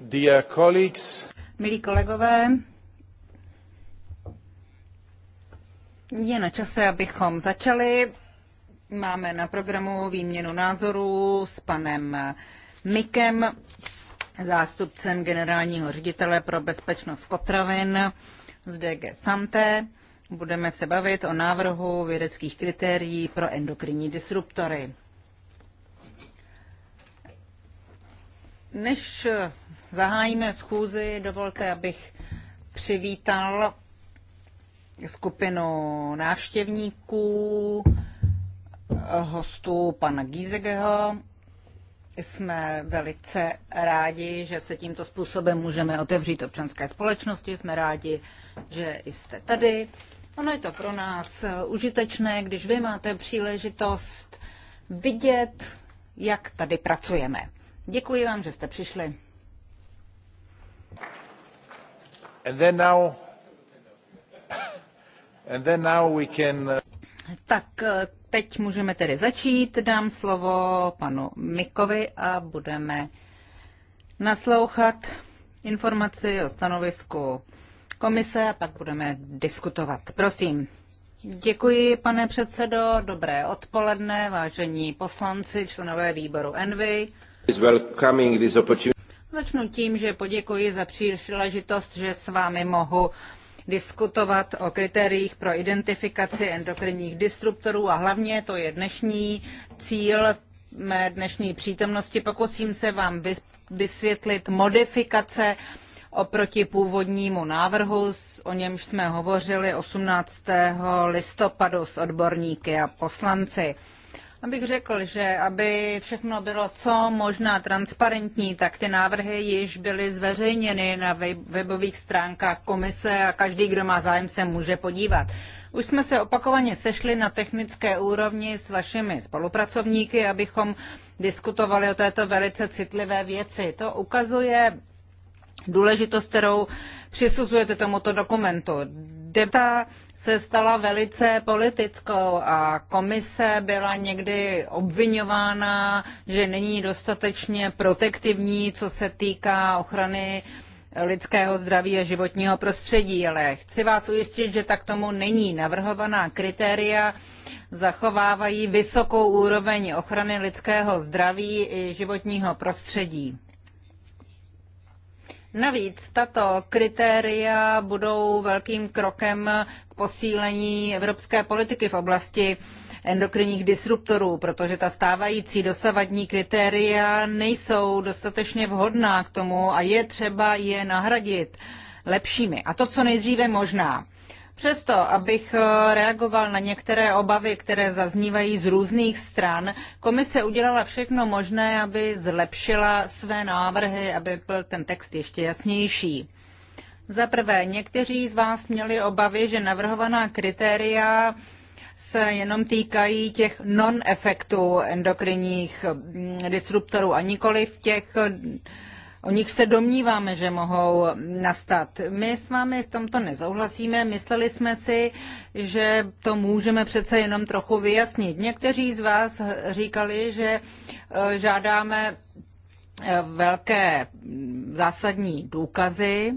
Dear colleagues. Milí kolegové, je na čase, abychom začali. Máme na programu výměnu názorů s panem Mikem, zástupcem generálního ředitele pro bezpečnost potravin z DG Santé. Budeme se bavit o návrhu vědeckých kritérií pro endokrinní disruptory. Než zahájíme schůzi, dovolte, abych přivítal skupinu návštěvníků, hostů pana Gízegeho. Jsme velice rádi, že se tímto způsobem můžeme otevřít občanské společnosti. Jsme rádi, že jste tady. Ono je to pro nás užitečné, když vy máte příležitost vidět, jak tady pracujeme. Děkuji vám, že jste přišli. And then now, and then now we can... Tak eh, teď můžeme tedy začít. Dám slovo panu Mikovi a budeme naslouchat informaci o stanovisku komise a pak budeme diskutovat. Prosím. Děkuji, pane předsedo. Dobré odpoledne, vážení poslanci, členové výboru Envy. Začnu tím, že poděkuji za příležitost, že s vámi mohu diskutovat o kritériích pro identifikaci endokrinních disruptorů a hlavně to je dnešní cíl mé dnešní přítomnosti. Pokusím se vám vysvětlit modifikace oproti původnímu návrhu, o němž jsme hovořili 18. listopadu s odborníky a poslanci. Abych řekl, že aby všechno bylo co možná transparentní, tak ty návrhy již byly zveřejněny na webových stránkách komise a každý, kdo má zájem, se může podívat. Už jsme se opakovaně sešli na technické úrovni s vašimi spolupracovníky, abychom diskutovali o této velice citlivé věci. To ukazuje důležitost, kterou přisuzujete tomuto dokumentu. Debata se stala velice politickou a komise byla někdy obvinována, že není dostatečně protektivní, co se týká ochrany lidského zdraví a životního prostředí, ale chci vás ujistit, že tak tomu není. Navrhovaná kritéria zachovávají vysokou úroveň ochrany lidského zdraví i životního prostředí. Navíc tato kritéria budou velkým krokem k posílení evropské politiky v oblasti endokrinních disruptorů, protože ta stávající dosavadní kritéria nejsou dostatečně vhodná k tomu a je třeba je nahradit lepšími. A to co nejdříve možná. Přesto, abych eh, reagoval na některé obavy, které zaznívají z různých stran, komise udělala všechno možné, aby zlepšila své návrhy, aby byl ten text ještě jasnější. Za prvé, někteří z vás měli obavy, že navrhovaná kritéria se jenom týkají těch non-efektů endokrinních mm, disruptorů a nikoli v těch o nich se domníváme, že mohou nastat. My s vámi v tomto nezouhlasíme, mysleli jsme si, že to můžeme přece jenom trochu vyjasnit. Někteří z vás říkali, že e, žádáme e, velké zásadní důkazy,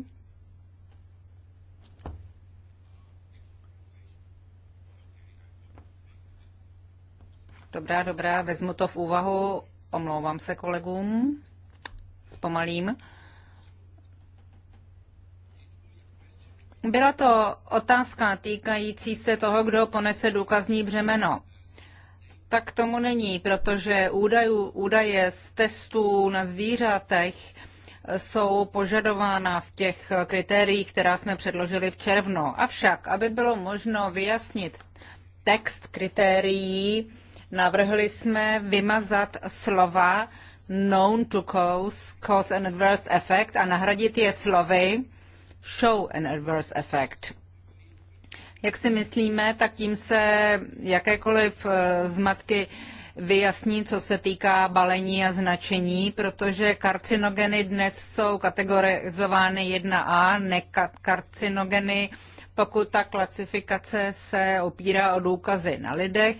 Dobrá, dobrá, vezmu to v úvahu, omlouvám se kolegům zpomalím. Byla to otázka týkající se toho, kdo ponese důkazní břemeno. Tak tomu není, protože údajů, údaje z testů na zvířatech jsou požadována v těch kritériích, která jsme předložili v červnu. Avšak, aby bylo možno vyjasnit text kritérií, navrhli jsme vymazat slova known to cause, cause an adverse effect a nahradit je slovy show an adverse effect. Jak si myslíme, tak tím se jakékoliv eh, zmatky vyjasní, co se týká balení a značení, protože karcinogeny dnes jsou kategorizovány 1A, nekarcinogeny, pokud ta klasifikace se opírá o důkazy na lidech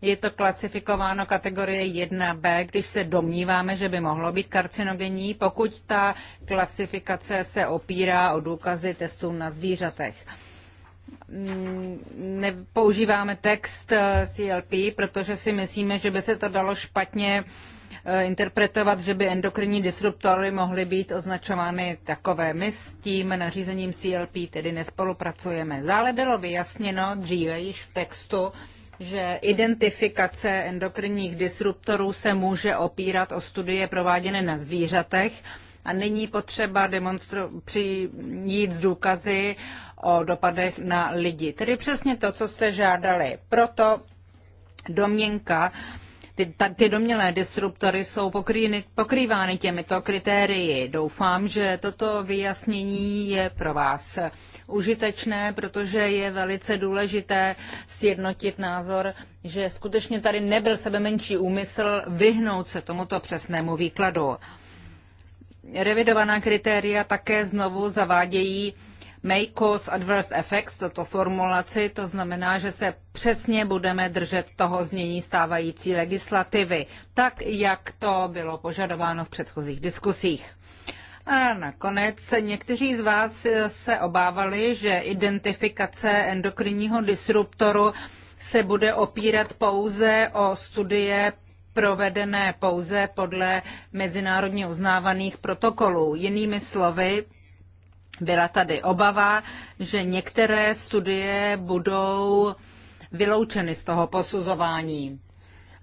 je to klasifikováno kategorie 1b, když se domníváme, že by mohlo být karcinogenní, pokud ta klasifikace se opírá o důkazy testů na zvířatech. Mm, Nepoužíváme text eh, CLP, protože si myslíme, že by se to dalo špatně eh, interpretovat, že by endokrinní disruptory mohly být označovány takové. My s tím nařízením CLP tedy nespolupracujeme. Zále bylo vyjasněno dříve již v textu, že identifikace endokrinních disruptorů se může opírat o studie prováděné na zvířatech a není potřeba demonstru- přijít z důkazy o dopadech na lidi. Tedy přesně to, co jste žádali. Proto domněnka, ty, ta, ty domělé disruptory jsou pokrýny, pokrývány těmito kritérii. Doufám, že toto vyjasnění je pro vás užitečné, protože je velice důležité sjednotit názor, že skutečně tady nebyl sebe menší úmysl vyhnout se tomuto přesnému výkladu. Revidovaná kritéria také znovu zavádějí may cause adverse effects, toto formulaci, to znamená, že se přesně budeme držet toho znění stávající legislativy, tak jak to bylo požadováno v předchozích diskusích. A nakonec někteří z vás se obávali, že identifikace endokrinního disruptoru se bude opírat pouze o studie provedené pouze podle mezinárodně uznávaných protokolů. Jinými slovy, byla tady obava, že některé studie budou vyloučeny z toho posuzování.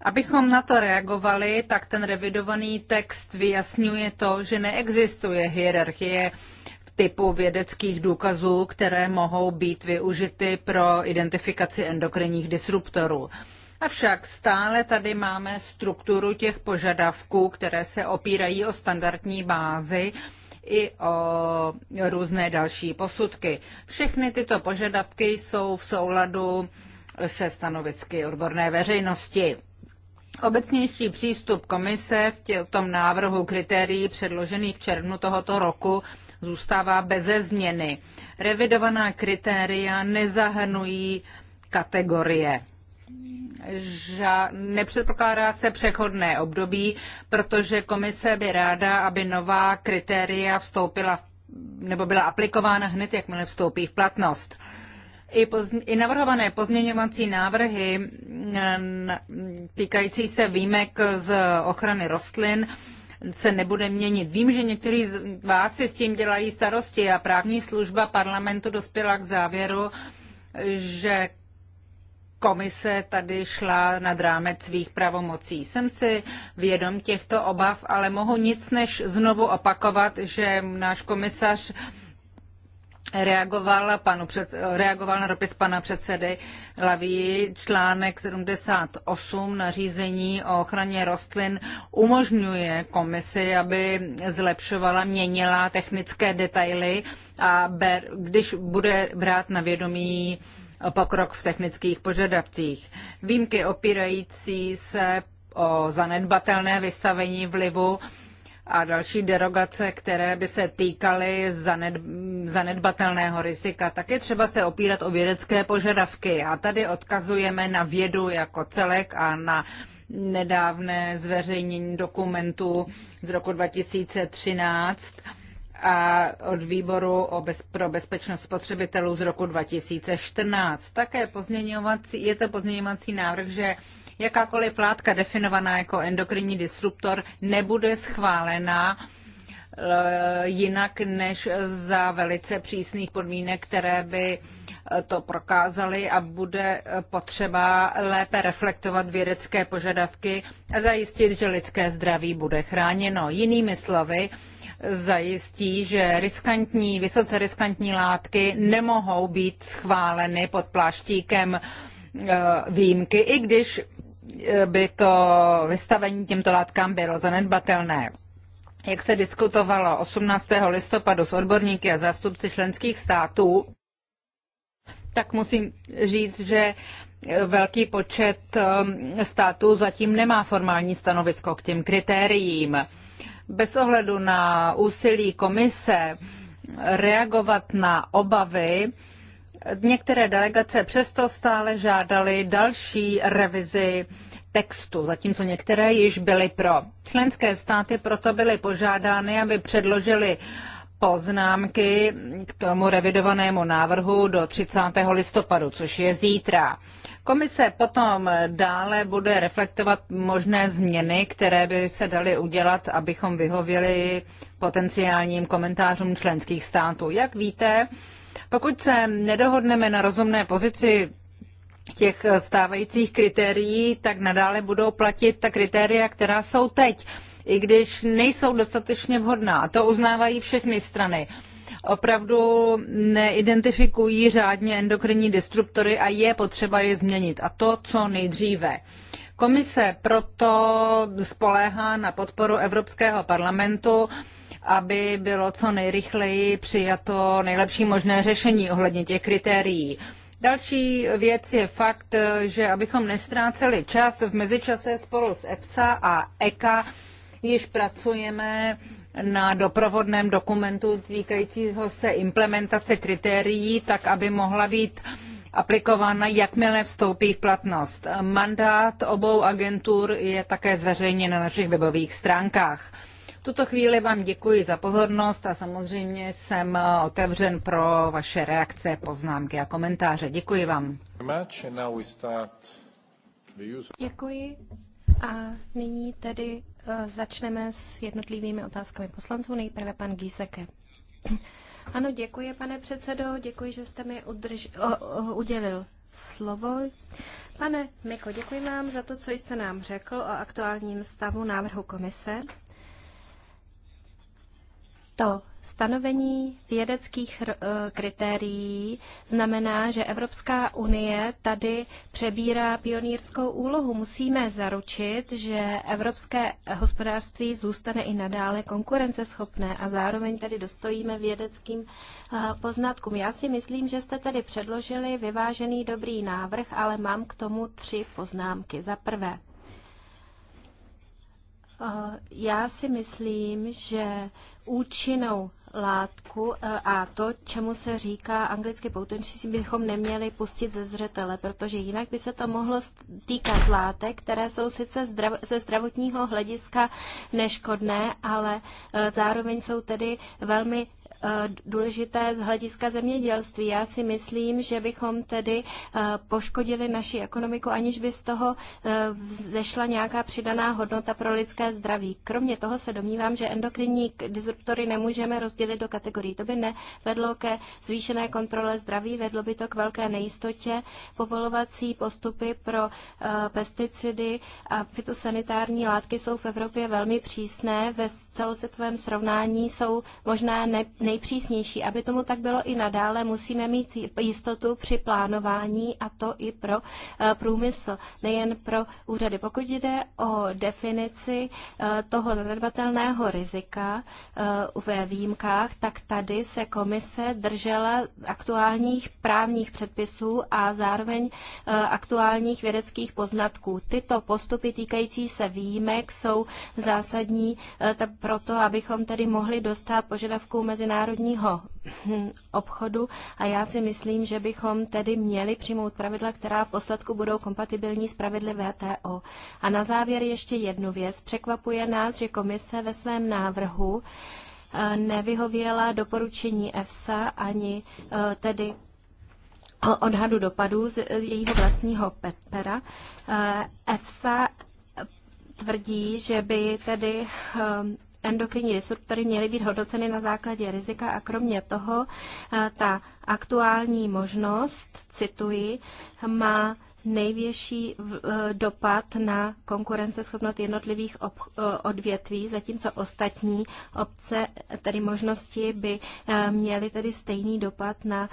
Abychom na to reagovali, tak ten revidovaný text vyjasňuje to, že neexistuje hierarchie v typu vědeckých důkazů, které mohou být využity pro identifikaci endokrinních disruptorů. Avšak stále tady máme strukturu těch požadavků, které se opírají o standardní bázi i o různé další posudky. Všechny tyto požadavky jsou v souladu se stanovisky odborné veřejnosti. Obecnější přístup komise v, tom návrhu kritérií předložený v červnu tohoto roku zůstává beze změny. Revidovaná kritéria nezahrnují kategorie. Ža- nepředpokládá se přechodné období, protože komise by ráda, aby nová kritéria vstoupila nebo byla aplikována hned, jakmile vstoupí v platnost. I, poz, i navrhované pozměňovací návrhy týkající se výjimek z ochrany rostlin se nebude měnit. Vím, že někteří z vás si s tím dělají starosti a právní služba parlamentu dospěla k závěru, že komise tady šla nad rámec svých pravomocí. Jsem si vědom těchto obav, ale mohu nic než znovu opakovat, že náš komisař reagoval, panu před, reagoval na dopis pana předsedy Laví. Článek 78 nařízení o ochraně rostlin umožňuje komisi, aby zlepšovala, měnila technické detaily a ber, když bude brát na vědomí pokrok v technických požadavcích. Výjimky opírající se o zanedbatelné vystavení vlivu a další derogace, které by se týkaly zanedbatelného rizika. Také třeba se opírat o vědecké požadavky a tady odkazujeme na vědu jako celek a na nedávné zveřejnění dokumentu z roku 2013 a od výboru pro bezpečnost spotřebitelů z roku 2014. Také pozměňovací, je to pozměňovací návrh, že Jakákoliv látka definovaná jako endokrinní disruptor nebude schválená eh, jinak než za velice přísných podmínek, které by eh, to prokázaly a bude eh, potřeba lépe reflektovat vědecké požadavky a zajistit, že lidské zdraví bude chráněno. Jinými slovy, zajistí, že riskantní, vysoce riskantní látky nemohou být schváleny pod pláštíkem výjimky, i když by to vystavení těmto látkám bylo zanedbatelné. Jak se diskutovalo 18. listopadu s odborníky a zástupci členských států, tak musím říct, že velký počet um, států zatím nemá formální stanovisko k těm kritériím. Bez ohledu na úsilí komise reagovat na obavy, některé delegace přesto stále žádaly další revizi textu, zatímco některé již byly pro. Členské státy proto byly požádány, aby předložili poznámky k tomu revidovanému návrhu do 30. listopadu, což je zítra. Komise potom dále bude reflektovat možné změny, které by se daly udělat, abychom vyhověli potenciálním komentářům členských států. Jak víte, pokud se nedohodneme na rozumné pozici těch eh, stávajících kritérií, tak nadále budou platit ta kritéria, která jsou teď, i když nejsou dostatečně vhodná. A to uznávají všechny strany. Opravdu neidentifikují řádně endokrinní disruptory a je potřeba je změnit. A to, co nejdříve. Komise proto spoléhá na podporu Evropského parlamentu, aby bylo co nejrychleji přijato nejlepší možné řešení ohledně těch kritérií. Další věc je fakt, že abychom nestráceli čas, v mezičase spolu s EFSA a EKA již pracujeme na doprovodném dokumentu týkajícího se implementace kritérií, tak aby mohla být aplikována, jakmile vstoupí v platnost. Mandát obou agentur je také zveřejněn na našich webových stránkách tuto chvíli vám děkuji za pozornost a samozřejmě jsem eh, otevřen pro vaše reakce, poznámky a komentáře. Děkuji vám. Děkuji. A nyní tedy eh, začneme s jednotlivými otázkami poslanců. Nejprve pan Gíseke. Ano, děkuji, pane předsedo. Děkuji, že jste mi udrž, o, o, udělil slovo. Pane Miko, děkuji vám za to, co jste nám řekl o aktuálním stavu návrhu komise. To stanovení vědeckých eh, kritérií znamená, že Evropská unie tady přebírá pionýrskou úlohu. Musíme zaručit, že evropské hospodářství zůstane i nadále konkurenceschopné a zároveň tady dostojíme vědeckým eh, poznatkům. Já si myslím, že jste tady předložili vyvážený dobrý návrh, ale mám k tomu tři poznámky. Za prvé, Eh, já si myslím, že účinnou látku eh, a to, čemu se říká anglicky potenci, bychom neměli pustit ze zřetele, protože jinak by se to mohlo týkat látek, které jsou sice zdrav, ze zdravotního hlediska neškodné, ale eh, zároveň jsou tedy velmi Eh, důležité z hlediska zemědělství. Já si myslím, že bychom tedy eh, poškodili naši ekonomiku, aniž by z toho eh, zešla nějaká přidaná hodnota pro lidské zdraví. Kromě toho se domnívám, že endokrinní disruptory nemůžeme rozdělit do kategorií. To by nevedlo ke zvýšené kontrole zdraví, vedlo by to k velké nejistotě. Povolovací postupy pro pesticidy a fitosanitární látky jsou v Evropě velmi přísné. Ve celosvětovém srovnání jsou možná ne, nejpřísnější. Aby tomu tak bylo i nadále, musíme mít jistotu při plánování a to i pro eh, průmysl, nejen pro úřady. Pokud jde o definici eh, toho zanedbatelného rizika eh, ve výjimkách, tak tady se komise držela aktuálních právních předpisů a zároveň aktuálních vědeckých poznatků. Tyto postupy týkající se výjimek jsou zásadní proto, abychom tedy mohli dostat požadavků mezinárodní mezinárodního hm, obchodu a já si myslím, že bychom tedy měli přijmout pravidla, která v posledku budou kompatibilní s pravidly VTO. A na závěr ještě jednu věc. Překvapuje nás, že komise ve svém návrhu eh, nevyhověla doporučení EFSA ani eh, tedy odhadu dopadů z jejího vlastního pera. Eh, EFSA tvrdí, že by tedy hm, endokrinní disruptory měly být hodnoceny na základě rizika a kromě toho eh, ta aktuální možnost, cituji, má největší eh, dopad na konkurenceschopnost jednotlivých eh, odvětví, zatímco ostatní obce, tedy možnosti, by eh, měly tedy stejný dopad na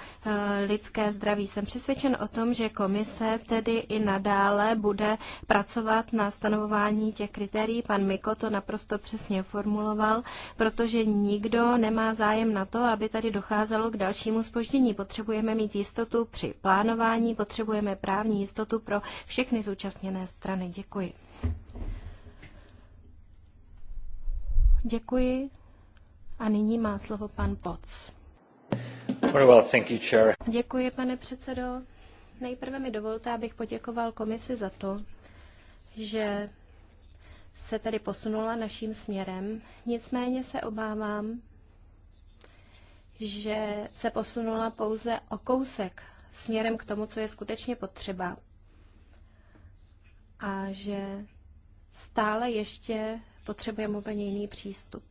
lidské zdraví. Jsem přesvědčen o tom, že komise tedy i nadále bude pracovat na stanovování těch kritérií. Pan Miko to naprosto přesně formuloval, protože nikdo nemá zájem na to, aby tady docházelo k dalšímu spoždění. Potřebujeme mít jistotu při plánování, potřebujeme právní jistotu, jistotu pro všechny zúčastněné strany. Děkuji. Děkuji. A nyní má slovo pan Poc. Well, thank you, chair. Děkuji, pane předsedo. Nejprve mi dovolte, abych poděkoval komisi za to, že se tedy posunula naším směrem. Nicméně se obávám, že se posunula pouze o kousek směrem k tomu, co je skutečně potřeba a že stále ještě potřebujeme úplně jiný přístup.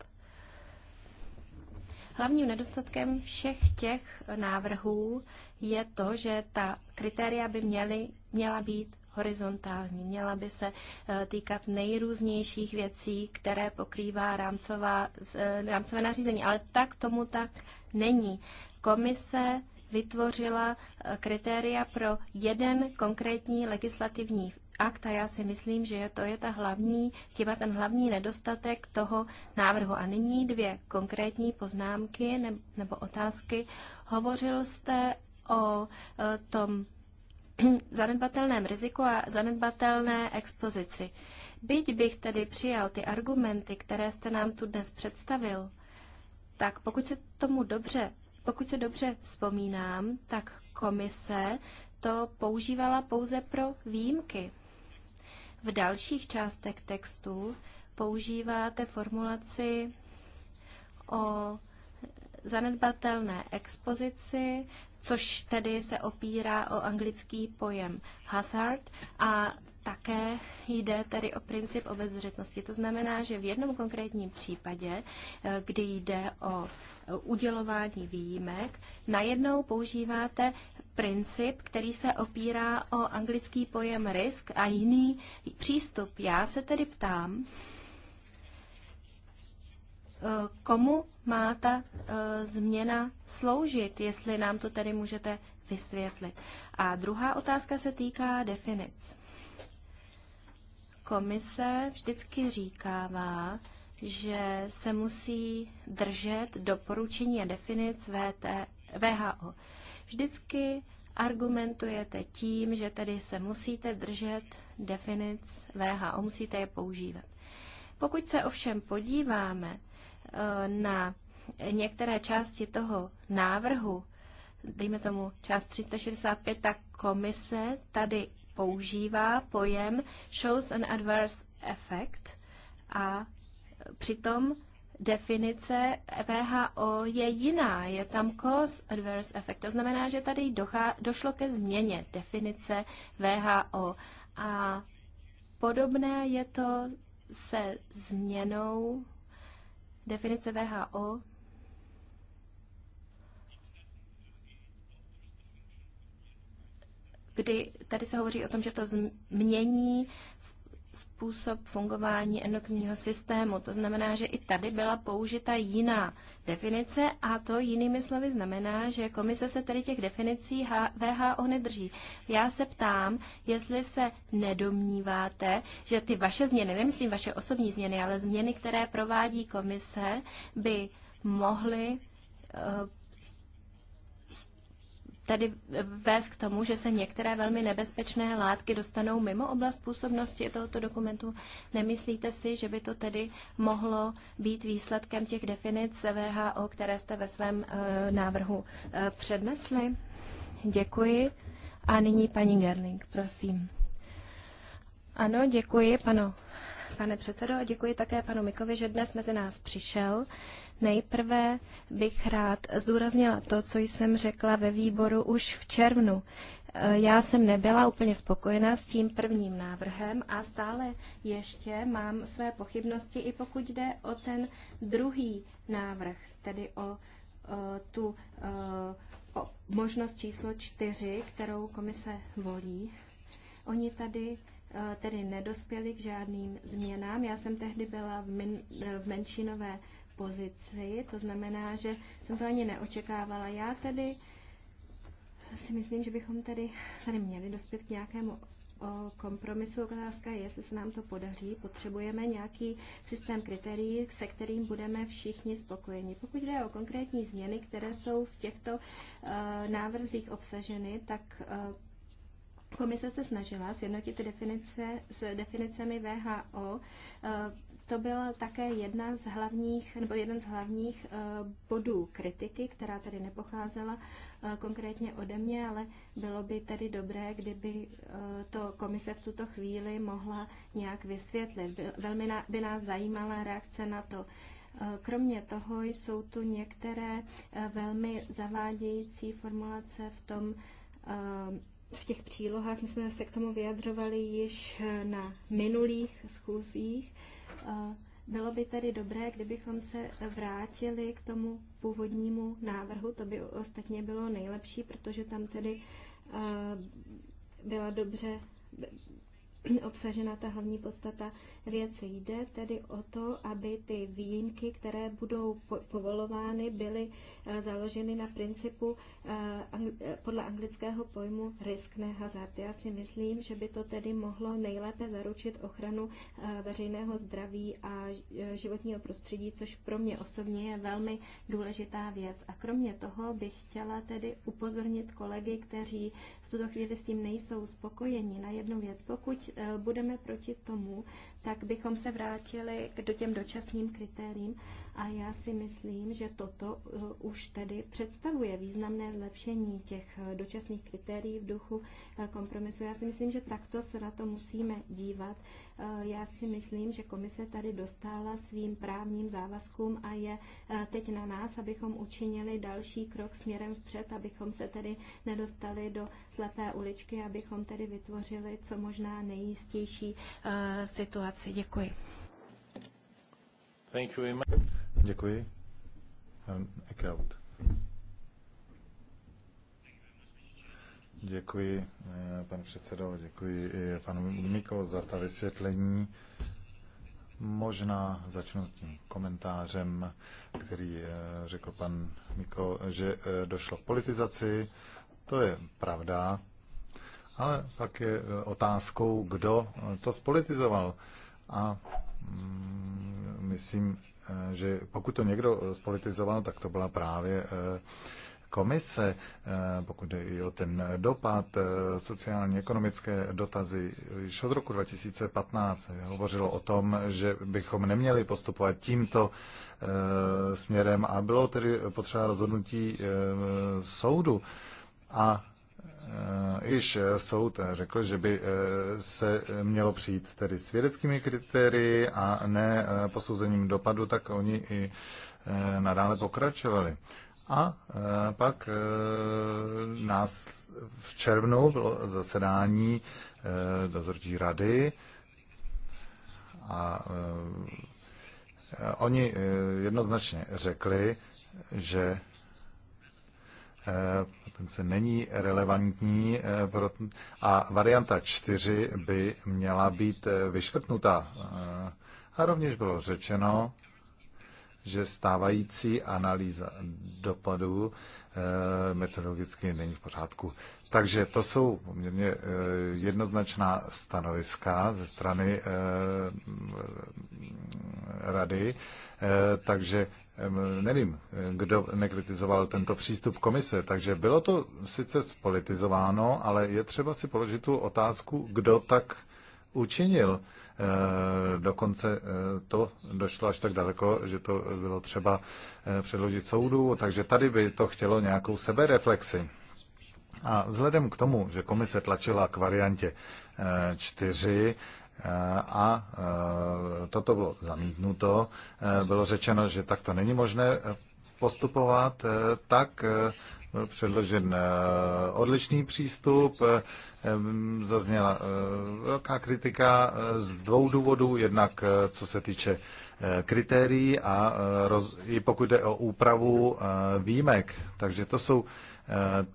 Hlavním nedostatkem všech těch návrhů je to, že ta kritéria by měly, měla být horizontální, měla by se eh, týkat nejrůznějších věcí, které pokrývá rámcová, eh, rámcové nařízení. Ale tak tomu tak není. Komise vytvořila eh, kritéria pro jeden konkrétní legislativní akt a já si myslím, že to je ta hlavní chyba, ten hlavní nedostatek toho návrhu. A nyní dvě konkrétní poznámky nebo otázky. Hovořil jste o e, tom zanedbatelném riziku a zanedbatelné expozici. Byť bych tedy přijal ty argumenty, které jste nám tu dnes představil, tak pokud se tomu dobře, pokud se dobře vzpomínám, tak komise to používala pouze pro výjimky v dalších částech textu používáte formulaci o zanedbatelné expozici, což tedy se opírá o anglický pojem hazard a také jde tedy o princip obezřetnosti. To znamená, že v jednom konkrétním případě, eh, kdy jde o udělování výjimek, najednou používáte princip, který se opírá o anglický pojem risk a jiný přístup. Já se tedy ptám, eh, komu má ta eh, změna sloužit, jestli nám to tedy můžete vysvětlit. A druhá otázka se týká definic. Komise vždycky říkává, že se musí držet doporučení a definic VT, VHO. Vždycky argumentujete tím, že tedy se musíte držet definic VHO, musíte je používat. Pokud se ovšem podíváme eh, na některé části toho návrhu, dejme tomu část 365, tak komise tady používá pojem shows an adverse effect a přitom definice VHO je jiná. Je tam cause adverse effect. To znamená, že tady dochá, došlo ke změně definice VHO. A podobné je to se změnou definice VHO kdy tady se hovoří o tom, že to změní způsob fungování endokrinního systému. To znamená, že i tady byla použita jiná definice a to jinými slovy znamená, že komise se tedy těch definicí VHO nedrží. Já se ptám, jestli se nedomníváte, že ty vaše změny, nemyslím vaše osobní změny, ale změny, které provádí komise, by mohly eh, tedy vést k tomu, že se některé velmi nebezpečné látky dostanou mimo oblast působnosti tohoto dokumentu. Nemyslíte si, že by to tedy mohlo být výsledkem těch definic VHO, které jste ve svém eh, návrhu eh, přednesli? Děkuji. A nyní paní Gerling, prosím. Ano, děkuji pano, pane předsedo, a děkuji také panu Mikovi, že dnes mezi nás přišel. Nejprve bych rád zdůraznila to, co jsem řekla ve výboru už v červnu. E, já jsem nebyla úplně spokojená s tím prvním návrhem a stále ještě mám své pochybnosti, i pokud jde o ten druhý návrh, tedy o, o e, tu o, e, o možnost číslo čtyři, kterou komise volí. Oni tady tedy nedospěli k žádným změnám. Já jsem tehdy byla v, min, v menšinové pozici, to znamená, že jsem to ani neočekávala. Já tedy si myslím, že bychom tady, tady měli dospět k nějakému o kompromisu. Otázka je, jestli se nám to podaří. Potřebujeme nějaký systém kritérií, se kterým budeme všichni spokojeni. Pokud jde o konkrétní změny, které jsou v těchto uh, návrzích obsaženy, tak uh, Komise se snažila sjednotit definice s definicemi VHO. Uh, e, to byl také jedna z hlavních, nebo jeden z hlavních eh, bodů kritiky, která tady nepocházela eh, konkrétně ode mě, ale bylo by tedy dobré, kdyby eh, to komise v tuto chvíli mohla nějak vysvětlit. Velmi by nás zajímala reakce na to. Kromě toho jsou tu některé velmi zavádějící formulace v tom, v těch přílohách. My jsme se k tomu vyjadřovali již na minulých schůzích bylo by tedy dobré, kdybychom se vrátili k tomu původnímu návrhu, to by ostatně bylo nejlepší, protože tam tedy eh, byla dobře obsažena ta hlavní podstata věci. Jde tedy o to, aby ty výjimky, které budou povolovány, byly eh, založeny na principu eh, eh, podle anglického pojmu risk, ne hazard. Já si myslím, že by to tedy mohlo nejlépe zaručit ochranu veřejného zdraví a životního prostředí, což pro mě osobně je velmi důležitá věc. A kromě toho bych chtěla tedy upozornit kolegy, kteří v tuto chvíli s tím nejsou spokojeni. Na jednu věc, pokud eh, budeme proti tomu, tak bychom se vrátili k do těm dočasným kritériím a já si myslím, že toto eh, už tedy představuje významné zlepšení těch eh, dočasných kritérií v duchu eh, kompromisu. Já si myslím, že takto se na to musíme dívat. Já si myslím, že komise tady dostala svým právním závazkům a je teď na nás, abychom učinili další krok směrem vpřed, abychom se tedy nedostali do slepé uličky, abychom tedy vytvořili co možná nejistější situaci situaci. Děkuji. Děkuji. Děkuji, pan eh, předsedo, děkuji i panu Miko za ta vysvětlení. Možná začnu tím komentářem, který eh, řekl pan Miko, že eh, došlo k politizaci. To je pravda, ale pak je otázkou, kdo to spolitizoval. A mm, myslím, eh, že pokud to někdo spolitizoval, tak to byla právě eh, komise, eh, pokud je i o ten dopad, sociálně ekonomické dotazy, již od roku 2015 hovořilo o tom, že bychom neměli postupovat tímto směrem a bylo tedy potřeba rozhodnutí soudu. A Eh, již eh, soud eh, řekl, že by se mělo přijít tedy s vědeckými kritérii a ne posouzením dopadu, tak oni i nadále pokračovali. A pak nás v červnu bylo zasedání dozorčí rady a oni jednoznačně řekli, že kompetence není relevantní eh, a varianta 4 by měla být eh, vyškrtnutá. Eh, a rovněž bylo řečeno, že stávající analýza dopadů metodologicky není v pořádku. Takže to jsou poměrně eh, jednoznačná stanoviska ze strany eh, eh, rady, takže nevím, kdo nekritizoval tento přístup komise. Takže bylo to sice spolitizováno, ale je třeba si položit tu otázku, kdo tak učinil. Dokonce to došlo až tak daleko, že to bylo třeba předložit soudu, takže tady by to chtělo nějakou sebereflexi. A vzhledem k tomu, že komise tlačila k variantě 4 eh, eh, a eh, toto bylo zamítnuto, bylo řečeno, že takto není možné postupovat, tak byl předložen odlišný přístup, zazněla velká kritika z dvou důvodů, jednak co se týče kritérií a roz, i pokud jde o úpravu výjimek. Takže to jsou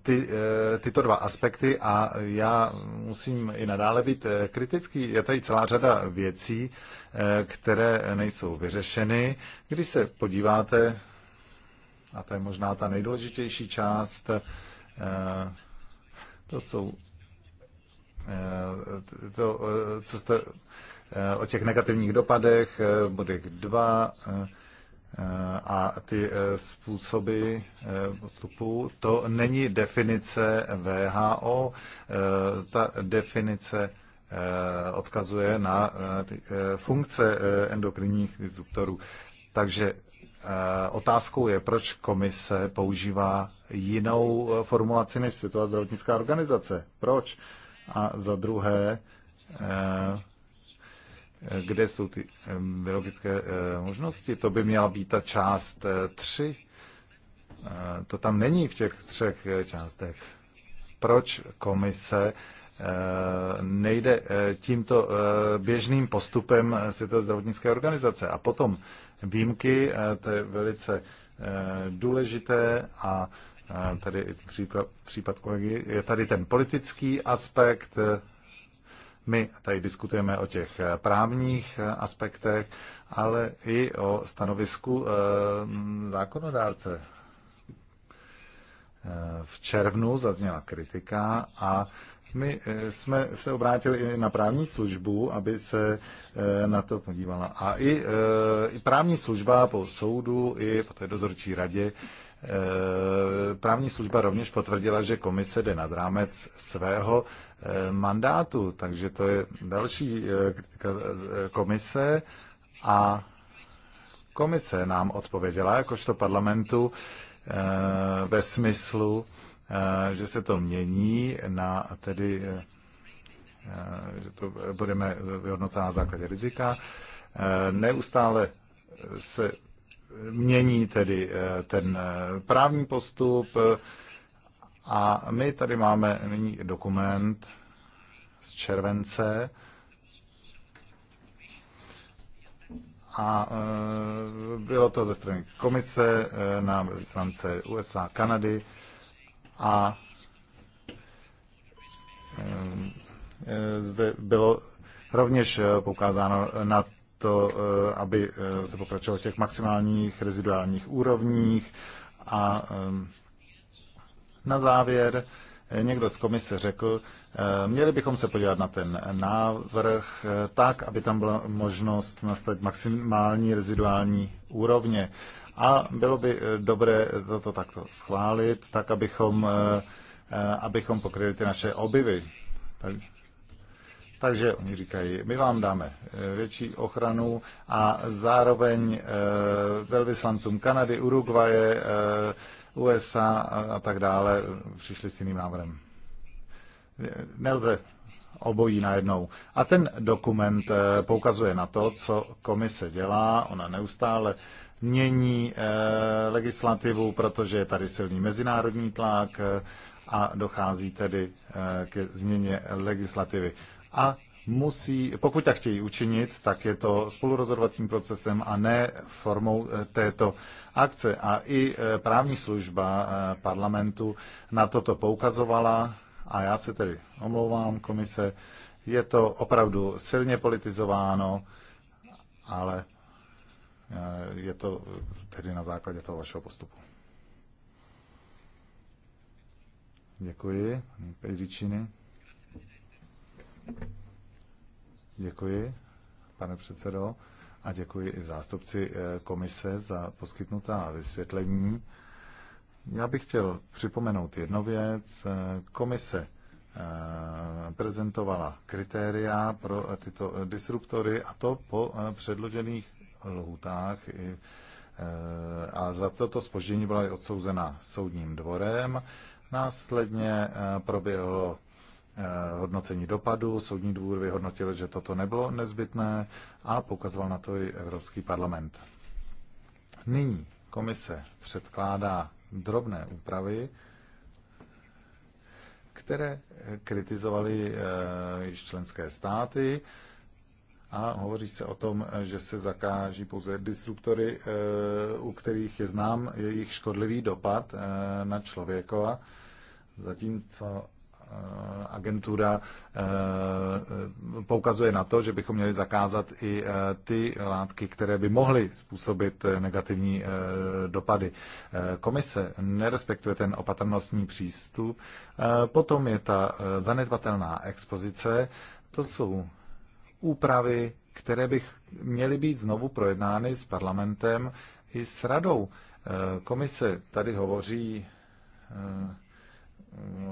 ty, eh, tyto dva aspekty a já musím i nadále být eh, kritický. Je tady celá řada věcí, eh, které nejsou vyřešeny. Když se podíváte, a to je možná ta nejdůležitější část, to jsou to, co jste o těch negativních dopadech, bodech 2, a ty eh, způsoby eh, postupu, to není definice VHO, eh, ta definice odkazuje na funkce endokrinních disruptorů. Takže otázkou je, proč komise používá jinou formulaci než Světová zdravotnická organizace. Proč? A za druhé, kde jsou ty biologické eh, možnosti. To by měla být ta část 3. Eh, eh, to tam není v těch třech částech. Proč komise nejde tímto běžným postupem Světové zdravotnické organizace. A potom výjimky, to je velice důležité a tady příklad, případ kolegy, je tady ten politický aspekt, my tady diskutujeme o těch eh, právních eh, aspektech, ale i o stanovisku eh, zákonodárce. V červnu zazněla kritika a my jsme se obrátili i na právní službu, aby se na to podívala. A i, i právní služba po soudu, i po té dozorčí radě Eh, právní služba rovněž potvrdila, že komise jde nad rámec svého eh, mandátu, takže to je další eh, komise a komise nám odpověděla, jakožto parlamentu, ve smyslu, že se to mění na tedy, že to budeme vyhodnocena na základě rizika. Neustále se mění tedy eh, ten eh, právní postup a my tady máme nyní dokument z července a eh, bylo to ze strany komise na slance USA, Kanady a zde bylo rovněž poukázáno na to, eh, aby eh, se pokračovalo v těch maximálních reziduálních úrovních. A ehm, na závěr eh, někdo z komise řekl, měli bychom se podívat na ten návrh tak, aby tam byla možnost nastavit maximální reziduální úrovně. A bylo by dobré toto takto schválit, tak abychom, abychom pokryli ty naše obyvy. Takže oni říkají, my vám dáme eh, větší ochranu a zároveň eh, velvyslancům Kanady, Uruguaje, eh, USA a tak dále přišli s jiným návrhem. Nelze obojí najednou. A ten dokument poukazuje na to, co komise dělá. Ona neustále mění legislativu, protože je tady silný mezinárodní tlak a dochází tedy ke změně legislativy a musí, pokud tak chtějí učinit, tak je to spolurozhodovacím procesem a ne formou eh, této akce. A i eh, právní služba eh, parlamentu na toto poukazovala a já se tedy omlouvám komise, je to opravdu silně politizováno, ale je to tedy na základě toho vašeho postupu. Děkuji, paní Pejdičiny. Děkuji, pane předsedo, a děkuji i zástupci eh, komise za poskytnutá vysvětlení. Já bych chtěl připomenout jednu věc. Eh, komise eh, prezentovala kritéria pro tyto disruptory a to po předložených lhutách a za toto spoždění byla i odsouzena soudním dvorem. Následně proběhlo Eh, hodnocení dopadu. Soudní dvůr vyhodnotil, že toto nebylo nezbytné a poukazoval na to i Evropský parlament. Nyní komise předkládá drobné úpravy, které kritizovaly eh, již členské státy a hovoří se o tom, že se zakáží pouze disruptory, eh, u kterých je znám jejich škodlivý dopad na člověka, zatímco Eh, agentura eh, poukazuje na to, že bychom měli zakázat i eh, ty látky, které by mohly způsobit negativní dopady. Komise nerespektuje ten opatrnostní přístup. Potom je ta zanedbatelná expozice. To jsou úpravy, které by měly být znovu projednány s parlamentem i s radou. Komise tady hovoří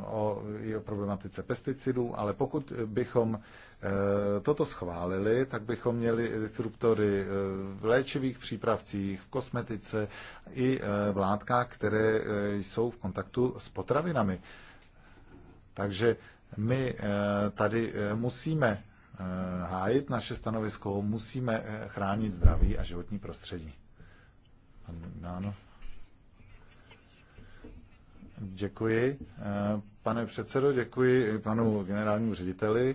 o o problematice pesticidů, ale pokud bychom eh, toto schválili, tak bychom měli disruptory eh, v léčivých přípravcích, v kosmetice i eh, v látkách, které jsou v kontaktu s potravinami. Takže my tady musíme hájit naše stanovisko, musíme chránit zdraví a životní prostředí. Ano. Děkuji. Eh, pane předsedo, děkuji panu generálnímu řediteli.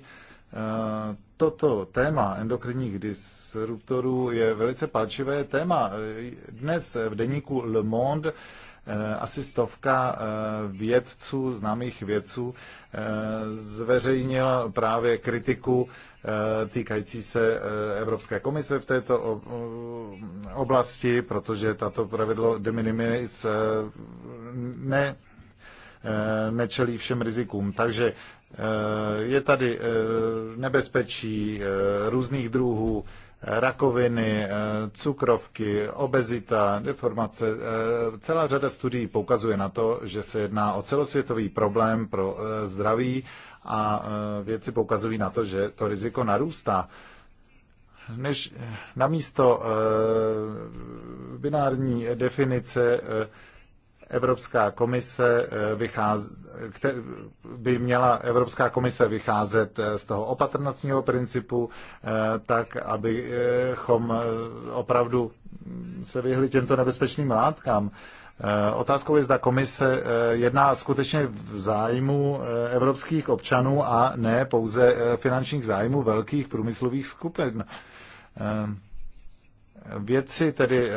Eh, toto téma endokrinních disruptorů je velice palčivé téma. Eh, dnes v deníku Le Monde asi stovka vědců, známých vědců, zveřejnila právě kritiku týkající se Evropské komise v této oblasti, protože tato pravidlo de minimis ne Eh, nečelí všem rizikům. Takže eh, je tady eh, nebezpečí různých druhů, rakoviny, cukrovky, obezita, deformace. Celá řada studií poukazuje na to, že se jedná o celosvětový problém pro zdraví a věci poukazují na to, že to riziko narůstá. Než namísto binární definice Evropská komise eh, vycház, by měla Evropská komise vycházet eh, z toho opatrnostního principu, eh, tak abychom opravdu se vyhli těmto nebezpečným látkám. Otázkou je, zda komise jedná skutečně v zájmu evropských občanů a ne pouze finančních zájmů velkých průmyslových skupin. Vědci tedy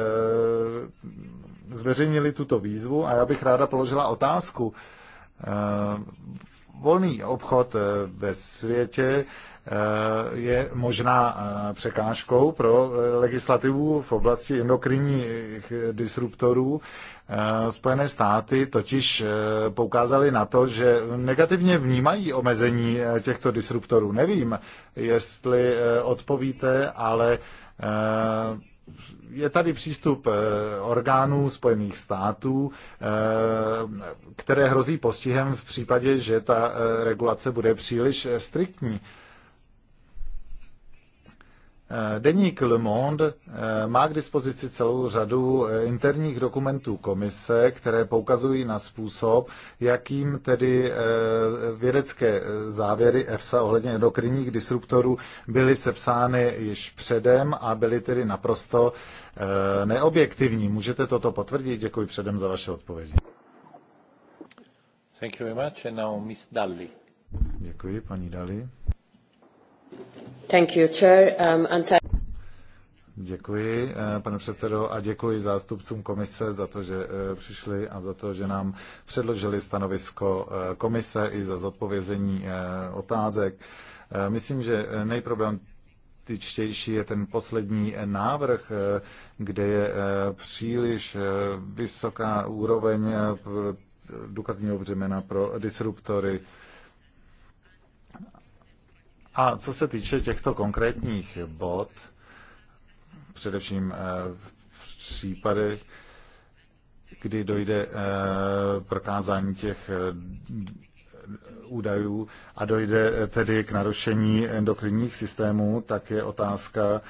zveřejnili tuto výzvu a já bych ráda položila otázku. Eh, volný obchod eh, ve světě eh, je možná překážkou pro legislativu v oblasti endokrinních disruptorů. Spojené státy totiž poukázaly na to, že negativně vnímají omezení těchto disruptorů. Nevím, jestli odpovíte, ale je tady přístup eh, orgánů Spojených států, eh, které hrozí postihem v případě, že ta eh, regulace bude příliš striktní. Eh, deník Le Monde eh, má k dispozici celou řadu eh, interních dokumentů komise, které poukazují na způsob, jakým tedy vědecké závěry EFSA ohledně endokrinních disruptorů byly sepsány již předem a byly tedy naprosto neobjektivní. Můžete toto potvrdit? Děkuji předem za vaše odpovědi. Thank you very much. And now Miss Dalli. Děkuji, paní Dali. Um, děkuji, eh, pane předsedo, a děkuji zástupcům komise za to, že eh, přišli a za to, že nám předložili stanovisko eh, komise i za zodpovězení otázek. Myslím, že nejproblem je ten poslední návrh, kde je příliš vysoká úroveň důkazního břemena pro disruptory. A co se týče těchto konkrétních bod, především eh, v případech, kdy dojde eh, prokázání těch eh, údajů a dojde tedy k narušení endokrinních systémů, tak je otázka,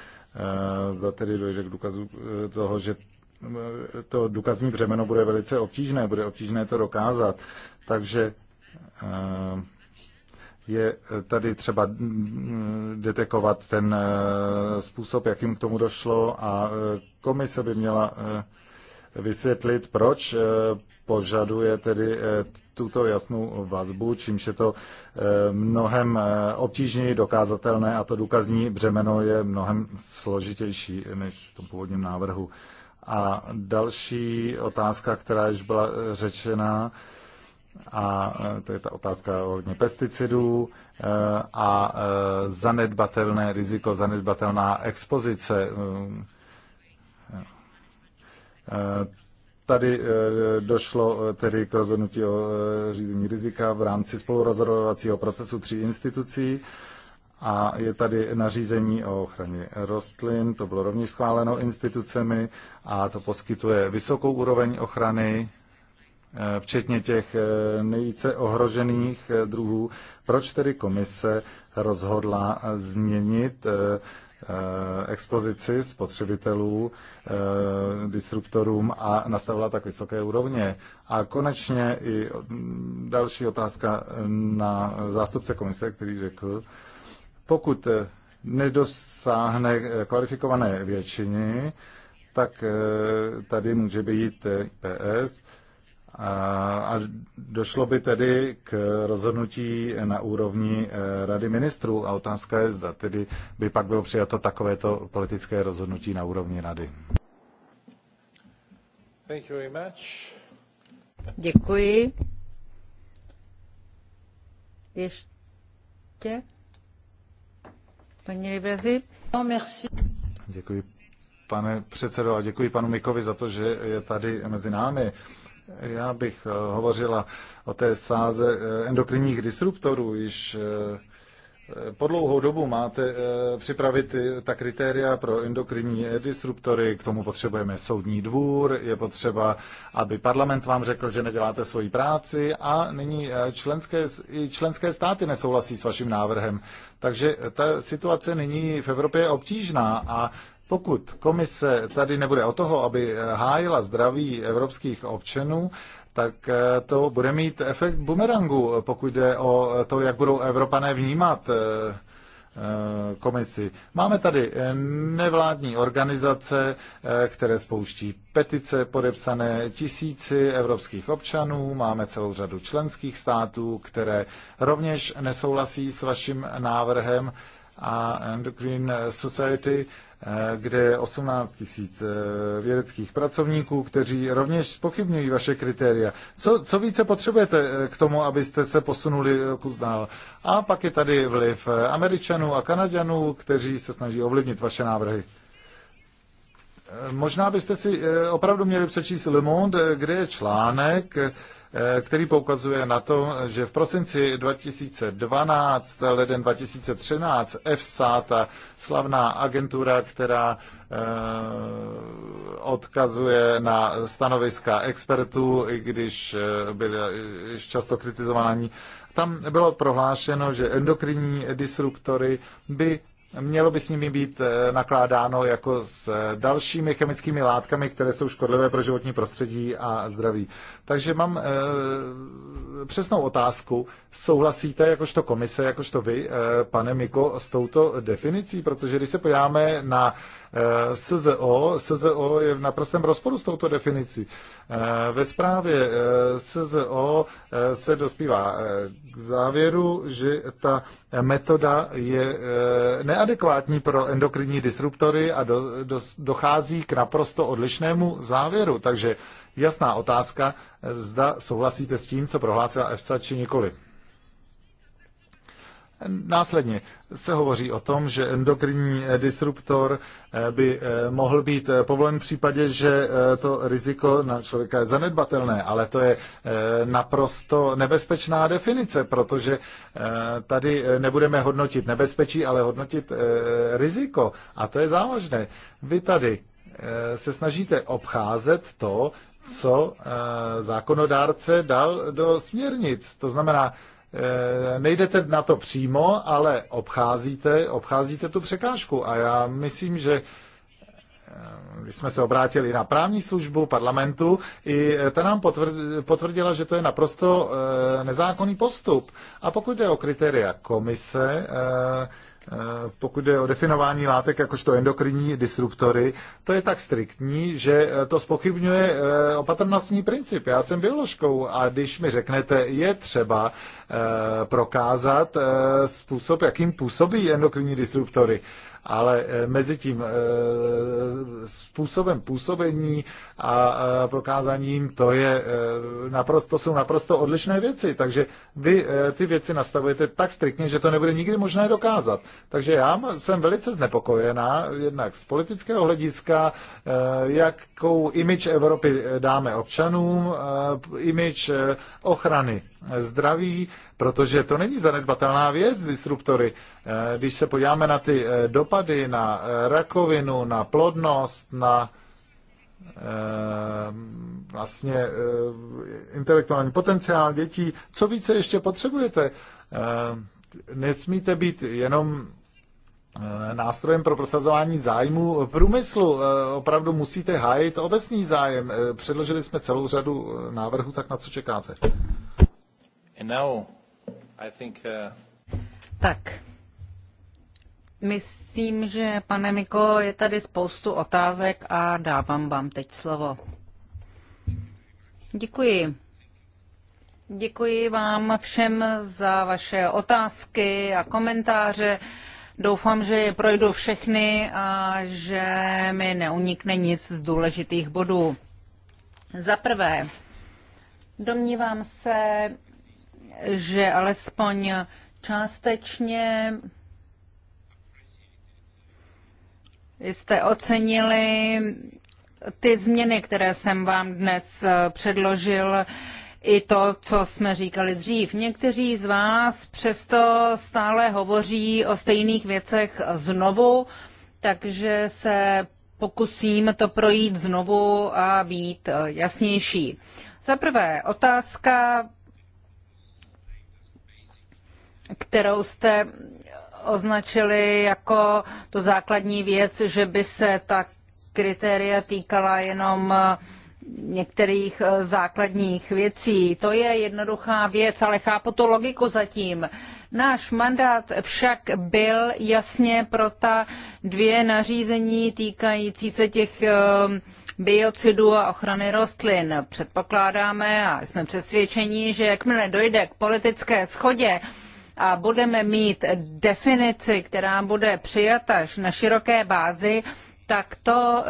zda tedy dojde k důkazu toho, že to důkazní břemeno bude velice obtížné, bude obtížné to dokázat. Takže je tady třeba mm, mm, detekovat ten eh, způsob, jakým k tomu došlo a eh, komise by měla eh, vysvětlit, proč požaduje tedy tuto jasnou vazbu, čímž je to mnohem obtížněji dokázatelné a to důkazní břemeno je mnohem složitější než v tom původním návrhu. A další otázka, která již byla řečena, a e, to je ta otázka ohledně pesticidů e, a e, zanedbatelné riziko, zanedbatelná expozice. Tady došlo tedy k rozhodnutí o řízení rizika v rámci spolurozhodovacího procesu tří institucí a je tady nařízení o ochraně rostlin, to bylo rovněž schváleno institucemi a to poskytuje vysokou úroveň ochrany Eh, včetně těch eh, nejvíce ohrožených eh, druhů. Proč tedy komise rozhodla změnit expozici spotřebitelů, disruptorům a nastavila tak vysoké úrovně. A konečně i mm, další otázka na zástupce komise, který řekl, pokud nedosáhne kvalifikované většiny, tak tady může být IPS, a došlo by tedy k rozhodnutí na úrovni eh, Rady ministrů a otázka je, zda tedy by pak bylo přijato takovéto politické rozhodnutí na úrovni Rady. Thank you very much. Děkuji. Ještě? Paní Ribezi? No, merci. Děkuji, pane předsedo, a děkuji panu Mikovi za to, že je tady mezi námi. Uh, já bych eh, hovořila o té sáze eh, endokrinních disruptorů, již eh, po dlouhou dobu máte připravit ta kritéria pro endokrinní disruptory, k tomu potřebujeme soudní dvůr, je potřeba, aby parlament vám řekl, že neděláte svoji práci a nyní členské, i členské státy nesouhlasí s vaším návrhem. Takže ta situace nyní v Evropě je obtížná a pokud komise tady nebude o toho, aby hájila zdraví evropských občanů, tak eh, to bude mít efekt bumerangu, pokud jde o to, jak budou Evropané vnímat eh, eh, komisi. Máme tady nevládní organizace, které spouští petice podepsané tisíci evropských občanů, máme celou řadu členských států, které rovněž nesouhlasí s vaším návrhem a Endocrine Society Eh, kde je 18 tisíc eh, vědeckých pracovníků, kteří rovněž spochybňují vaše kritéria. Co, co více potřebujete eh, k tomu, abyste se posunuli kus dál? A pak je tady vliv Američanů a Kanaďanů, kteří se snaží ovlivnit vaše návrhy. Možná byste si opravdu měli přečíst Le Monde, kde je článek, Eh, který poukazuje na to, že v prosinci 2012, leden 2013, EFSA, ta slavná agentura, která eh, odkazuje na stanoviska expertů, i když eh, byly často kritizováni, tam bylo prohlášeno, že endokrinní disruptory by Mělo by s nimi být eh, nakládáno jako s eh, dalšími chemickými látkami, které jsou škodlivé pro životní prostředí a zdraví. Takže mám eh, přesnou otázku. Souhlasíte, jakožto komise, jakožto vy, pane Miko, s touto definicí? Protože když se podíváme na SZO, SZO je v naprostém rozporu s touto definicí. Eh, ve zprávě eh, SZO eh, se dospívá k závěru, že ta metoda je neadekvátní pro endokrinní disruptory a do, do, dochází k naprosto odlišnému závěru. Takže jasná otázka, zda souhlasíte s tím, co prohlásila EFSA, či nikoli. Následně se hovoří o tom, že endokrinní disruptor eh, by eh, mohl být eh, povolen v případě, že to riziko na člověka je zanedbatelné, ale to je naprosto nebezpečná definice, protože tady nebudeme hodnotit nebezpečí, ale hodnotit riziko. A to je závažné. Vy tady se snažíte obcházet to, co zákonodárce dal do směrnic. To znamená, Eh, nejdete na to přímo, ale obcházíte, obcházíte tu překážku. A já myslím, že eh, když jsme se obrátili na právní službu parlamentu, i ta nám potvrdila, že to je naprosto eh, nezákonný postup. A pokud jde o kritéria komise, Eh, pokud jde o definování látek jakožto endokrinní disruptory, to je tak striktní, že eh, to spochybňuje eh, opatrnostní princip. Já jsem bioložkou a když mi řeknete, je třeba prokázat způsob, jakým působí endokrinní disruptory, ale eh, mezi tím eh, způsobem působení a eh, prokázáním to je naprosto, to jsou naprosto odlišné věci, takže vy ty věci nastavujete tak striktně, že to nebude nikdy možné dokázat. Takže já jsem velice znepokojená jednak z politického hlediska, jakou imič Evropy dáme občanům, imič ochrany zdraví, protože to není zanedbatelná věc, disruptory. Eh, když se podíváme na ty eh, dopady na eh, rakovinu, na plodnost, na vlastně intelektuální potenciál dětí, co více ještě potřebujete. Nesmíte být jenom nástrojem pro prosazování zájmu průmyslu. Opravdu musíte hájit obecný zájem. Předložili jsme celou řadu návrhů, tak na co čekáte? And now, I think, uh... Tak, myslím, že pane Miko, je tady spoustu otázek a dávám vám teď slovo. Děkuji. Děkuji vám všem za vaše otázky a komentáře. Doufám, že je projdu všechny a že mi neunikne nic z důležitých bodů. Za prvé, domnívám se, že alespoň částečně jste ocenili ty změny, které jsem vám dnes eh, předložil, i to, co jsme říkali dřív. Někteří z vás přesto stále hovoří o stejných věcech znovu, takže se pokusím to projít znovu a být eh, jasnější. Za prvé, otázka kterou jste označili jako to základní věc, že by se ta kritéria týkala jenom některých eh, základních věcí. To je jednoduchá věc, ale chápu tu logiku zatím. Náš mandát však byl jasně pro ta dvě nařízení týkající se těch eh, biocidů a ochrany rostlin. Předpokládáme a jsme přesvědčeni, že jakmile dojde k politické schodě, a budeme mít definici, která bude přijata na široké bázi, tak to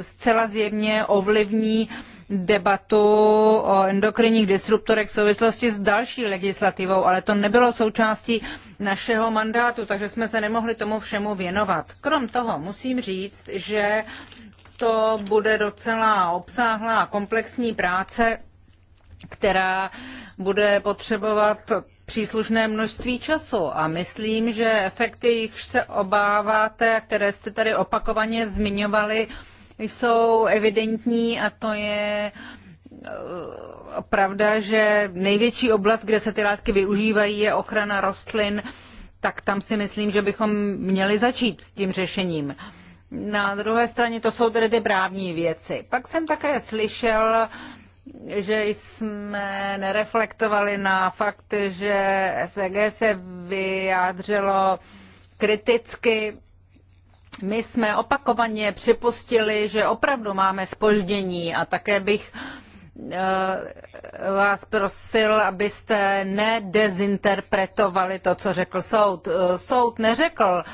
zcela zjevně ovlivní debatu o endokrinních disruptorech v souvislosti s další legislativou, ale to nebylo součástí našeho mandátu, takže jsme se nemohli tomu všemu věnovat. Krom toho musím říct, že to bude docela obsáhlá komplexní práce, která bude potřebovat příslušné množství času a myslím, že efekty, jichž se obáváte a které jste tady opakovaně zmiňovali, jsou evidentní a to je eh, pravda, že největší oblast, kde se ty látky využívají, je ochrana rostlin, tak tam si myslím, že bychom měli začít s tím řešením. Na druhé straně to jsou tedy ty právní věci. Pak jsem také slyšel, že jsme nereflektovali na fakt, že SEG se vyjádřilo kriticky. My jsme opakovaně připustili, že opravdu máme spoždění a také bych eh, vás prosil, abyste nedezinterpretovali to, co řekl soud. Eh, soud neřekl,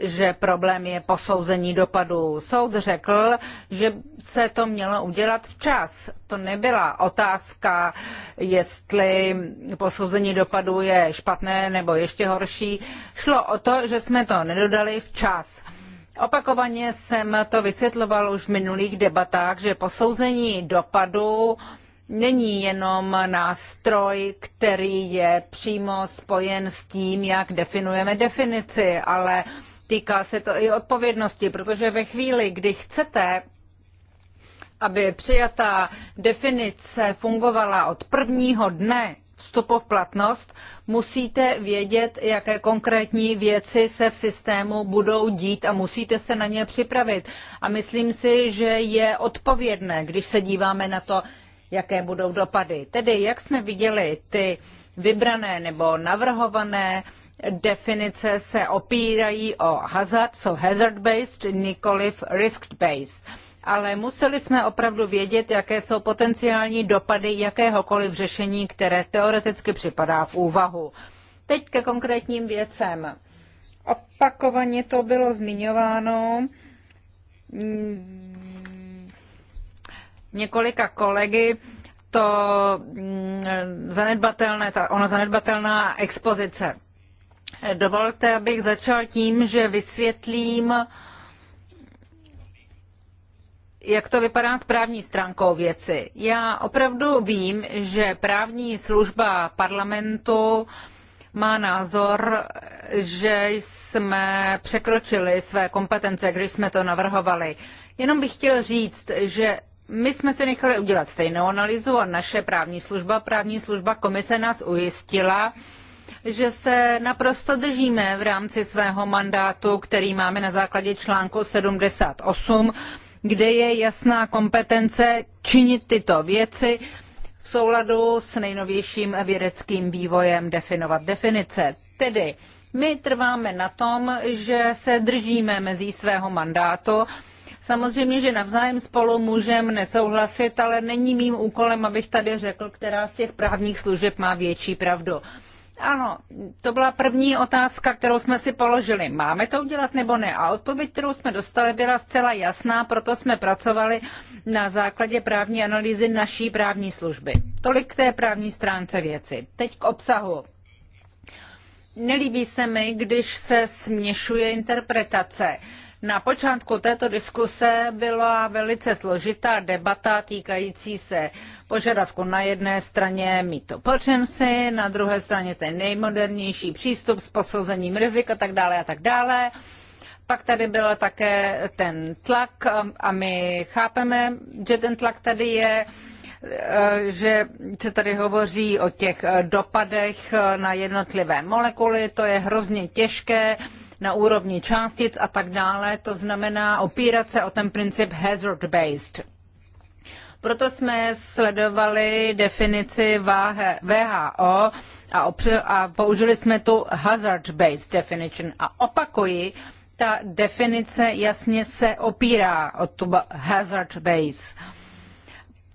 že problém je posouzení dopadu. Soud řekl, že se to mělo udělat včas. To nebyla otázka, jestli posouzení dopadu je špatné nebo ještě horší. Šlo o to, že jsme to nedodali včas. Opakovaně jsem to vysvětloval už v minulých debatách, že posouzení dopadu není jenom nástroj, který je přímo spojen s tím, jak definujeme definici, ale Týká se to i odpovědnosti, protože ve chvíli, kdy chcete, aby přijatá definice fungovala od prvního dne vstupu v platnost, musíte vědět, jaké konkrétní věci se v systému budou dít a musíte se na ně připravit. A myslím si, že je odpovědné, když se díváme na to, jaké budou dopady. Tedy, jak jsme viděli, ty vybrané nebo navrhované definice se opírají o hazard, jsou hazard-based, nikoliv risk-based. Ale museli jsme opravdu vědět, jaké jsou potenciální dopady jakéhokoliv řešení, které teoreticky připadá v úvahu. Teď ke konkrétním věcem. Opakovaně to bylo zmiňováno několika kolegy to mm, zanedbatelné, ta ona zanedbatelná expozice. Dovolte, abych začal tím, že vysvětlím, jak to vypadá s právní stránkou věci. Já opravdu vím, že právní služba parlamentu má názor, že jsme překročili své kompetence, když jsme to navrhovali. Jenom bych chtěl říct, že my jsme si nechali udělat stejnou analýzu a naše právní služba, právní služba komise nás ujistila, že se naprosto držíme v rámci svého mandátu, který máme na základě článku 78, kde je jasná kompetence činit tyto věci v souladu s nejnovějším vědeckým vývojem definovat definice. Tedy my trváme na tom, že se držíme mezí svého mandátu. Samozřejmě, že navzájem spolu můžeme nesouhlasit, ale není mým úkolem, abych tady řekl, která z těch právních služeb má větší pravdu. Ano, to byla první otázka, kterou jsme si položili. Máme to udělat nebo ne? A odpověď, kterou jsme dostali, byla zcela jasná, proto jsme pracovali na základě právní analýzy naší právní služby. Tolik k té právní stránce věci. Teď k obsahu. Nelíbí se mi, když se směšuje interpretace. Uh, na počátku této diskuse byla velice složitá debata týkající se požadavku na jedné straně mít opportunity, na druhé straně ten nejmodernější přístup s posouzením rizik a tak dále a tak dále. Pak tady byl také ten tlak a my chápeme, že ten tlak tady je, že se tady hovoří o těch dopadech na jednotlivé molekuly, to je hrozně těžké na úrovni částic a tak dále. To znamená opírat se o ten princip hazard-based. Proto jsme sledovali definici VHO a, opře- a použili jsme tu hazard-based definition. A opakuji, ta definice jasně se opírá o tu hazard-based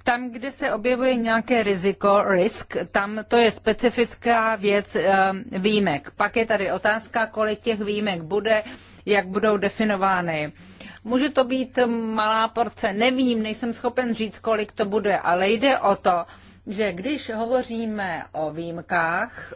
tam, kde se objevuje nějaké riziko, risk, tam to je specifická věc eh, výjimek. Pak je tady otázka, kolik těch výjimek bude, jak budou definovány. Může to být malá porce, nevím, nejsem schopen říct, kolik to bude, ale jde o to, že když hovoříme o výjimkách,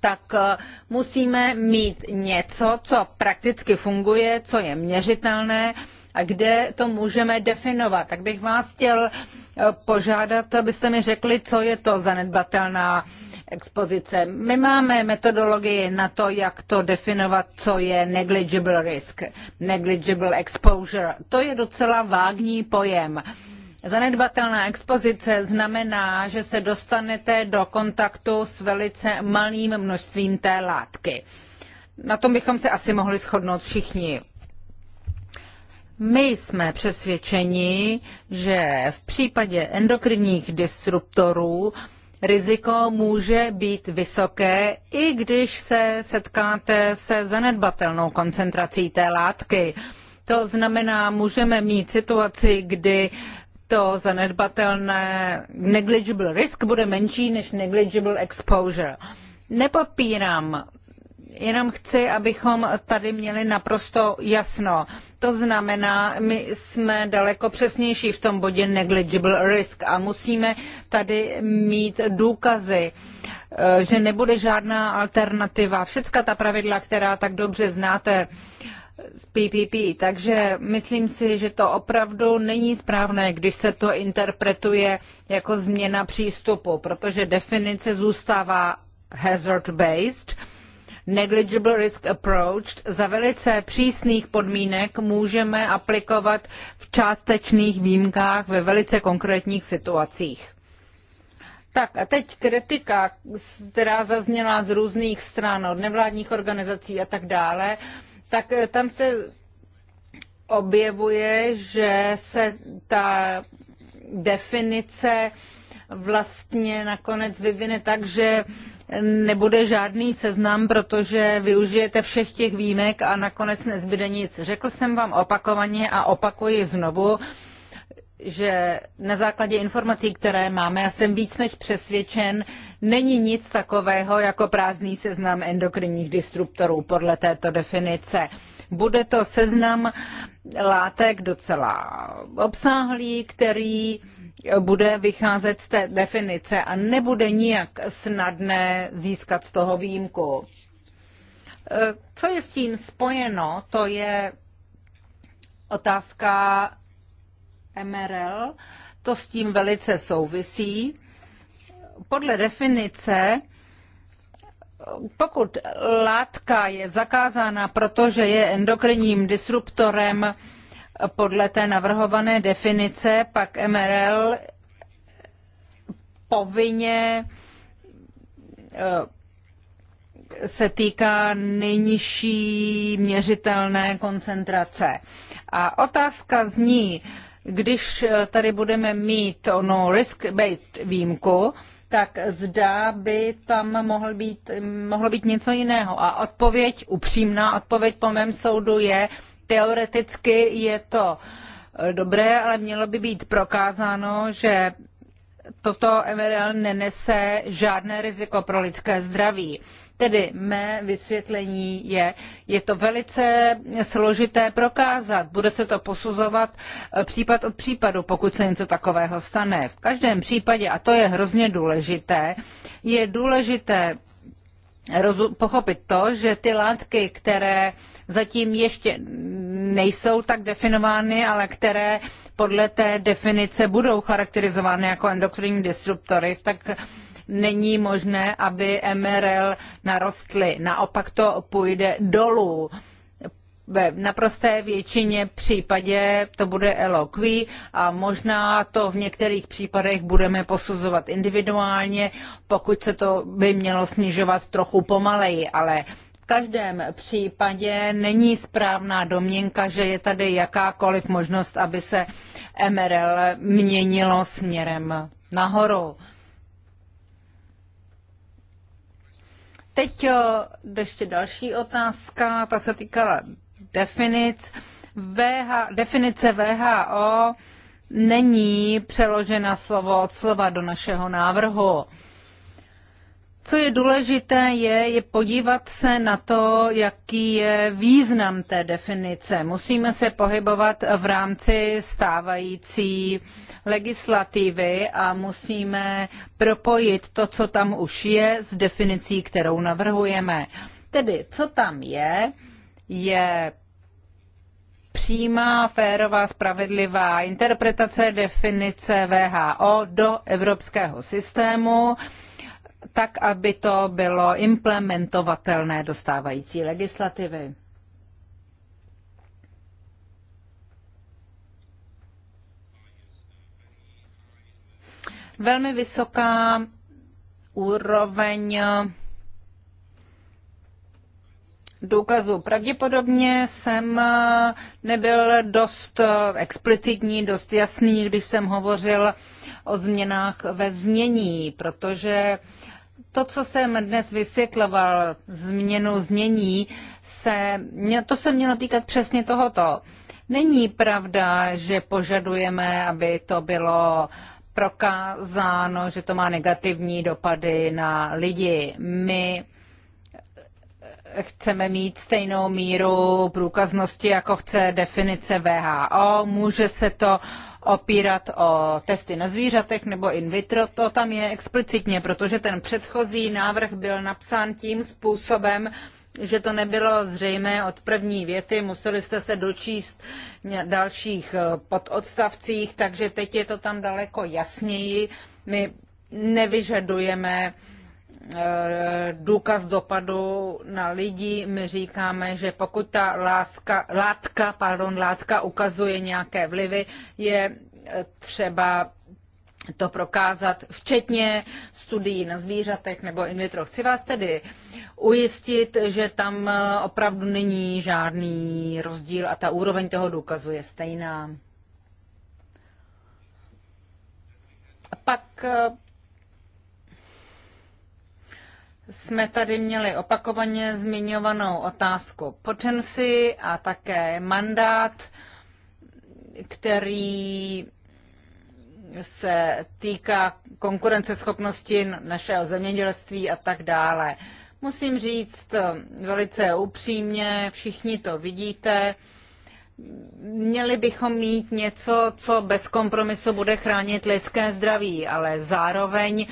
tak eh, musíme mít něco, co prakticky funguje, co je měřitelné a kde to můžeme definovat. Tak bych vás chtěl eh, požádat, abyste mi řekli, co je to zanedbatelná expozice. My máme metodologii na to, jak to definovat, co je negligible risk, negligible exposure. To je docela vágní pojem. Zanedbatelná expozice znamená, že se dostanete do kontaktu s velice malým množstvím té látky. Na tom bychom se asi mohli shodnout všichni. My jsme přesvědčeni, že v případě endokrinních disruptorů riziko může být vysoké, i když se setkáte se zanedbatelnou koncentrací té látky. To znamená, můžeme mít situaci, kdy to zanedbatelné negligible risk bude menší než negligible exposure. Nepopírám, jenom chci, abychom tady měli naprosto jasno. To znamená, my jsme daleko přesnější v tom bodě negligible risk a musíme tady mít důkazy, eh, že nebude žádná alternativa. Všecka ta pravidla, která tak dobře znáte z PPP. Takže myslím si, že to opravdu není správné, když se to interpretuje jako změna přístupu, protože definice zůstává hazard-based negligible risk approach, za velice přísných podmínek můžeme aplikovat v částečných výjimkách ve velice konkrétních situacích. Tak a teď kritika, která zazněla z různých stran, od nevládních organizací a tak dále, tak eh, tam se objevuje, že se ta definice vlastně nakonec vyvine tak, že nebude žádný seznam, protože využijete všech těch výjimek a nakonec nezbyde nic. Řekl jsem vám opakovaně a opakuji znovu, že na základě informací, které máme, já jsem víc než přesvědčen, není nic takového jako prázdný seznam endokrinních disruptorů podle této definice. Bude to seznam látek docela obsáhlý, který bude vycházet z té definice a nebude nijak snadné získat z toho výjimku. E, co je s tím spojeno, to je otázka MRL. To s tím velice souvisí. Podle definice, pokud látka je zakázána, protože je endokrinním disruptorem, podle té navrhované definice pak MRL povinně eh, se týká nejnižší měřitelné koncentrace. A otázka zní, když eh, tady budeme mít ono risk-based výjimku, tak zda by tam mohl být, mohlo být něco jiného. A odpověď, upřímná odpověď po mém soudu je, Teoreticky je to eh, dobré, ale mělo by být prokázáno, že toto MRL nenese žádné riziko pro lidské zdraví. Tedy mé vysvětlení je, je to velice složité prokázat. Bude se to posuzovat eh, případ od případu, pokud se něco takového stane. V každém případě, a to je hrozně důležité, je důležité pochopit to, že ty látky, které zatím ještě nejsou tak definovány, ale které podle té definice budou charakterizovány jako endokrinní disruptory, tak není možné, aby MRL narostly. Naopak to půjde dolů. Ve naprosté většině případě to bude LOQ a možná to v některých případech budeme posuzovat individuálně, pokud se to by mělo snižovat trochu pomaleji, ale každém případě není správná domněnka, že je tady jakákoliv možnost, aby se MRL měnilo směrem nahoru. Teď ještě další otázka, ta se týkala definic. VH, definice VHO není přeložena slovo od slova do našeho návrhu. Co je důležité, je, je podívat se na to, jaký je význam té definice. Musíme se pohybovat v rámci stávající legislativy a musíme propojit to, co tam už je, s definicí, kterou navrhujeme. Tedy, co tam je, je přímá, férová, spravedlivá interpretace definice VHO do evropského systému tak, aby to bylo implementovatelné do stávající legislativy. Velmi vysoká úroveň důkazů. Pravděpodobně jsem nebyl dost explicitní, dost jasný, když jsem hovořil o změnách ve znění, protože to, co jsem dnes vysvětloval, změnu znění, se, to se mělo týkat přesně tohoto. Není pravda, že požadujeme, aby to bylo prokázáno, že to má negativní dopady na lidi. My eh, chceme mít stejnou míru průkaznosti, jako chce definice VHO. Může se to opírat o testy na zvířatech nebo in vitro, to tam je explicitně, protože ten předchozí návrh byl napsán tím způsobem, že to nebylo zřejmé od první věty, museli jste se dočíst dalších eh, pododstavcích, takže teď je to tam daleko jasněji. My nevyžadujeme uh, Eh, důkaz dopadu na lidi. My říkáme, že pokud ta láska, látka, pardon, látka ukazuje nějaké vlivy, je eh, třeba to prokázat, včetně studií na zvířatech nebo in vitro. Chci vás tedy ujistit, že tam eh, opravdu není žádný rozdíl a ta úroveň toho důkazu je stejná. A pak jsme tady měli opakovaně zmiňovanou otázku potenci a také mandát, který se týká konkurenceschopnosti našeho zemědělství a tak dále. Musím říct eh, velice upřímně, všichni to vidíte, měli bychom mít něco, co bez kompromisu bude chránit lidské zdraví, ale zároveň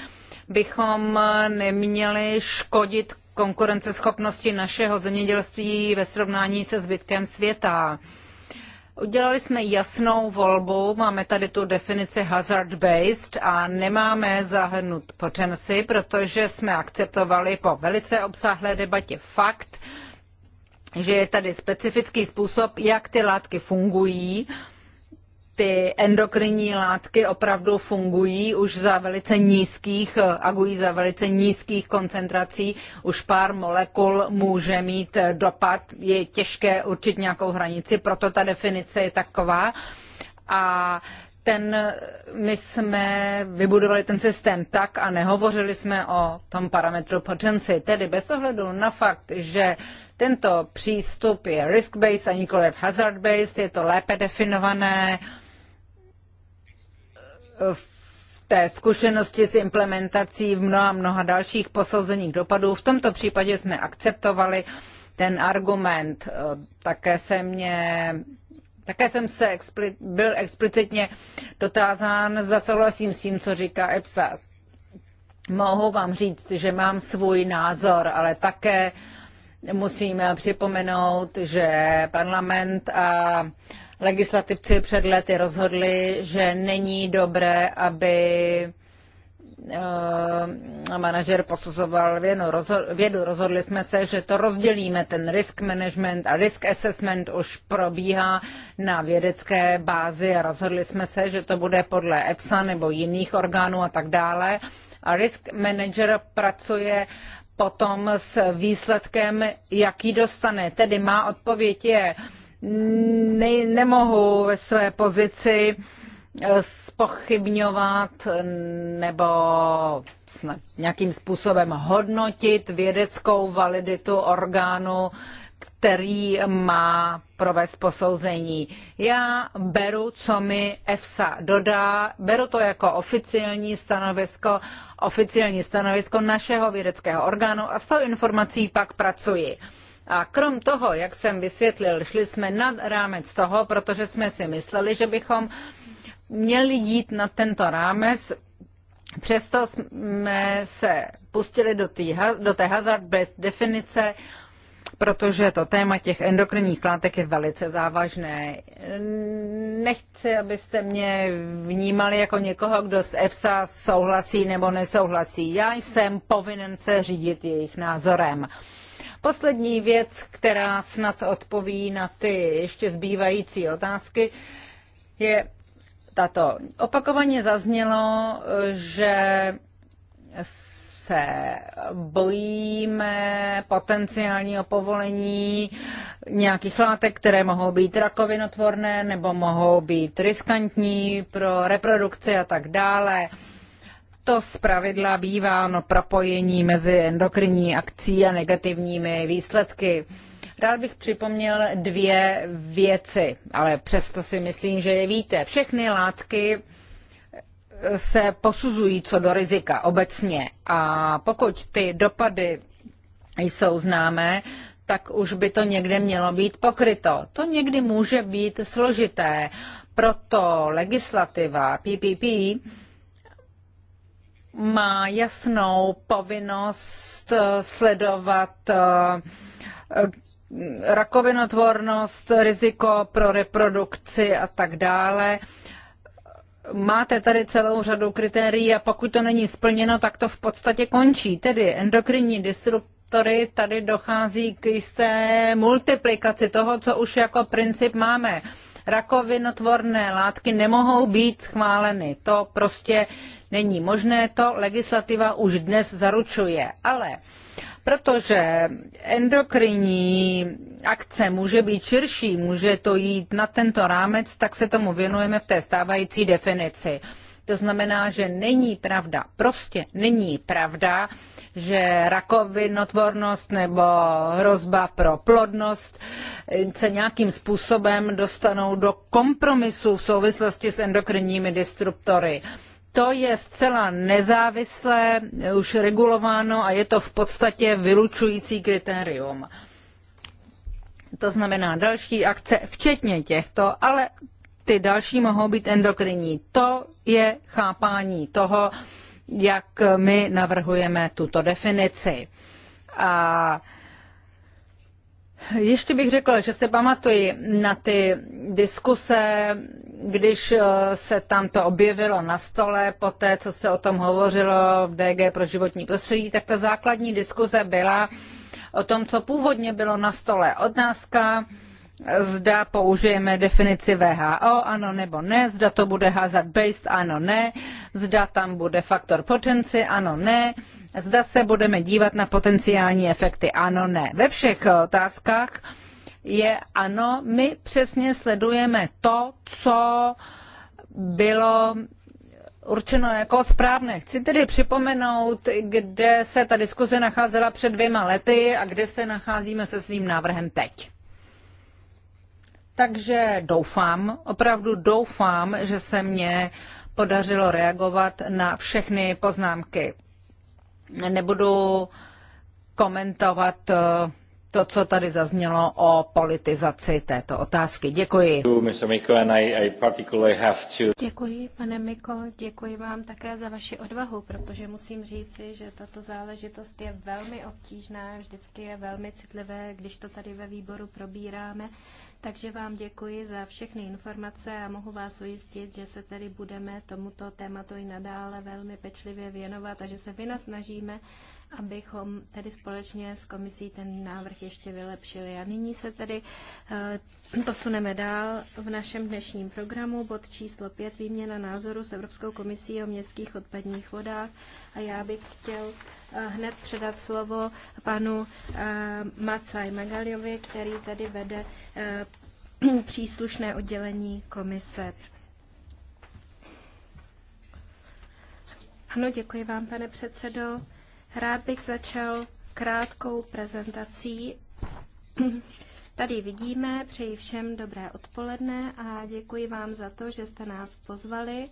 bychom neměli škodit konkurenceschopnosti našeho zemědělství ve srovnání se zbytkem světa. Udělali jsme jasnou volbu, máme tady tu definici hazard-based a nemáme zahrnut potenci, protože jsme akceptovali po velice obsáhlé debatě fakt, že je tady specifický způsob, jak ty látky fungují ty endokrinní látky opravdu fungují už za velice nízkých, eh, agují za velice nízkých koncentrací, už pár molekul může mít eh, dopad, je těžké určit nějakou hranici, proto ta definice je taková. A ten, eh, my jsme vybudovali ten systém tak a nehovořili jsme o tom parametru potenci, tedy bez ohledu na fakt, že tento přístup je risk-based a nikoliv hazard-based, je to lépe definované, uh, v té zkušenosti s implementací v mnoha, mnoha dalších posouzeních dopadů. V tomto případě jsme akceptovali ten argument. Eh, také se mě také jsem se expli- byl explicitně dotázán, zda souhlasím s tím, co říká EPSA. Mohu vám říct, že mám svůj názor, ale také musím připomenout, že parlament a legislativci před lety rozhodli, že není dobré, aby eh, manažer posuzoval vědu. vědu. Rozhodli jsme se, že to rozdělíme. Ten risk management a risk assessment už probíhá na vědecké bázi a rozhodli jsme se, že to bude podle EPSA nebo jiných orgánů a tak dále. A risk manager pracuje potom s výsledkem, jaký dostane. Tedy má odpověď je, uh, ne, nemohu ve své pozici eh, spochybňovat nebo snad nějakým způsobem hodnotit vědeckou validitu orgánu, který má provést posouzení. Já beru, co mi EFSA dodá, beru to jako oficiální stanovisko, oficiální stanovisko našeho vědeckého orgánu a s tou informací pak pracuji. A krom toho, jak jsem vysvětlil, šli jsme nad rámec toho, protože jsme si mysleli, že bychom měli jít na tento rámec. Přesto jsme se pustili do, tý, do té hazard bez definice, protože to téma těch endokrinních látek je velice závažné. Nechci, abyste mě vnímali jako někoho, kdo s EFSA souhlasí nebo nesouhlasí. Já jsem povinen se řídit jejich názorem. Poslední věc, která snad odpoví na ty ještě zbývající otázky, je tato. Opakovaně zaznělo, že se bojíme potenciálního povolení nějakých látek, které mohou být rakovinotvorné nebo mohou být riskantní pro reprodukci a tak dále to zpravidla bývá no propojení mezi endokrinní akcí a negativními výsledky. Rád bych připomněl dvě věci, ale přesto si myslím, že je víte. Všechny látky se posuzují co do rizika obecně a pokud ty dopady jsou známé, tak už by to někde mělo být pokryto. To někdy může být složité, proto legislativa PPP má jasnou povinnost eh, sledovat eh, eh, rakovinotvornost, riziko pro reprodukci a tak dále. Máte tady celou řadu kritérií a pokud to není splněno, tak to v podstatě končí. Tedy endokrinní disruptory tady dochází k jisté multiplikaci toho, co už jako princip máme. Rakovinotvorné látky nemohou být schváleny. To prostě Není možné, to legislativa už dnes zaručuje. Ale protože endokrinní akce může být širší, může to jít na tento rámec, tak se tomu věnujeme v té stávající definici. To znamená, že není pravda, prostě není pravda, že rakovinotvornost nebo hrozba pro plodnost se nějakým způsobem dostanou do kompromisu v souvislosti s endokrinními disruptory. To je zcela nezávislé, už regulováno a je to v podstatě vylučující kritérium. To znamená další akce, včetně těchto, ale ty další mohou být endokrinní. To je chápání toho, jak my navrhujeme tuto definici. A ještě bych řekla, že se pamatuji na ty diskuse když eh, se tam to objevilo na stole, po té, co se o tom hovořilo v DG pro životní prostředí, tak ta základní diskuze byla o tom, co původně bylo na stole. Otázka, zda použijeme definici VHO, ano nebo ne, zda to bude hazard-based, ano ne, zda tam bude faktor potenci, ano ne, zda se budeme dívat na potenciální efekty, ano ne. Ve všech otázkách je ano, my přesně sledujeme to, co bylo určeno jako správné. Chci tedy připomenout, kde se ta diskuze nacházela před dvěma lety a kde se nacházíme se svým návrhem teď. Takže doufám, opravdu doufám, že se mě podařilo reagovat na všechny poznámky. Nebudu komentovat eh, to, co tady zaznělo o politizaci této otázky. Děkuji. Děkuji, pane Miko, děkuji vám také za vaši odvahu, protože musím říci, že tato záležitost je velmi obtížná, vždycky je velmi citlivé, když to tady ve výboru probíráme. Takže vám děkuji za všechny informace a mohu vás ujistit, že se tedy budeme tomuto tématu i nadále velmi pečlivě věnovat a že se vynasnažíme abychom tedy společně s komisí ten návrh ještě vylepšili. A nyní se tedy eh, posuneme dál v našem dnešním programu. Bod číslo 5, výměna názoru s Evropskou komisí o městských odpadních vodách. A já bych chtěl eh, hned předat slovo panu eh, Macaj Magaliovi, který tady vede příslušné oddělení komise. Ano, děkuji vám, pane předsedo. Rád bych začal krátkou prezentací. Tady vidíme, přeji všem dobré odpoledne a děkuji vám za to, že jste nás pozvali.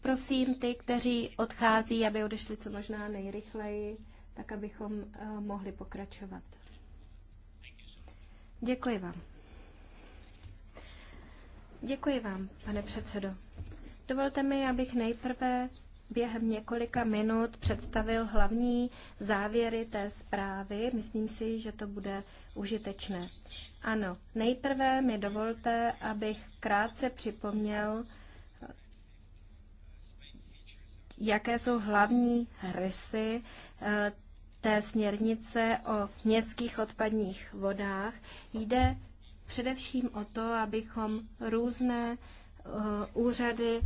Prosím ty, kteří odchází, aby odešli co možná nejrychleji, tak abychom eh, mohli pokračovat. Děkuji vám. Děkuji vám, pane předsedo. Dovolte mi, abych nejprve během několika minut představil hlavní závěry té zprávy. Myslím si, že to bude užitečné. Ano, nejprve mi dovolte, abych krátce připomněl, jaké jsou hlavní rysy eh, té směrnice o městských odpadních vodách. Jde především o to, abychom různé eh, úřady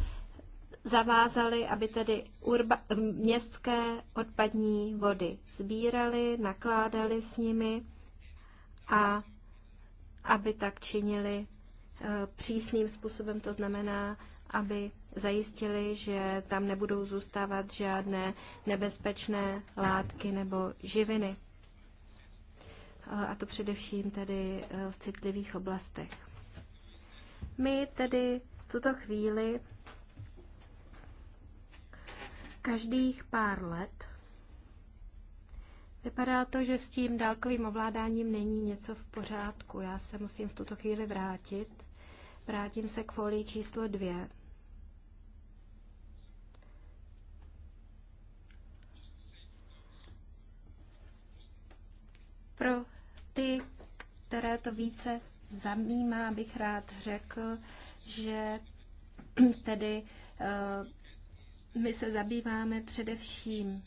zavázali, aby tedy urba, městské odpadní vody sbírali, nakládali s nimi a aby tak činili eh, přísným způsobem, to znamená, aby zajistili, že tam nebudou zůstávat žádné nebezpečné látky nebo živiny. Eh, a to především tedy eh, v citlivých oblastech. My tedy v tuto chvíli každých pár let. Vypadá to, že s tím dálkovým ovládáním není něco v pořádku. Já se musím v tuto chvíli vrátit. Vrátím se k folii číslo dvě. Pro ty, které to více zajímá, bych rád řekl, že tedy eh, my se zabýváme především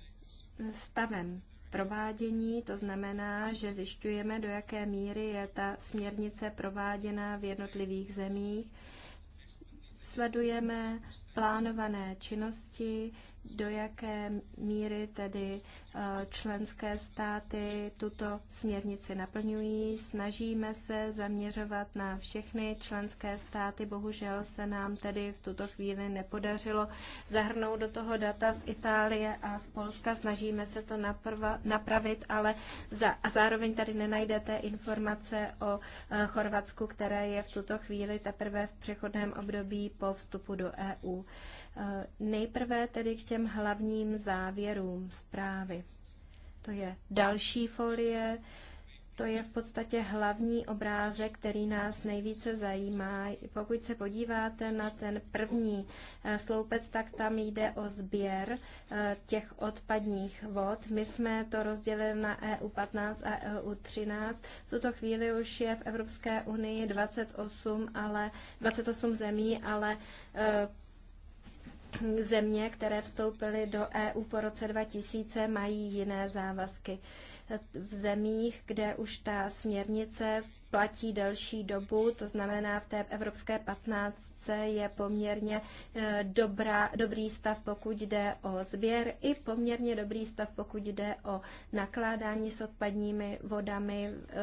stavem provádění, to znamená, že zjišťujeme, do jaké míry je ta směrnice prováděna v jednotlivých zemích. Sledujeme plánované činnosti, do jaké míry tedy eh, členské státy tuto směrnici naplňují. Snažíme se zaměřovat na všechny členské státy. Bohužel se nám tedy v tuto chvíli nepodařilo zahrnout do toho data z Itálie a z Polska. Snažíme se to naprva, napravit, ale za, a zároveň tady nenajdete informace o eh, Chorvatsku, které je v tuto chvíli teprve v přechodném období po vstupu do EU. Eh, nejprve tedy k těm hlavním závěrům zprávy. To je další folie, to je v podstatě hlavní obrázek, který nás nejvíce zajímá. Pokud se podíváte na ten první eh, sloupec, tak tam jde o sběr eh, těch odpadních vod. My jsme to rozdělili na EU15 a EU13. V tuto chvíli už je v Evropské unii 28, ale, 28 zemí, ale země, které vstoupily do EU po roce 2000, mají jiné závazky. V zemích, kde už ta směrnice platí delší dobu, to znamená v té evropské patnáctce je poměrně eh, dobrá, dobrý stav, pokud jde o sběr i poměrně dobrý stav, pokud jde o nakládání s odpadními vodami. Eh,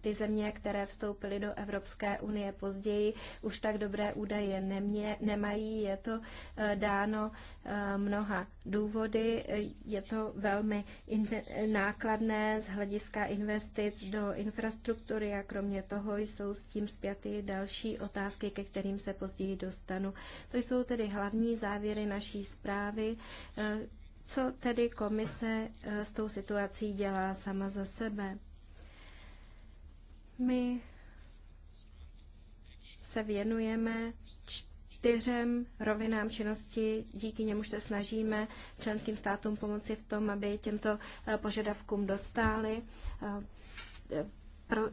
ty země, které vstoupily do Evropské unie později, už tak dobré údaje nemě, nemají. Je to eh, dáno mnoha důvody. Je to velmi nákladné z hlediska investic do infrastruktury a kromě kromě toho jsou s tím zpěty další otázky, ke kterým se později dostanu. To jsou tedy hlavní závěry naší zprávy. Eh, co tedy komise eh, s tou situací dělá sama za sebe? My se věnujeme čtyřem rovinám činnosti, díky němuž se snažíme členským státům pomoci v tom, aby těmto eh, požadavkům dostály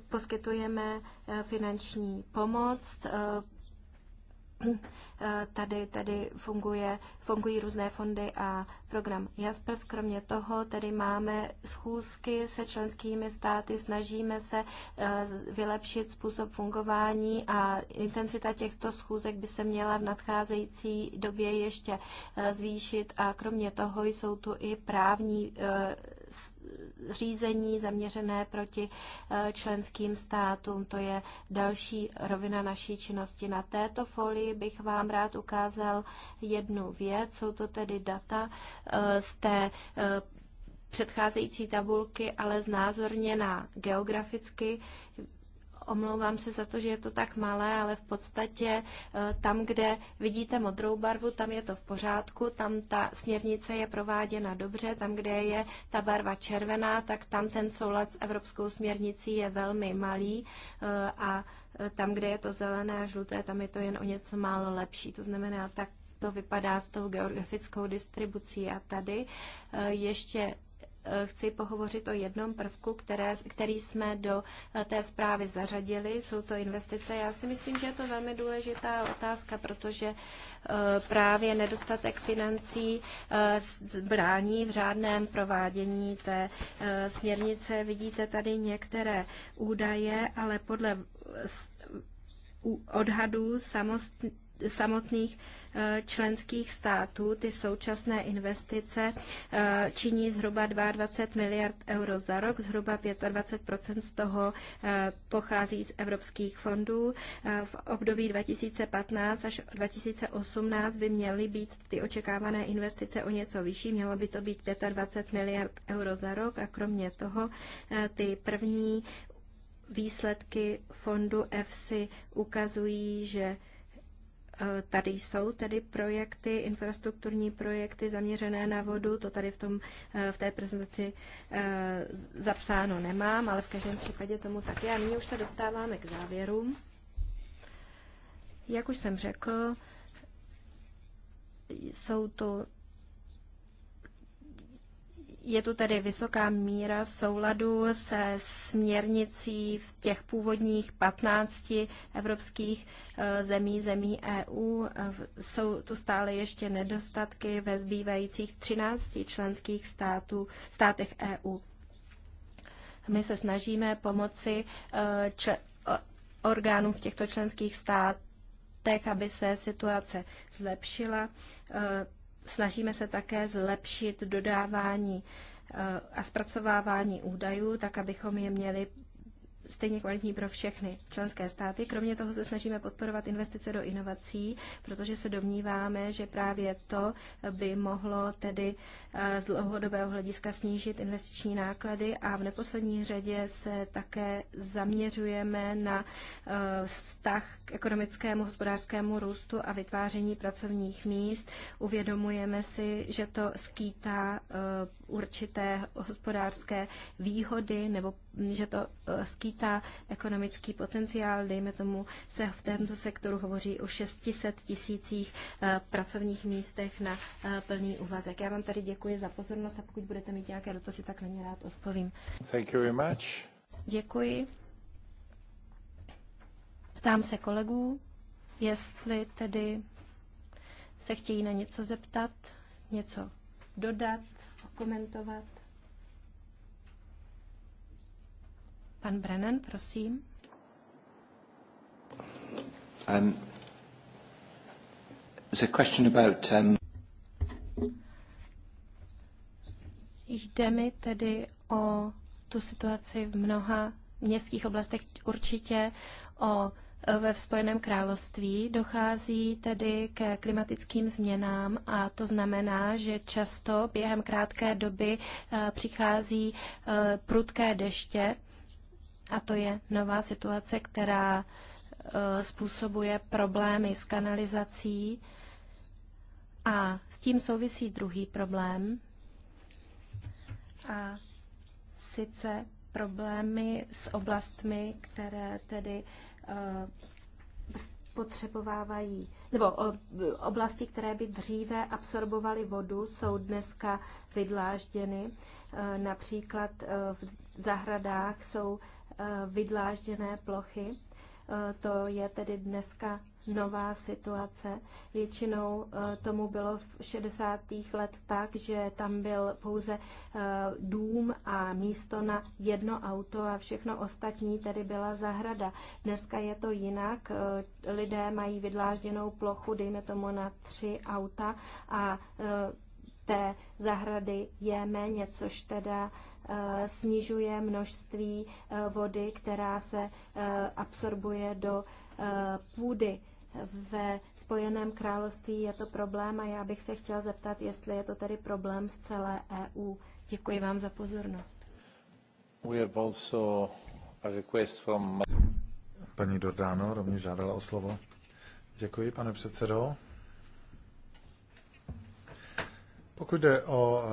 poskytujeme eh, finanční pomoc. Eh, eh, tady, tady funguje, fungují různé fondy a program Jaspers. Kromě toho tady máme schůzky se členskými státy, snažíme se vylepšit způsob fungování a intenzita těchto schůzek by se měla v nadcházející době ještě zvýšit a kromě toho jsou tu i právní řízení zaměřené proti eh, členským státům. To je další rovina naší činnosti. Na této folii bych vám rád ukázal jednu věc. Jsou to tedy data eh, z té eh, předcházející tabulky, ale znázorněná geograficky. Omlouvám se za to, že je to tak malé, ale v podstatě eh, tam, kde vidíte modrou barvu, tam je to v pořádku, tam ta směrnice je prováděna dobře, tam, kde je ta barva červená, tak tam ten soulad s evropskou směrnicí je velmi malý eh, a eh, tam, kde je to zelené a žluté, tam je to jen o něco málo lepší. To znamená, tak to vypadá s tou geografickou distribucí a tady ještě Eh, chci pohovořit o jednom prvku, které, který jsme do eh, té zprávy zařadili. Jsou to investice. Já si myslím, že je to velmi důležitá otázka, protože eh, právě nedostatek financí brání v řádném provádění té směrnice. Vidíte tady některé údaje, ale podle odhadů samostní samotných eh, členských států. Ty současné investice eh, činí zhruba 22 miliard euro za rok, zhruba 25 z toho eh, pochází z evropských fondů. V období 2015 až 2018 by měly být ty očekávané investice o něco vyšší, mělo by to být 25 miliard euro za rok a kromě toho ty první výsledky fondu EFSI ukazují, že Eh, tady jsou tedy projekty, infrastrukturní projekty zaměřené na vodu, to tady v, tom, eh, v té prezentaci eh, zapsáno nemám, ale v každém případě tomu taky. A nyní už se dostáváme k závěrům. Jak už jsem řekl, jsou to je tu tedy vysoká míra souladu se směrnicí v těch původních 15 evropských eh, zemí, zemí EU. Eh, jsou tu stále ještě nedostatky ve zbývajících 13 členských států, státech EU. My se snažíme pomoci eh, orgánům v těchto členských státech, aby se situace zlepšila. Snažíme se také zlepšit dodávání eh, a zpracovávání údajů, tak abychom je měli stejně kvalitní pro všechny členské státy. Kromě toho se snažíme podporovat investice do inovací, protože se domníváme, že právě to by mohlo tedy eh, z dlouhodobého hlediska snížit investiční náklady a v neposlední řadě se také zaměřujeme na eh, vztah k ekonomickému hospodářskému růstu a vytváření pracovních míst. Uvědomujeme si, že to skýtá eh, určité hospodářské výhody nebo mm, že to eh, skýtá ekonomický potenciál. Dejme tomu, se v tomto sektoru hovoří o 600 tisících eh, pracovních místech na eh, plný úvazek. Já vám tady děkuji za pozornost a pokud budete mít nějaké dotazy, tak na ně rád odpovím. Thank you very much. Děkuji. Ptám se kolegů, jestli tedy se chtějí na něco zeptat, něco dodat komentovat. Pan Brennan, prosím. Um, a question about, um... Jde mi tedy o tu situaci v mnoha městských oblastech, určitě o ve Spojeném království dochází tedy ke klimatickým změnám a to znamená, že často během krátké doby eh, přichází eh, prudké deště a to je nová situace, která eh, způsobuje problémy s kanalizací a s tím souvisí druhý problém a sice problémy s oblastmi, které tedy uh, Eh, spotřebovávají, nebo eh, oblasti, které by dříve absorbovaly vodu, jsou dneska vydlážděny. Eh, například v zahradách jsou vydlážděné plochy. To je tedy dneska nová situace. Většinou eh, tomu bylo v 60. let tak, že tam byl pouze eh, dům a místo na jedno auto a všechno ostatní tedy byla zahrada. Dneska je to jinak. Eh, lidé mají vydlážděnou plochu, dejme tomu na tři auta a té zahrady je méně, což teda snižuje množství vody, která se absorbuje do půdy. Ve Spojeném království je to problém a já bych se chtěl zeptat, jestli je to tedy problém v celé EU. Děkuji vám za pozornost. We have also a request from... Paní Dordáno rovněž žádala o slovo. Děkuji, pane předsedo. Pokud jde o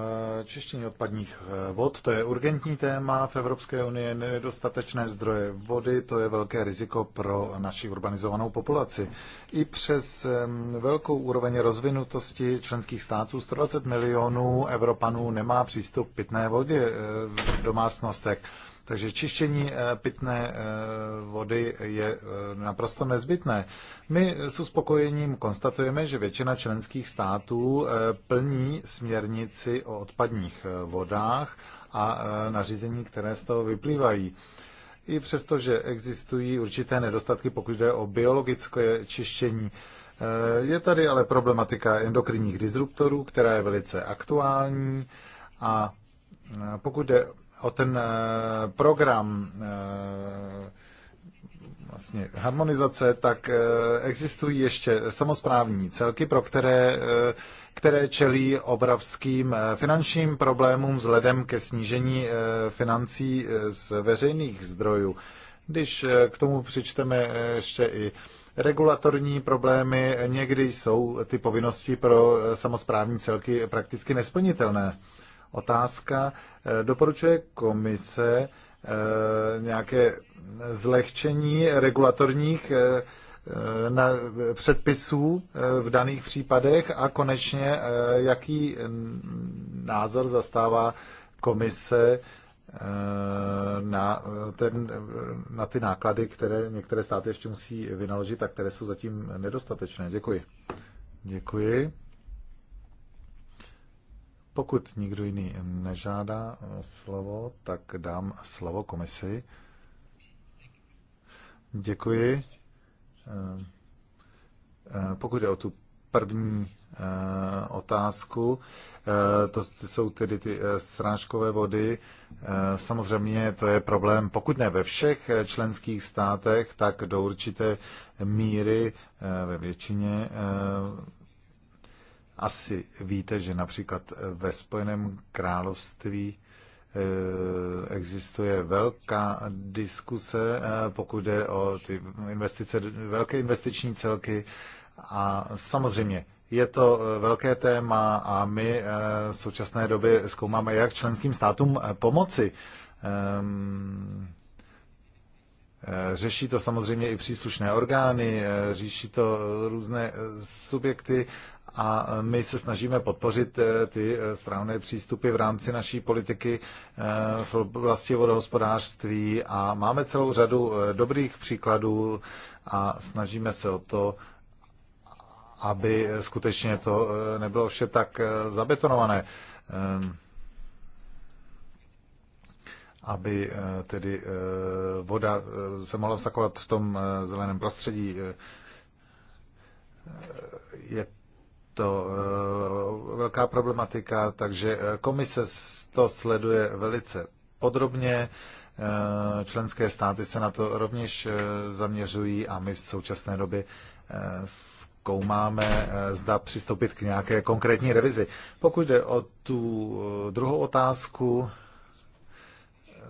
eh, čištění odpadních eh, vod, to je urgentní téma v Evropské unii, nedostatečné zdroje vody, to je velké riziko pro naši urbanizovanou populaci. I přes velkou úroveň rozvinutosti členských států 120 milionů Evropanů nemá přístup k pitné vodě eh, v domácnostech. Takže čištění eh, pitné eh, vody je eh, naprosto nezbytné. My s uspokojením konstatujeme, že většina členských států plní směrnici o odpadních vodách a nařízení, které z toho vyplývají. I přesto, že existují určité nedostatky, pokud jde o biologické čištění, je tady ale problematika endokrinních disruptorů, která je velice aktuální a pokud jde o ten eh, program eh, vlastně harmonizace, tak eh, existují ještě samozprávní celky, pro které, které čelí obrovským finančním problémům vzhledem ke snížení financí z veřejných zdrojů. Když k tomu přičteme ještě i regulatorní problémy, někdy jsou ty povinnosti pro samozprávní celky prakticky nesplnitelné otázka. Eh, doporučuje komise eh, nějaké zlehčení regulatorních eh, na předpisů v daných případech a konečně, jaký mm, názor zastává komise na, ten, na ty náklady, které některé státy ještě musí vynaložit a které jsou zatím nedostatečné. Děkuji. Děkuji. Pokud nikdo jiný nežádá slovo, tak dám slovo komisi. Děkuji. Pokud je o tu první eh, otázku, eh, to jsou tedy ty eh, srážkové vody. Samozřejmě to je problém, pokud ne ve všech členských státech, tak do určité míry ve většině asi víte, že například eh, ve Spojeném království eh, existuje velká diskuse, eh, pokud jde o ty investice, velké investiční celky. A samozřejmě je to velké téma a my v současné době zkoumáme, jak členským státům pomoci. Ehm, řeší to samozřejmě i příslušné orgány, řeší to různé subjekty a e, my se snažíme podpořit e, ty e, správné přístupy v rámci naší politiky v oblasti vodohospodářství a máme celou řadu dobrých příkladů a snažíme se o to, aby skutečně to nebylo vše tak zabetonované. Ehm, aby tedy voda se mohla vsakovat v tom zeleném prostředí. Je to eh, velká problematika, takže eh, komise to sleduje velice podrobně. Eh, členské státy se na to rovněž zaměřují a my v současné době zkoumáme, zda přistoupit k nějaké konkrétní revizi. Pokud jde o tu druhou otázku,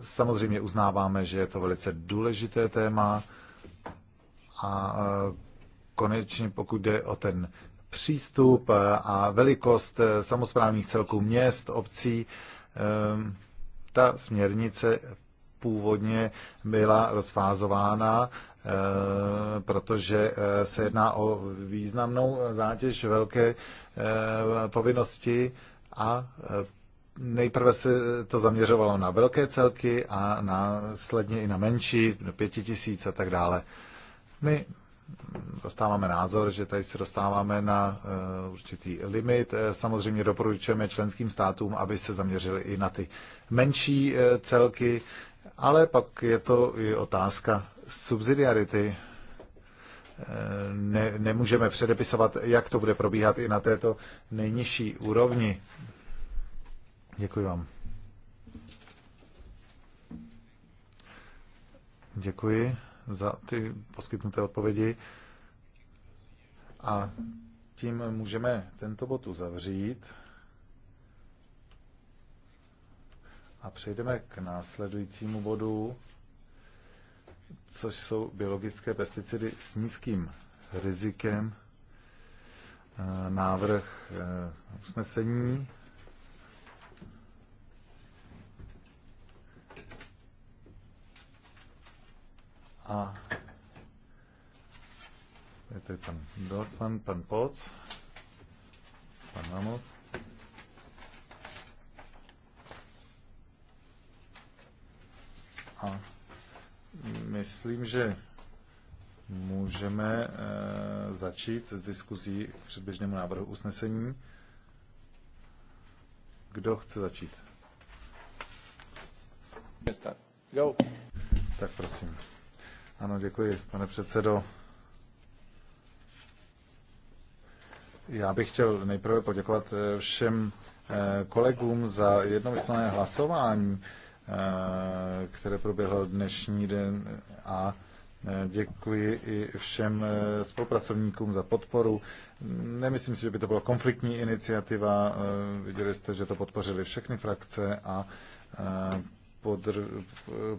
samozřejmě uznáváme, že je to velice důležité téma a konečně pokud jde o ten přístup a velikost eh, samozprávných celků měst, obcí. Ehm, ta směrnice původně byla rozfázována, eh, protože eh, se jedná o významnou zátěž velké povinnosti a nejprve se to zaměřovalo na velké celky a následně i na menší, do pěti tisíc a tak dále. My zastáváme názor, že tady se dostáváme na eh, určitý limit. Eh, samozřejmě doporučujeme členským státům, aby se zaměřili i na ty menší eh, celky, ale pak je to i otázka subsidiarity. Ne, nemůžeme předepisovat, jak to bude probíhat i na této nejnižší úrovni. Děkuji vám. Děkuji za ty poskytnuté odpovědi. A tím můžeme tento bod uzavřít. A přejdeme k následujícímu bodu, což jsou biologické pesticidy s nízkým rizikem. Eh, návrh eh, usnesení A je tady pan Dortman, pan Poc, pan Ramos. A myslím, že můžeme e, začít s diskuzí k předběžnému návrhu usnesení. Kdo chce začít? Go. Tak prosím. Ano, děkuji, pane předsedo. Já bych chtěl nejprve poděkovat eh, všem eh, kolegům za jednomyslné hlasování, eh, které proběhlo dnešní den a děkuji i všem spolupracovníkům za podporu. Nemyslím si, že by to byla konfliktní iniciativa. Viděli jste, že to podpořili všechny frakce a podr,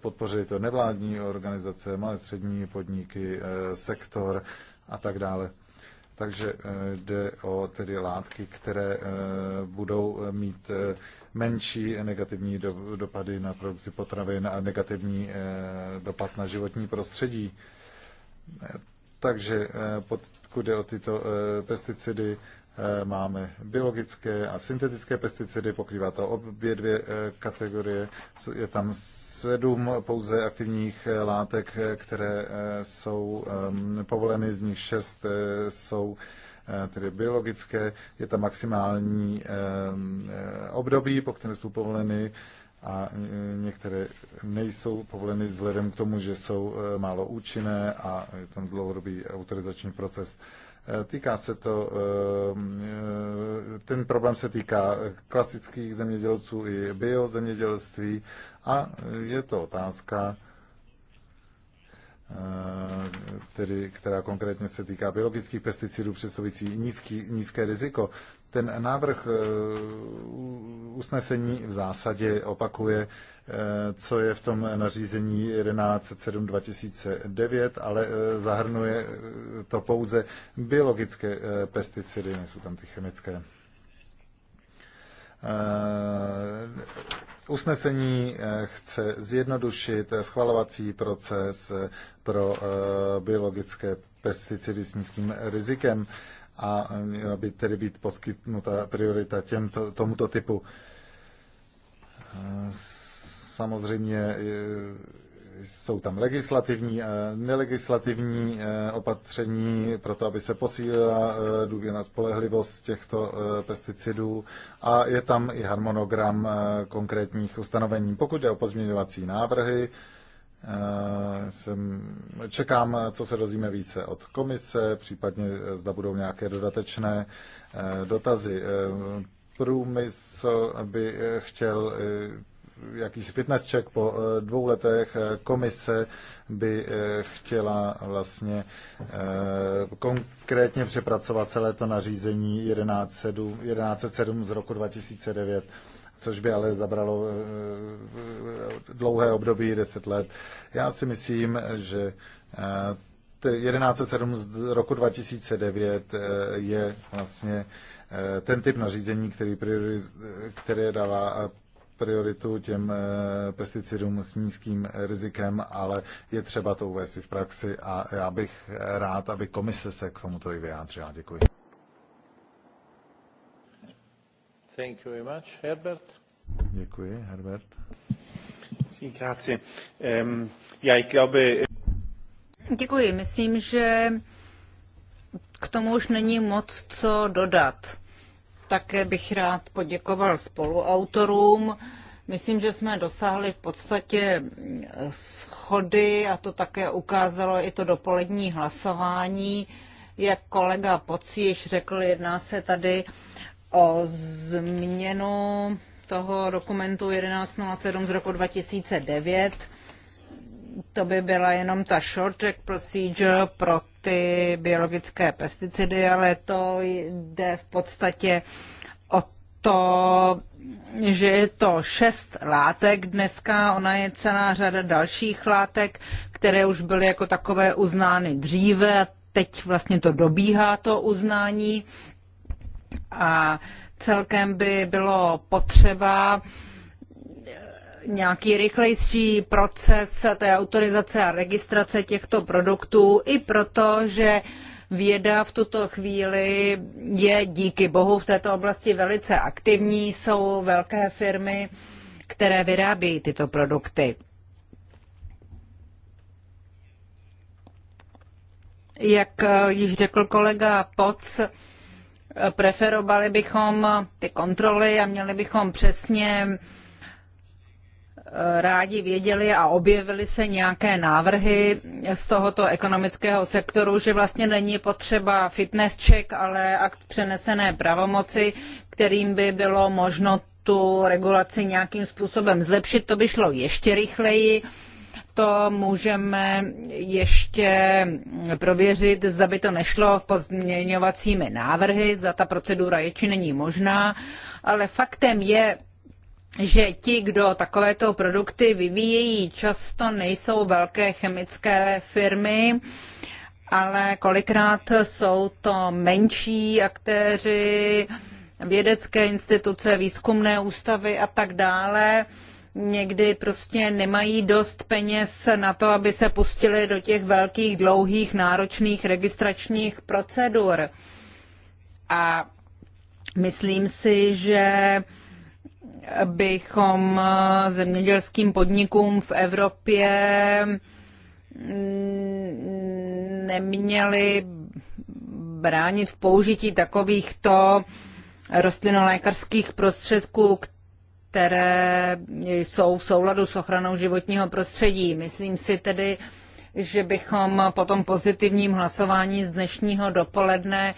podpořili to nevládní organizace, malé střední podniky, eh, sektor a tak dále. Takže eh, jde o tedy látky, které eh, budou mít menší negativní dopady na produkci potravin a negativní dopad na životní prostředí. Takže pokud jde o tyto pesticidy, Eh, máme biologické a syntetické pesticidy, pokrývá to obě dvě eh, kategorie. Je tam sedm pouze aktivních eh, látek, které jsou ehm, povoleny, z nich šest jsou tedy biologické. Je tam maximální ehm, období, po které jsou povoleny a některé nejsou povoleny vzhledem k tomu, že jsou málo účinné a je tam dlouhodobý autorizační proces. Eh, týká se to, eh, eh, ten problém se týká klasických zemědělců i biozemědělství a je to otázka, tedy, která konkrétně se týká biologických pesticidů představující nízký, nízké riziko. Ten návrh usnesení v zásadě opakuje Eh, co je v tom nařízení 1107 2009, ale eh, zahrnuje eh, to pouze biologické pesticidy, nejsou tam ty chemické. Usnesení chce zjednodušit schvalovací proces pro biologické pesticidy s nízkým rizikem a měla by tedy být poskytnuta priorita těmto, tomuto typu. Samozřejmě eh, jsou tam legislativní a nelegislativní eh, opatření pro to, aby se posílila eh, důvěna spolehlivost těchto pesticidů a je tam i harmonogram konkrétních ustanovení. Pokud je o pozměňovací návrhy, jsem, čekám, co se dozvíme více od komise, případně zda budou nějaké dodatečné dotazy průmysl by chtěl jakýsi fitness check po eh, dvou letech. Eh, komise by eh, chtěla vlastně konkrétně přepracovat celé to nařízení 1107, z roku 2009 což by ale zabralo dlouhé období, 10 let. Já si myslím, že 1107 z roku 2009 je vlastně ten typ nařízení, který, který dává prioritu těm eh, pesticidům s nízkým eh, rizikem, ale je třeba to uvést i v praxi a já bych eh, rád, aby komise se k tomuto i vyjádřila. Děkuji. Thank you very much. Herbert. Děkuji, Herbert. Děkuji. Myslím, že k tomu už není moc co dodat. Také bych rád poděkoval spoluautorům. Myslím, že jsme dosáhli v podstatě schody a to také ukázalo i to dopolední hlasování. Jak kolega Poci již řekl, jedná se tady o změnu toho dokumentu 1107 z roku 2009 to by byla jenom ta short track procedure pro ty biologické pesticidy, ale to jde v podstatě o to, že je to šest látek dneska, ona je celá řada dalších látek, které už byly jako takové uznány dříve a teď vlastně to dobíhá to uznání a celkem by bylo potřeba uh, nějaký rychlejší proces té autorizace a registrace těchto produktů, i proto, že věda v tuto chvíli je díky bohu v této oblasti velice aktivní, jsou velké firmy, které vyrábějí tyto produkty. Jak eh, již řekl kolega Poc, eh, preferovali bychom ty kontroly a měli bychom přesně Eh, rádi věděli a objevily se nějaké návrhy z tohoto ekonomického sektoru, že vlastně není potřeba fitness check, ale akt přenesené pravomoci, kterým by bylo možno tu regulaci nějakým způsobem zlepšit, to by šlo ještě rychleji. To můžeme ještě prověřit, zda by to nešlo pozměňovacími návrhy, zda ta procedura je či není možná, ale faktem je, že ti, kdo takovéto produkty vyvíjejí, často nejsou velké chemické firmy, ale kolikrát jsou to menší aktéři, vědecké instituce, výzkumné ústavy a tak dále. Někdy prostě nemají dost peněz na to, aby se pustili do těch velkých, dlouhých, náročných registračních procedur. A myslím si, že bychom eh, zemědělským podnikům v Evropě mm, neměli bránit v použití takovýchto rostlinolékařských prostředků, které jsou v souladu s ochranou životního prostředí. Myslím si tedy, že bychom po tom pozitivním hlasování z dnešního dopoledne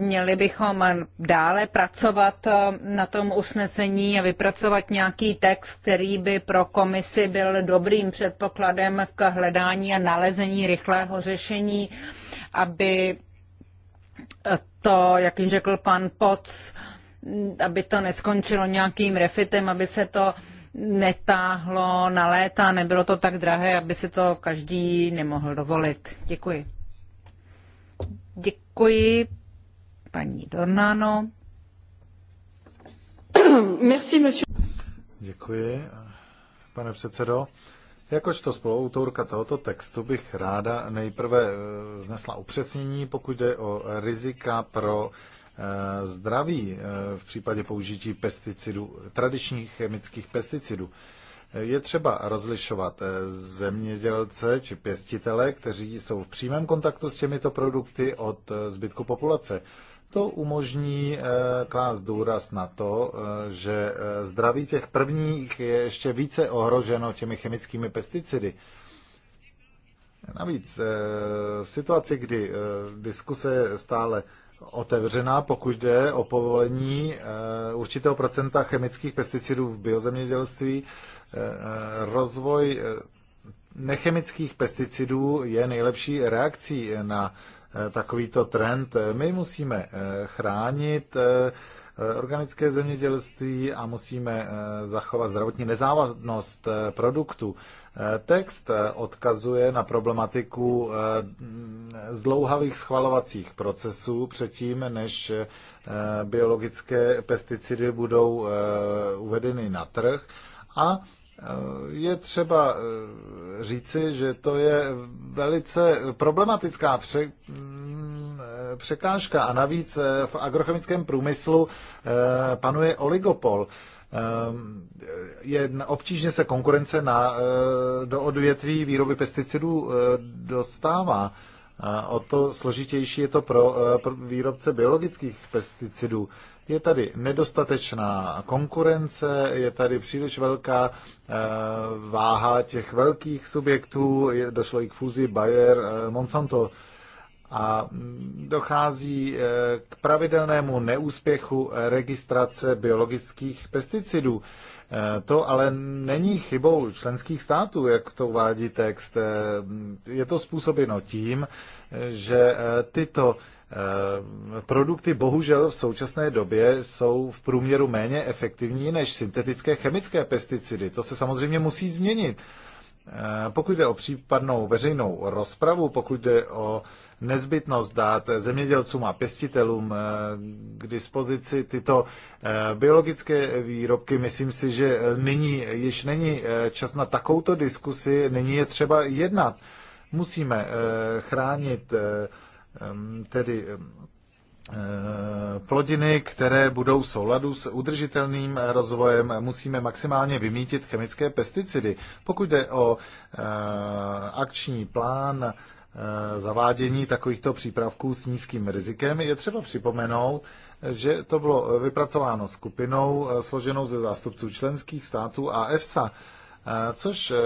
Měli bychom dále pracovat eh, na tom usnesení a vypracovat nějaký text, který by pro komisi byl dobrým předpokladem k hledání a nalezení rychlého řešení, aby eh, to, jak již řekl pan Poc, aby to neskončilo nějakým refitem, aby se to netáhlo na léta, nebylo to tak drahé, aby si to každý nemohl dovolit. Děkuji. Děkuji, Paní Děkuji, pane předsedo. Jakožto spoluautorka tohoto textu bych ráda nejprve eh, znesla upřesnění, pokud jde o rizika pro eh, zdraví eh, v případě použití pesticidů, tradičních chemických pesticidů. Je třeba rozlišovat zemědělce či pěstitele, kteří jsou v přímém kontaktu s těmito produkty od zbytku populace. To umožní eh, klást důraz na to, eh, že eh, zdraví těch prvních je ještě více ohroženo těmi chemickými pesticidy. Navíc v situaci, kdy diskuse je stále otevřená, pokud jde o povolení určitého procenta chemických pesticidů v biozemědělství, rozvoj nechemických pesticidů je nejlepší reakcí na Eh, takovýto trend. Eh, my musíme eh, chránit organické zemědělství a musíme zachovat zdravotní nezávadnost produktu. Text odkazuje na problematiku zdlouhavých schvalovacích procesů předtím, než biologické pesticidy budou uvedeny na trh a je třeba eh, říci, že to je velice problematická pře- mm, eh, překážka a navíc eh, v agrochemickém průmyslu panuje oligopol. Je, obtížně se konkurence na, do odvětví výroby pesticidů dostává. A o to složitější je to pro, pro výrobce biologických pesticidů. Je tady nedostatečná konkurence, je tady příliš velká eh, váha těch velkých subjektů, došlo i k fúzi Bayer, eh, Monsanto a dochází eh, k pravidelnému neúspěchu registrace biologických pesticidů. To ale není chybou členských států, jak to uvádí text. Je to způsobeno tím, že tyto Eh, produkty bohužel v současné době jsou v průměru méně efektivní než syntetické chemické pesticidy. To se samozřejmě musí změnit. Eh, pokud jde o případnou veřejnou rozpravu, pokud jde o nezbytnost dát zemědělcům a pěstitelům eh, k dispozici tyto biologické výrobky, myslím si, že nyní již není čas na takovouto diskusi, nyní je třeba jednat. Musíme chránit tedy eh, plodiny, které budou v souladu s udržitelným rozvojem, musíme maximálně vymítit chemické pesticidy. Pokud jde o eh, akční plán eh, zavádění takovýchto přípravků s nízkým rizikem, je třeba připomenout, že to bylo vypracováno skupinou složenou ze zástupců členských států a EFSA což e,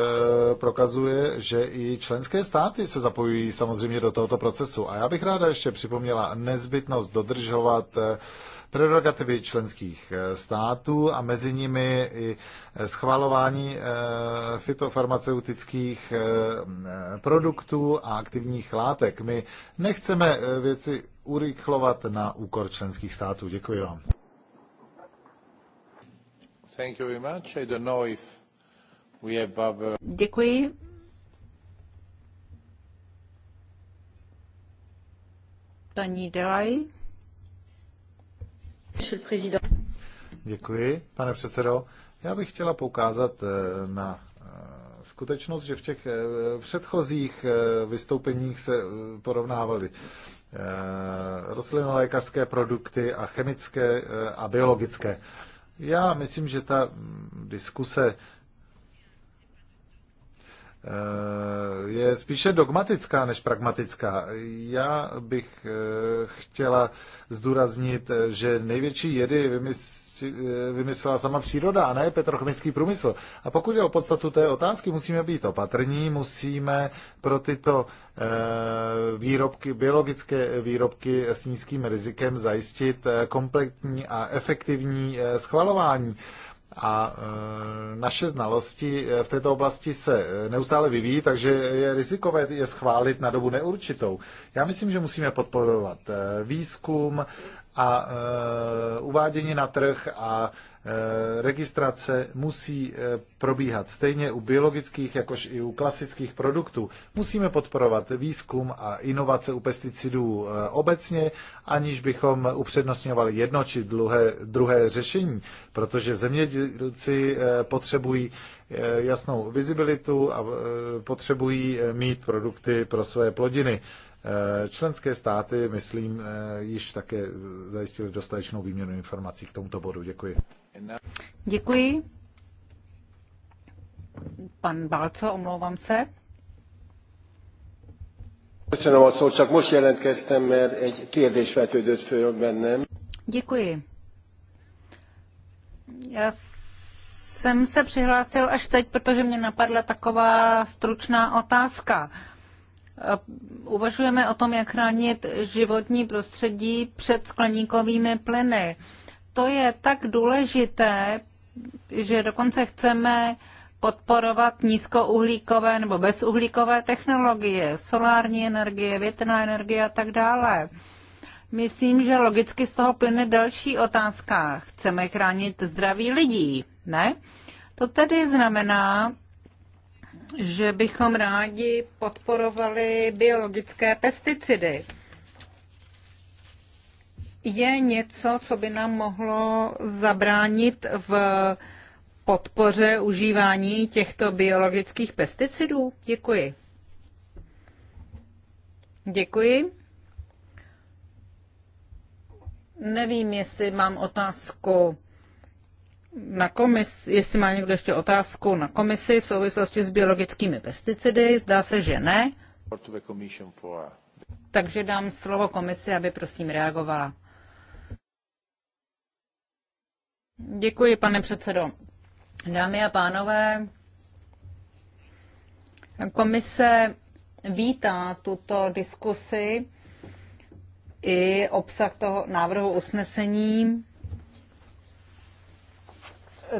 prokazuje, že i členské státy se zapojují samozřejmě do tohoto procesu. A já bych ráda ještě připomněla nezbytnost dodržovat e, prerogativy členských e, států a mezi nimi i schvalování fitofarmaceutických produktů a aktivních látek. My nechceme věci urychlovat na úkor členských států. Děkuji vám. Thank you very much. I don't know if Děkuji. Paní Delaj. Děkuji, pane předsedo. Já bych chtěla poukázat eh, na eh, skutečnost, že v těch eh, předchozích vystoupeních se porovnávaly rostlinolékařské produkty a chemické a biologické. Já myslím, že ta mm, diskuse Eh, je spíše dogmatická než pragmatická. Já bych eh, chtěla zdůraznit, eh, že největší jedy vymyslela sama příroda, a ne petrochemický průmysl. A pokud je o podstatu té otázky, musíme být opatrní, musíme pro tyto výrobky, biologické výrobky s nízkým rizikem zajistit kompletní a efektivní schvalování. A e, naše znalosti e, v této oblasti se e, neustále vyvíjí, takže je rizikové je schválit na dobu neurčitou. Já myslím, že musíme podporovat výzkum a uvádění na trh a Eh, registrace musí eh, probíhat stejně u biologických, jakož i u klasických produktů. Musíme podporovat výzkum a inovace u pesticidů eh, obecně, aniž bychom upřednostňovali jedno či druhé, druhé řešení, protože zemědělci potřebují jasnou vizibilitu a potřebují mít produkty pro své plodiny. Eh, členské státy, myslím, eh, již také zajistili dostatečnou výměnu informací k tomuto bodu. Děkuji. Děkuji. Pan Balco, omlouvám se. Köszönöm a szót, csak most jelentkeztem, mert egy kérdés vetődött föl bennem. Děkuji. Já jsem se přihlásil až teď, protože mě napadla taková stručná otázka. Uh, Eh, uvažujeme o tom, jak chránit životní prostředí před skleníkovými plyny. To je tak důležité, že dokonce chceme podporovat nízkouhlíkové nebo bezuhlíkové technologie, solární energie, větrná energie a tak dále. Myslím, že logicky z toho plyne další otázka. Chceme chránit zdraví lidí, ne? To tedy znamená, že bychom rádi podporovali biologické pesticidy. Je něco, co by nám mohlo zabránit v podpoře užívání těchto biologických pesticidů? Děkuji. Děkuji. Nevím, jestli mám otázku na komis, jestli má někdo ještě otázku na komisi v souvislosti s biologickými pesticidy. Zdá se, že ne. Takže dám slovo komisi, aby prosím reagovala. Děkuji, pane předsedo. Dámy a pánové, komise vítá tuto diskusi i obsah toho návrhu usnesení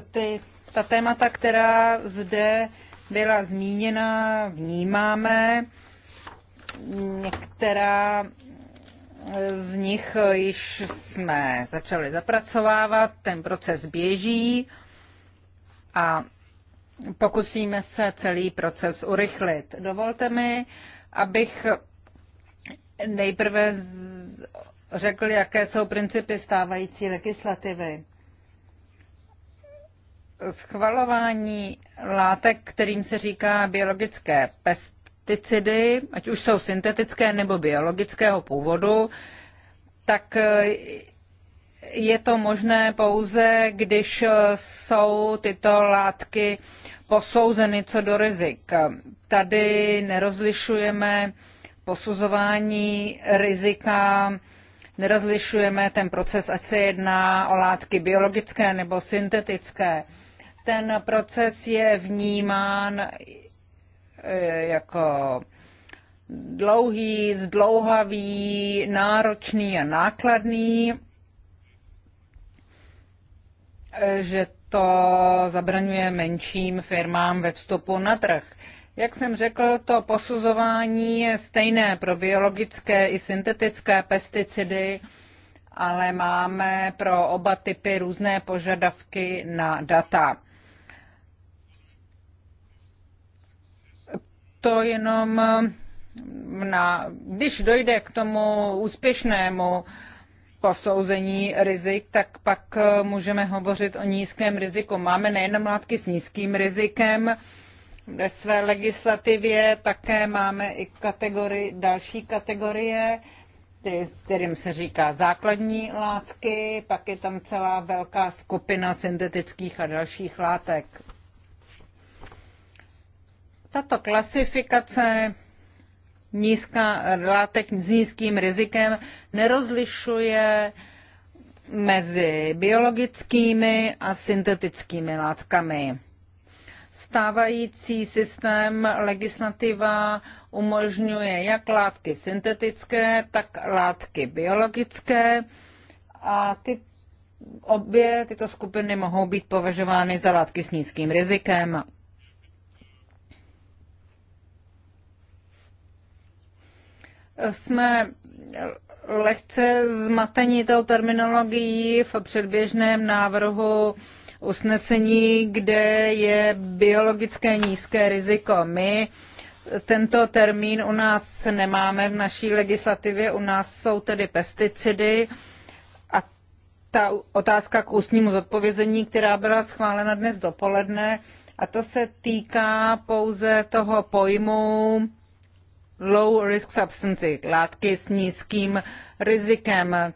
ty, ta témata, která zde byla zmíněna, vnímáme. Některá z nich již jsme začali zapracovávat, ten proces běží a pokusíme se celý proces urychlit. Dovolte mi, abych nejprve řekl, jaké jsou principy stávající legislativy schvalování látek, kterým se říká biologické pesticidy, ať už jsou syntetické nebo biologického původu, tak eh, je to možné pouze, když jsou tyto látky posouzeny co do rizik. Tady nerozlišujeme posuzování rizika, nerozlišujeme ten proces, ať se jedná o látky biologické nebo syntetické ten proces je vnímán eh, jako dlouhý, zdlouhavý, náročný a nákladný, eh, že to zabraňuje menším firmám ve vstupu na trh. Jak jsem řekl, to posuzování je stejné pro biologické i syntetické pesticidy, ale máme pro oba typy různé požadavky na data. to jenom eh, na, když dojde k tomu úspěšnému posouzení rizik, tak pak eh, můžeme hovořit o nízkém riziku. Máme nejenom látky s nízkým rizikem, ve své legislativě také máme i kategori, další kategorie, kterým se říká základní látky, pak je tam celá velká skupina syntetických a dalších látek. Tato klasifikace nízká, látek s nízkým rizikem nerozlišuje mezi biologickými a syntetickými látkami. Stávající systém legislativa umožňuje jak látky syntetické, tak látky biologické a ty, obě tyto skupiny mohou být považovány za látky s nízkým rizikem. jsme lehce zmatení tou terminologií v předběžném návrhu usnesení, kde je biologické nízké riziko. My tento termín u nás nemáme v naší legislativě, u nás jsou tedy pesticidy a ta otázka k ústnímu zodpovězení, která byla schválena dnes dopoledne, a to se týká pouze toho pojmu low risk substances, látky s nízkým rizikem.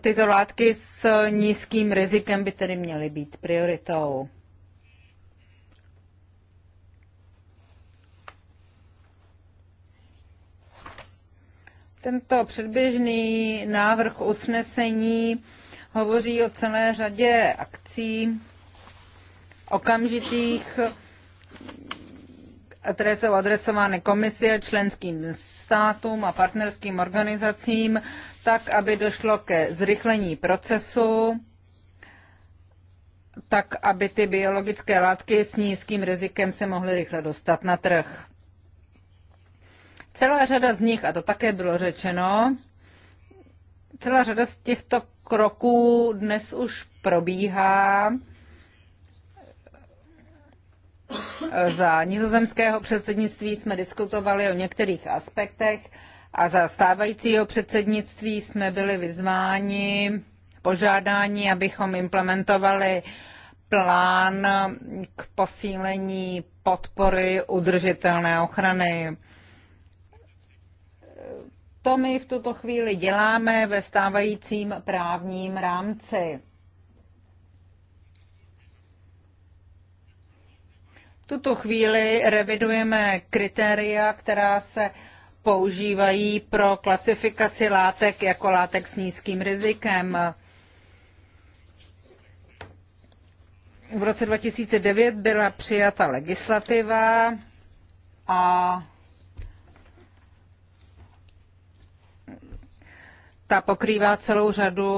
Tyto látky s nízkým rizikem by tedy měly být prioritou. Tento předběžný návrh usnesení hovoří o celé řadě akcí okamžitých které jsou adresovány komisi a členským státům a partnerským organizacím, tak, aby došlo ke zrychlení procesu, tak, aby ty biologické látky s nízkým rizikem se mohly rychle dostat na trh. Celá řada z nich, a to také bylo řečeno, celá řada z těchto kroků dnes už probíhá za nizozemského předsednictví jsme diskutovali o některých aspektech a za stávajícího předsednictví jsme byli vyzváni, požádáni, abychom implementovali plán k posílení podpory udržitelné ochrany. To my v tuto chvíli děláme ve stávajícím právním rámci. tuto chvíli revidujeme kritéria, která se používají pro klasifikaci látek jako látek s nízkým rizikem. V roce 2009 byla přijata legislativa a ta pokrývá celou řadu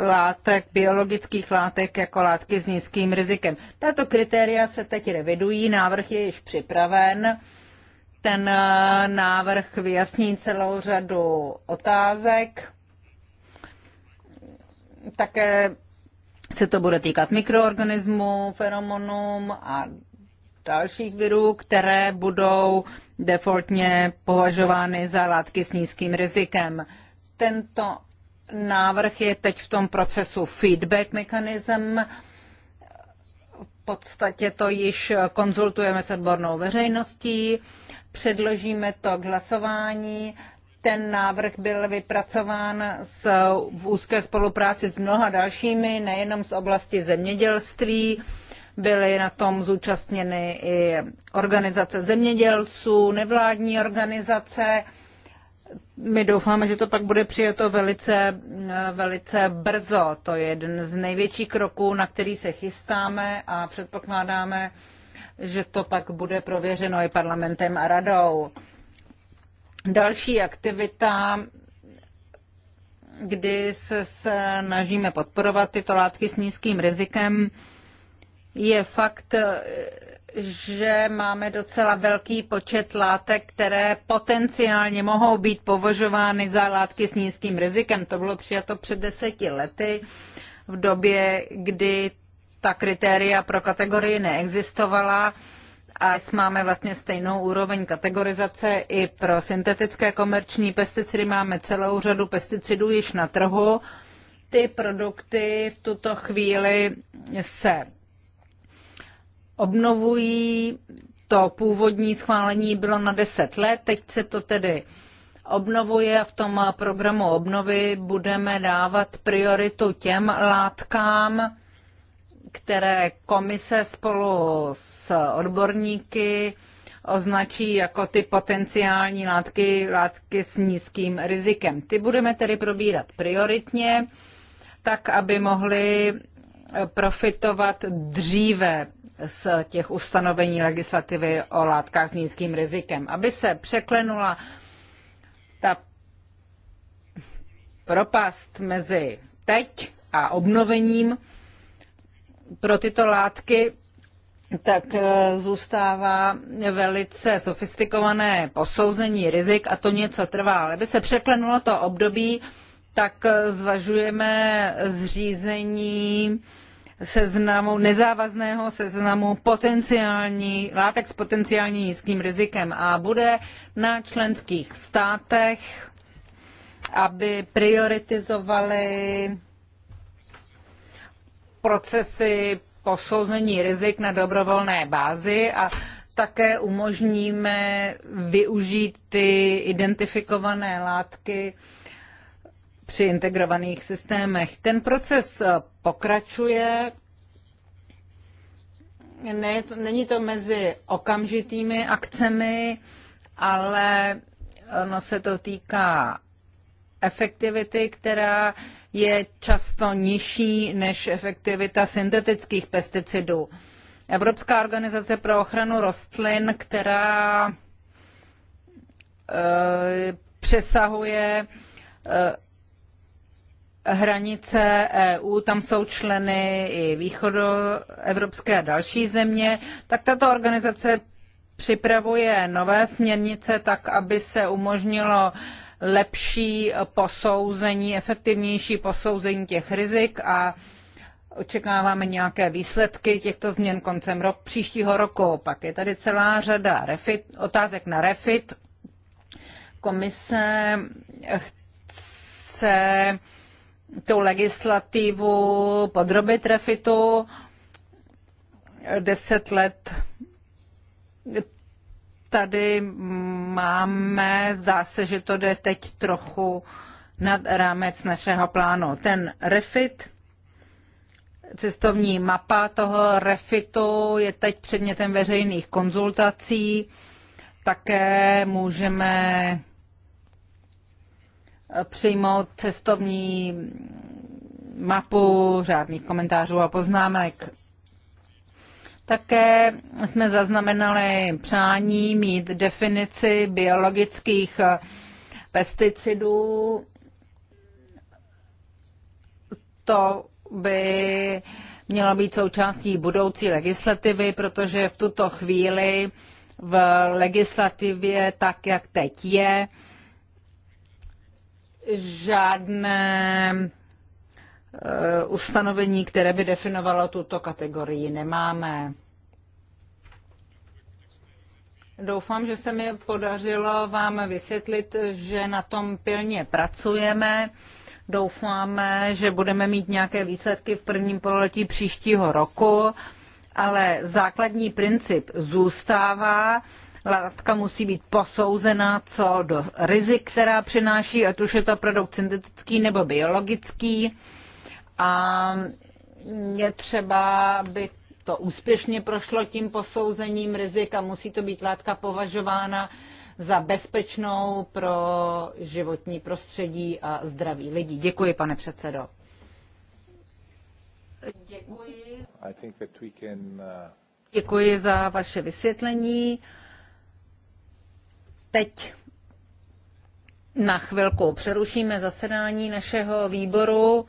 látek, biologických látek jako látky s nízkým rizikem. Tato kritéria se teď revidují, návrh je již připraven. Ten eh, návrh vyjasní celou řadu otázek. Také se to bude týkat mikroorganismů, feromonům a dalších virů, které budou defaultně považovány za látky s nízkým rizikem. Tento návrh je teď v tom procesu feedback mechanism. V podstatě to již konzultujeme s odbornou veřejností, předložíme to k hlasování. Ten návrh byl vypracován s, v úzké spolupráci s mnoha dalšími, nejenom z oblasti zemědělství. Byly na tom zúčastněny i organizace zemědělců, nevládní organizace my doufáme, že to pak bude přijato velice, velice brzo. To je jeden z největších kroků, na který se chystáme a předpokládáme, že to pak bude prověřeno i parlamentem a radou. Další aktivita, kdy se snažíme podporovat tyto látky s nízkým rizikem, je fakt, že máme docela velký počet látek, které potenciálně mohou být považovány za látky s nízkým rizikem. To bylo přijato před deseti lety v době, kdy ta kritéria pro kategorii neexistovala a máme vlastně stejnou úroveň kategorizace i pro syntetické komerční pesticidy. Máme celou řadu pesticidů již na trhu. Ty produkty v tuto chvíli se obnovují. To původní schválení bylo na 10 let, teď se to tedy obnovuje a v tom programu obnovy budeme dávat prioritu těm látkám, které komise spolu s odborníky označí jako ty potenciální látky, látky s nízkým rizikem. Ty budeme tedy probírat prioritně, tak aby mohly profitovat dříve z těch ustanovení legislativy o látkách s nízkým rizikem, aby se překlenula ta propast mezi teď a obnovením pro tyto látky, tak eh, zůstává velice sofistikované posouzení rizik a to něco trvá. Ale by se překlenulo to období, tak eh, zvažujeme zřízení seznamu, nezávazného seznamu potenciální, látek s potenciálně nízkým rizikem a bude na členských státech, aby prioritizovali procesy posouzení rizik na dobrovolné bázi a také umožníme využít ty identifikované látky při integrovaných systémech. Ten proces eh, pokračuje, ne, to, není to mezi okamžitými akcemi, ale eh, ono se to týká efektivity, která je často nižší než efektivita syntetických pesticidů. Evropská organizace pro ochranu rostlin, která e, přesahuje e, hranice EU, tam jsou členy i východoevropské a další země, tak tato organizace připravuje nové směrnice tak, aby se umožnilo lepší posouzení, efektivnější posouzení těch rizik a očekáváme nějaké výsledky těchto změn koncem rok, příštího roku. Pak je tady celá řada refit, otázek na refit. Komise chce tu legislativu podrobit refitu. Deset let tady máme, zdá se, že to jde teď trochu nad rámec našeho plánu. Ten refit, cestovní mapa toho refitu je teď předmětem veřejných konzultací. Také můžeme přijmout cestovní mapu řádných komentářů a poznámek. Také jsme zaznamenali přání mít definici biologických pesticidů. To by mělo být součástí budoucí legislativy, protože v tuto chvíli v legislativě, tak jak teď je, žádné eh, ustanovení, které by definovalo tuto kategorii, nemáme. Doufám, že se mi podařilo vám vysvětlit, že na tom pilně pracujeme. Doufáme, že budeme mít nějaké výsledky v prvním pololetí příštího roku, ale základní princip zůstává látka musí být posouzena co do rizik, která přináší, ať už je to produkt syntetický nebo biologický. A je třeba, aby to úspěšně prošlo tím posouzením rizik a musí to být látka považována za bezpečnou pro životní prostředí a zdraví lidí. Děkuji, pane předsedo. Děkuji. Uh, Děkuji za vaše vysvětlení. Teď na chvilku přerušíme zasedání našeho výboru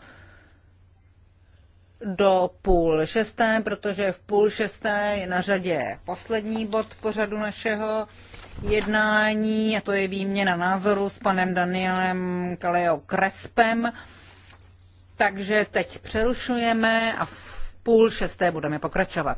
do půl šesté, protože v půl šesté je na řadě poslední bod pořadu našeho jednání a to je výměna názoru s panem Danielem Kaleo Krespem. Takže teď přerušujeme a v půl šesté budeme pokračovat.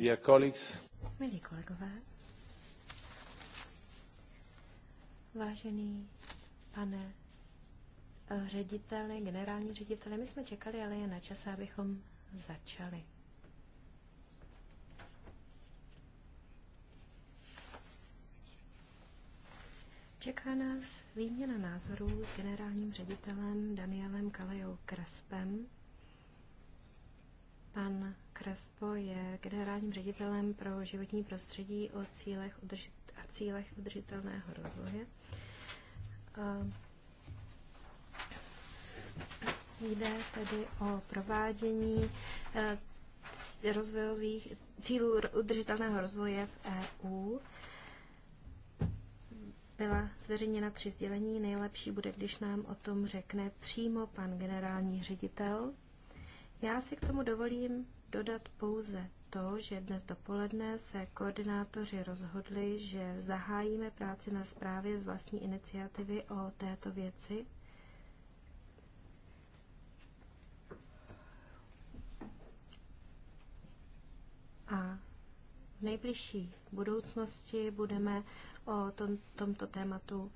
Milí kolegové. Vážený pane eh, řediteli, generální řediteli, my jsme čekali, ale je na čase, abychom začali. Čeká nás výměna názorů s generálním ředitelem Danielem Kalejou Krespem, Pan Krespo je generálním ředitelem pro životní prostředí o cílech udržit, a cílech udržitelného rozvoje. Jde tedy o provádění e, rozvojových cílů udržitelného rozvoje v EU. Byla zveřejněna tři sdělení. Nejlepší bude, když nám o tom řekne přímo pan generální ředitel já si k tomu dovolím dodat pouze to, že dnes dopoledne se koordinátoři rozhodli, že zahájíme práci na zprávě z vlastní iniciativy o této věci. A v nejbližší budoucnosti budeme o tom, tomto tématu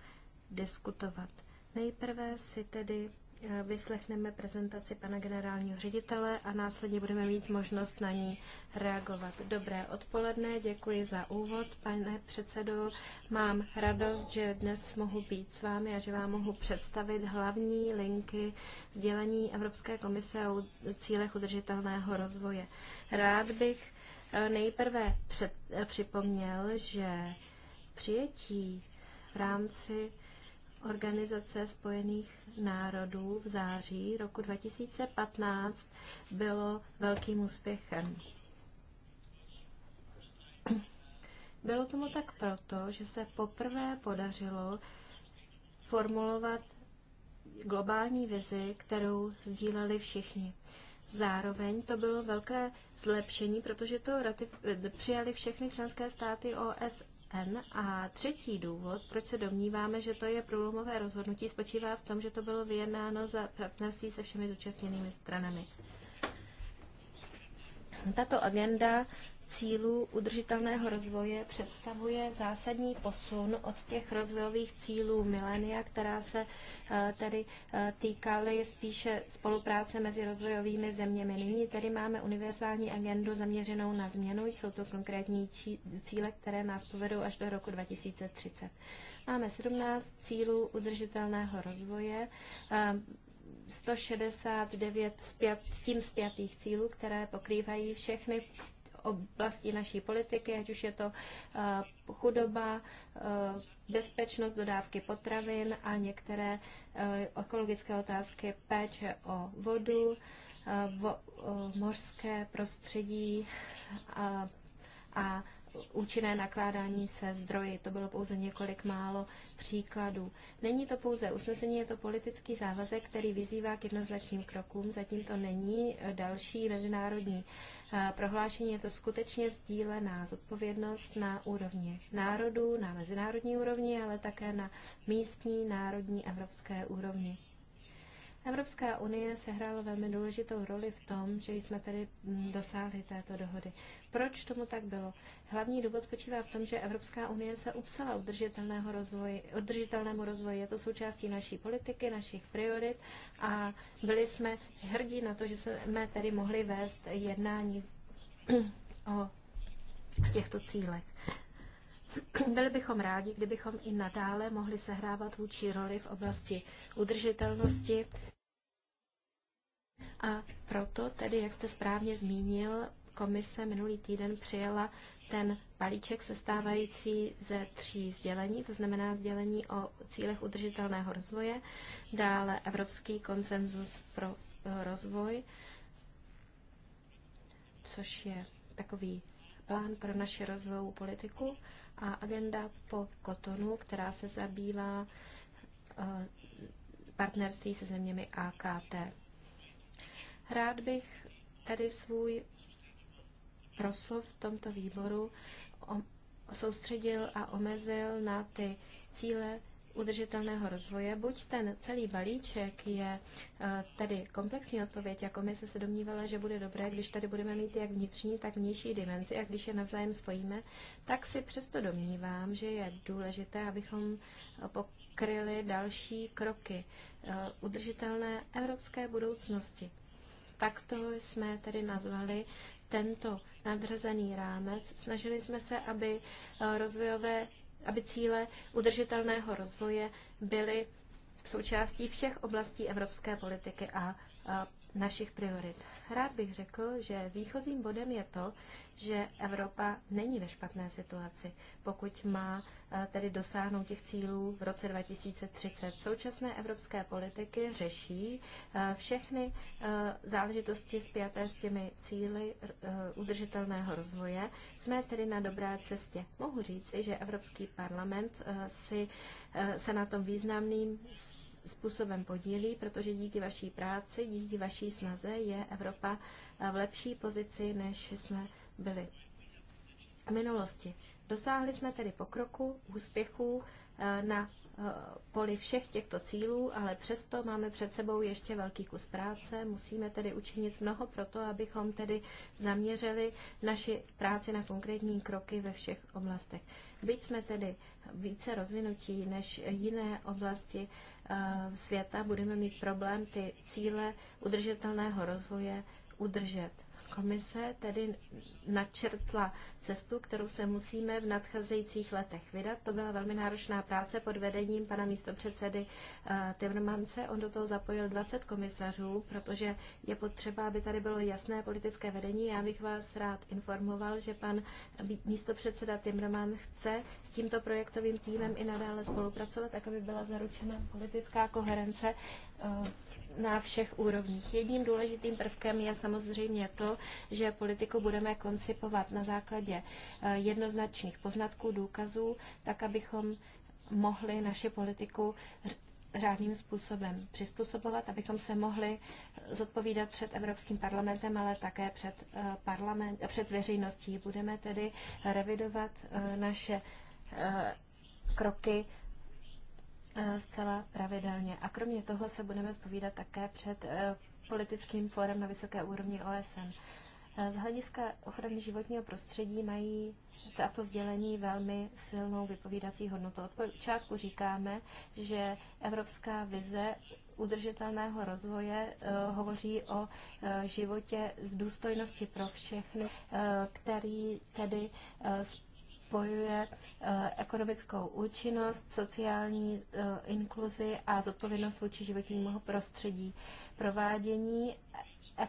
diskutovat. Nejprve si tedy vyslechneme prezentaci pana generálního ředitele a následně budeme mít možnost na ní reagovat. Dobré odpoledne, děkuji za úvod, pane předsedo. Mám radost, že dnes mohu být s vámi a že vám mohu představit hlavní linky sdělení Evropské komise o cílech udržitelného rozvoje. Rád bych eh, nejprve před, eh, připomněl, že přijetí v rámci Organizace spojených národů v září roku 2015 bylo velkým úspěchem. Bylo tomu tak proto, že se poprvé podařilo formulovat globální vizi, kterou sdíleli všichni. Zároveň to bylo velké zlepšení, protože to přijali všechny členské státy OSN N. A třetí důvod, proč se domníváme, že to je průlomové rozhodnutí, spočívá v tom, že to bylo vyjednáno za partnerství se všemi zúčastněnými stranami. Tato agenda cílů udržitelného rozvoje představuje zásadní posun od těch rozvojových cílů milénia, která se eh, tedy eh, týkaly spíše spolupráce mezi rozvojovými zeměmi. Nyní tedy máme univerzální agendu zaměřenou na změnu. Jsou to konkrétní cíle, které nás povedou až do roku 2030. Máme 17 cílů udržitelného rozvoje. 169 eh, s tím zpětých cílů, které pokrývají všechny oblasti naší politiky, ať už je to eh, chudoba, eh, bezpečnost dodávky potravin a některé eh, ekologické otázky péče o vodu, vo, mořské prostředí a, a účinné nakládání se zdroji. To bylo pouze několik málo příkladů. Není to pouze usnesení, je to politický závazek, který vyzývá k jednoznačným krokům. Zatím to není další mezinárodní Eh, prohlášení je to skutečně sdílená zodpovědnost na úrovni národů, na mezinárodní úrovni, ale také na místní, národní, evropské úrovni. Evropská unie sehrála velmi důležitou roli v tom, že jsme tady mm, dosáhli této dohody. Proč tomu tak bylo? Hlavní důvod spočívá v tom, že Evropská unie se upsala udržitelného rozvoji, udržitelnému rozvoji. Je to součástí naší politiky, našich priorit a byli jsme hrdí na to, že jsme tady mohli vést jednání o těchto cílech. Byli bychom rádi, kdybychom i nadále mohli sehrávat vůči roli v oblasti udržitelnosti a proto tedy, jak jste správně zmínil, komise minulý týden přijela ten balíček sestávající ze tří sdělení, to znamená sdělení o cílech udržitelného rozvoje, dále Evropský konsenzus pro eh, rozvoj, což je takový plán pro naši rozvojovou politiku a agenda po Kotonu, která se zabývá eh, partnerství se zeměmi AKT. Rád bych tady svůj proslov v tomto výboru soustředil a omezil na ty cíle udržitelného rozvoje. Buď ten celý balíček je eh, tedy komplexní odpověď, jako my se domnívala, že bude dobré, když tady budeme mít jak vnitřní, tak vnější dimenzi a když je navzájem spojíme, tak si přesto domnívám, že je důležité, abychom pokryli další kroky eh, udržitelné evropské budoucnosti. Takto jsme tedy nazvali tento nadřazený rámec. Snažili jsme se, aby eh, rozvojové, aby cíle udržitelného rozvoje byly součástí všech oblastí evropské politiky a eh, našich priorit. Rád bych řekl, že výchozím bodem je to, že Evropa není ve špatné situaci, pokud má eh, tedy dosáhnout těch cílů v roce 2030. Současné evropské politiky řeší eh, všechny eh, záležitosti spjaté s těmi cíly udržitelného rozvoje. Jsme tedy na dobré cestě. Mohu říci, že Evropský parlament si se na tom významným způsobem podílí, protože díky vaší práci, díky vaší snaze je Evropa v lepší pozici, než jsme byli v minulosti. Dosáhli jsme tedy pokroku, úspěchů eh, na eh, poli všech těchto cílů, ale přesto máme před sebou ještě velký kus práce. Musíme tedy učinit mnoho pro to, abychom tedy zaměřili naši práci na konkrétní kroky ve všech oblastech. Byť jsme tedy více rozvinutí než jiné oblasti, Eh, světa budeme mít problém ty cíle udržitelného rozvoje udržet Komise tedy načrtla cestu, kterou se musíme v nadcházejících letech vydat. To byla velmi náročná práce pod vedením pana místopředsedy eh, Timmermance. On do toho zapojil 20 komisařů, protože je potřeba, aby tady bylo jasné politické vedení. Já bych vás rád informoval, že pan místopředseda Timmerman chce s tímto projektovým týmem i nadále spolupracovat, tak aby byla zaručena politická koherence eh, na všech úrovních. Jedním důležitým prvkem je samozřejmě to, že politiku budeme koncipovat na základě eh, jednoznačných poznatků, důkazů, tak abychom mohli naši politiku řádným způsobem přizpůsobovat, abychom se mohli zodpovídat před Evropským parlamentem, ale také před, eh, parlament, před veřejností. Budeme tedy revidovat eh, naše kroky E, zcela pravidelně. A kromě toho se budeme zpovídat také před e, politickým fórem na vysoké úrovni OSN. E, z hlediska ochrany životního prostředí mají tato sdělení velmi silnou vypovídací hodnotu. Od počátku říkáme, že evropská vize udržitelného rozvoje hovoří o životě v důstojnosti pro všechny, který tedy spojuje eh, ekonomickou účinnost, sociální eh, inkluzi a zodpovědnost vůči životnímu prostředí. Provádění eh,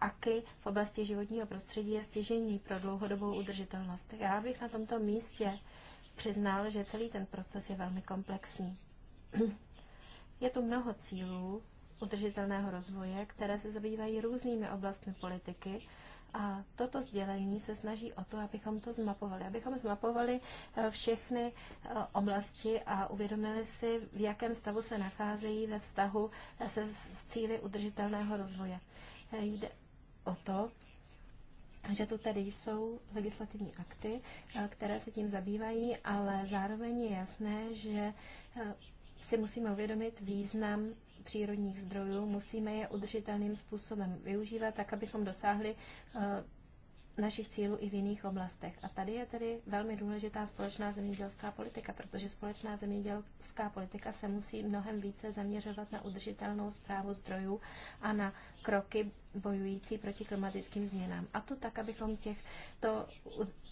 AKY v oblasti životního prostředí je stěžení pro dlouhodobou udržitelnost. Já bych na tomto místě přiznal, že celý ten proces je velmi komplexní. Je tu mnoho cílů udržitelného rozvoje, které se zabývají různými oblastmi politiky a toto sdělení se snaží o to, abychom to zmapovali. Abychom zmapovali eh, všechny eh, oblasti a uvědomili si, v jakém stavu se nacházejí ve vztahu eh, se s cíly udržitelného rozvoje. Jde o to, že tu tedy jsou legislativní akty, které se tím zabývají, ale zároveň je jasné, že si musíme uvědomit význam přírodních zdrojů, musíme je udržitelným způsobem využívat, tak abychom dosáhli eh, našich cílů i v jiných oblastech. A tady je tedy velmi důležitá společná zemědělská politika, protože společná zemědělská politika se musí mnohem více zaměřovat na udržitelnou zprávu zdrojů a na kroky bojující proti klimatickým změnám. A to tak, abychom těchto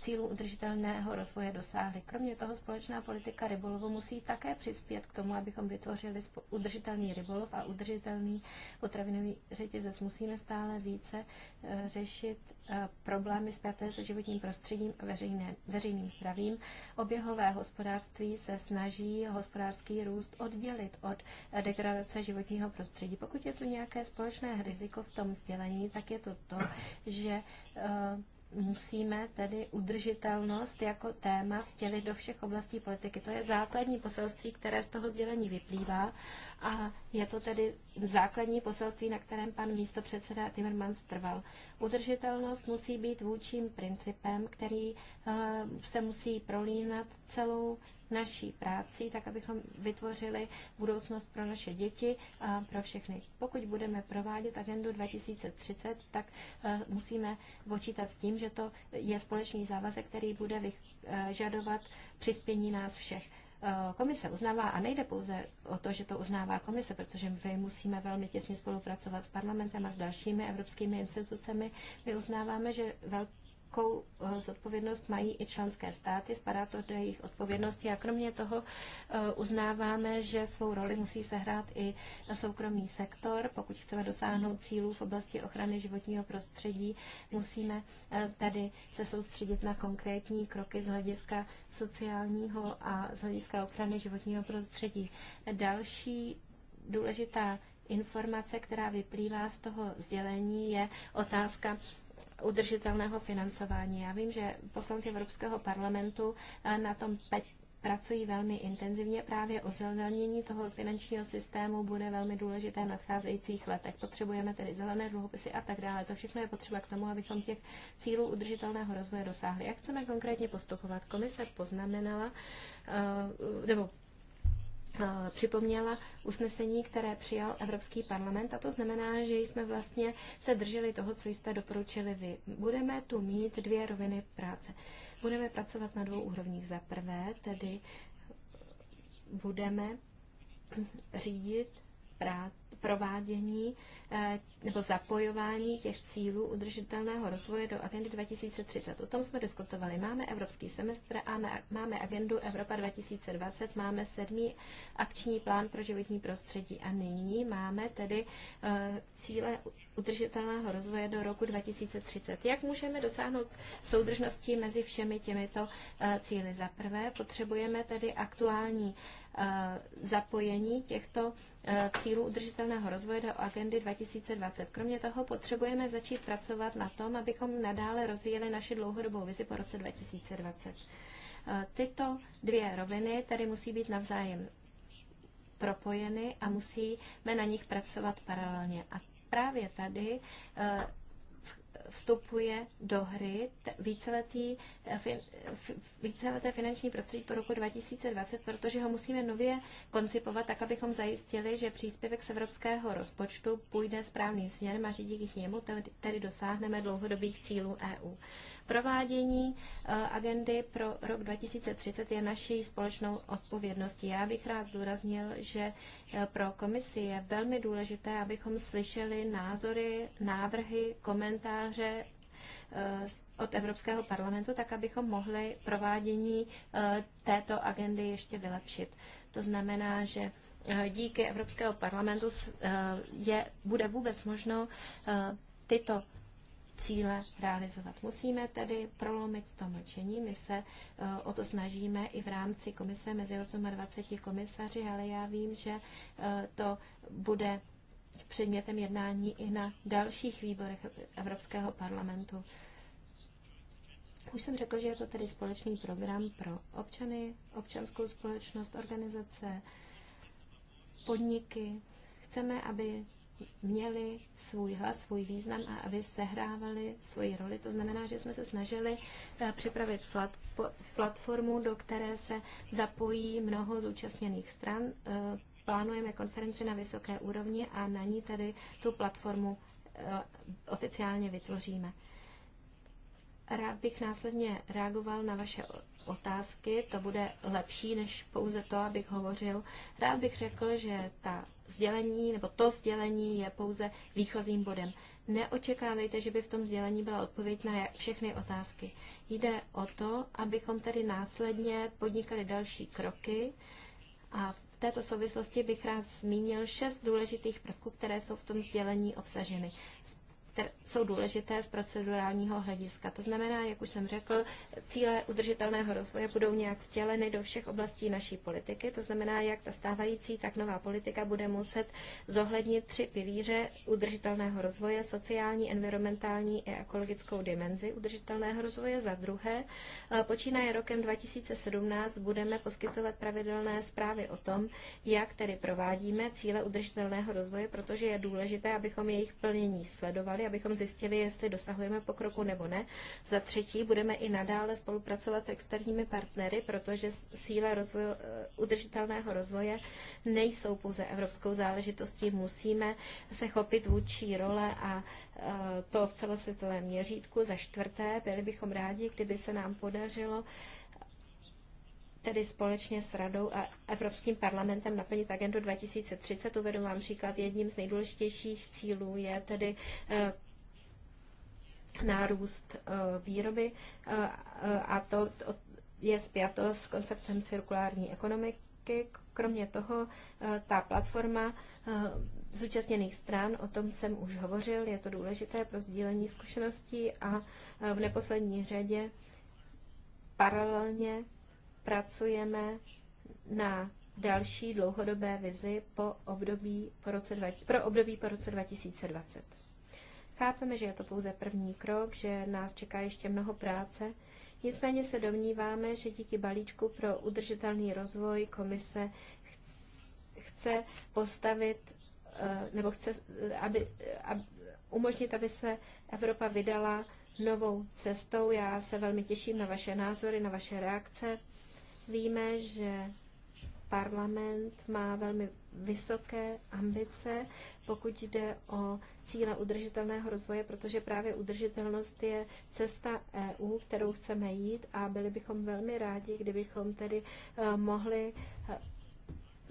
cílů udržitelného rozvoje dosáhli. Kromě toho společná politika rybolovu musí také přispět k tomu, abychom vytvořili udržitelný rybolov a udržitelný potravinový řetězec. Musíme stále více eh, řešit eh, problémy s se životním prostředím a veřejné, veřejným zdravím. Oběhové hospodářství se snaží hospodářský růst oddělit od eh, degradace životního prostředí. Pokud je tu nějaké společné riziko v tom sdělení, oddělení, tak je to to, že eh, musíme tedy udržitelnost jako téma vtělit do všech oblastí politiky. To je základní poselství, které z toho sdělení vyplývá a je to tedy základní poselství, na kterém pan místopředseda Timmermans trval. Udržitelnost musí být vůčím principem, který eh, se musí prolínat celou naší práci, tak abychom vytvořili budoucnost pro naše děti a pro všechny. Pokud budeme provádět agendu 2030, tak eh, musíme počítat s tím, že to je společný závazek, který bude vyžadovat eh, přispění nás všech. Eh, komise uznává a nejde pouze o to, že to uznává komise, protože my musíme velmi těsně spolupracovat s parlamentem a s dalšími evropskými institucemi. My uznáváme, že velký jakou eh, zodpovědnost mají i členské státy, spadá to do jejich odpovědnosti a kromě toho eh, uznáváme, že svou roli musí sehrát i soukromý sektor. Pokud chceme dosáhnout cílů v oblasti ochrany životního prostředí, musíme eh, tady se soustředit na konkrétní kroky z hlediska sociálního a z hlediska ochrany životního prostředí. Další důležitá informace, která vyplývá z toho sdělení, je otázka udržitelného financování. Já vím, že poslanci Evropského parlamentu eh, na tom pracují velmi intenzivně. Právě ozelnění toho finančního systému bude velmi důležité v nadcházejících letech. Potřebujeme tedy zelené dluhopisy a tak dále. To všechno je potřeba k tomu, abychom těch cílů udržitelného rozvoje dosáhli. Jak chceme konkrétně postupovat? Komise poznamenala, eh, nebo Eh, připomněla usnesení, které přijal Evropský parlament a to znamená, že jsme vlastně se drželi toho, co jste doporučili vy. Budeme tu mít dvě roviny práce. Budeme pracovat na dvou úrovních. Za prvé, tedy budeme řídit práci provádění eh, nebo zapojování těch cílů udržitelného rozvoje do agendy 2030. O tom jsme diskutovali. Máme evropský semestr a máme agendu Evropa 2020, máme sedmý akční plán pro životní prostředí a nyní máme tedy eh, cíle udržitelného rozvoje do roku 2030. Jak můžeme dosáhnout soudržnosti mezi všemi těmito eh, cíly? Za prvé potřebujeme tedy aktuální eh, zapojení těchto eh, cílů udržitelného rozvoje do agendy 2020. Kromě toho potřebujeme začít pracovat na tom, abychom nadále rozvíjeli naši dlouhodobou vizi po roce 2020. Tyto dvě roviny tedy musí být navzájem propojeny a musíme na nich pracovat paralelně. A právě tady eh, vstupuje do hry víceletý, eh, víceleté finanční prostředí po roku 2020, protože ho musíme nově koncipovat tak, abychom zajistili, že příspěvek z evropského rozpočtu půjde správným směrem a že díky němu tedy dosáhneme dlouhodobých cílů EU. Provádění eh, agendy pro rok 2030 je naší společnou odpovědností. Já bych rád zdůraznil, že eh, pro komisi je velmi důležité, abychom slyšeli názory, návrhy, komentáře eh, od Evropského parlamentu, tak abychom mohli provádění této agendy ještě vylepšit. To znamená, že díky Evropského parlamentu je, bude vůbec možno tyto cíle realizovat. Musíme tedy prolomit to mlčení. My se eh, o to snažíme i v rámci komise mezi 28 komisaři, ale já vím, že eh, to bude předmětem jednání i na dalších výborech Evropského parlamentu. Už jsem řekl, že je to tedy společný program pro občany, občanskou společnost, organizace, podniky. Chceme, aby měli svůj hlas, svůj význam a aby sehrávali svoji roli. To znamená, že jsme se snažili eh, připravit platformu, do které se zapojí mnoho zúčastněných stran. Eh, plánujeme konferenci na vysoké úrovni a na ní tedy tu platformu eh, oficiálně vytvoříme. Rád bych následně reagoval na vaše otázky. To bude lepší než pouze to, abych hovořil. Rád bych řekl, že ta sdělení nebo to sdělení je pouze výchozím bodem. Neočekávejte, že by v tom sdělení byla odpověď na všechny otázky. Jde o to, abychom tedy následně podnikali další kroky a v této souvislosti bych rád zmínil šest důležitých prvků, které jsou v tom sdělení obsaženy které jsou důležité z procedurálního hlediska. To znamená, jak už jsem řekl, cíle udržitelného rozvoje budou nějak vtěleny do všech oblastí naší politiky. To znamená, jak ta stávající, tak nová politika bude muset zohlednit tři pilíře udržitelného rozvoje, sociální, environmentální i ekologickou dimenzi udržitelného rozvoje. Za druhé, eh, počínaje rokem 2017 budeme poskytovat pravidelné zprávy o tom, jak tedy provádíme cíle udržitelného rozvoje, protože je důležité, abychom jejich plnění sledovali abychom zjistili, jestli dosahujeme pokroku nebo ne. Za třetí budeme i nadále spolupracovat s externími partnery, protože síle rozvoje, eh, udržitelného rozvoje nejsou pouze evropskou záležitostí. Musíme se chopit vůči role a eh, to v celosvětovém měřítku. Za čtvrté, byli bychom rádi, kdyby se nám podařilo tedy společně s Radou a Evropským parlamentem naplnit agendu 2030. Uvedu vám příklad, jedním z nejdůležitějších cílů je tedy eh, nárůst eh, výroby eh, a to je zpěto s konceptem cirkulární ekonomiky. Kromě toho ta platforma zúčastněných stran, o tom jsem už hovořil, je to důležité pro sdílení zkušeností a v neposlední řadě paralelně pracujeme na další dlouhodobé vizi po období po roce, pro období po roce 2020. Chápeme, že je to pouze první krok, že nás čeká ještě mnoho práce, nicméně se domníváme, že díky balíčku pro udržitelný rozvoj komise chce postavit eh, nebo chce eh, aby, eh, aby, umožnit, aby se Evropa vydala novou cestou. Já se velmi těším na vaše názory, na vaše reakce. Víme, že parlament má velmi vysoké ambice, pokud jde o cíle udržitelného rozvoje, protože právě udržitelnost je cesta EU, kterou chceme jít a byli bychom velmi rádi, kdybychom tedy eh, mohli eh,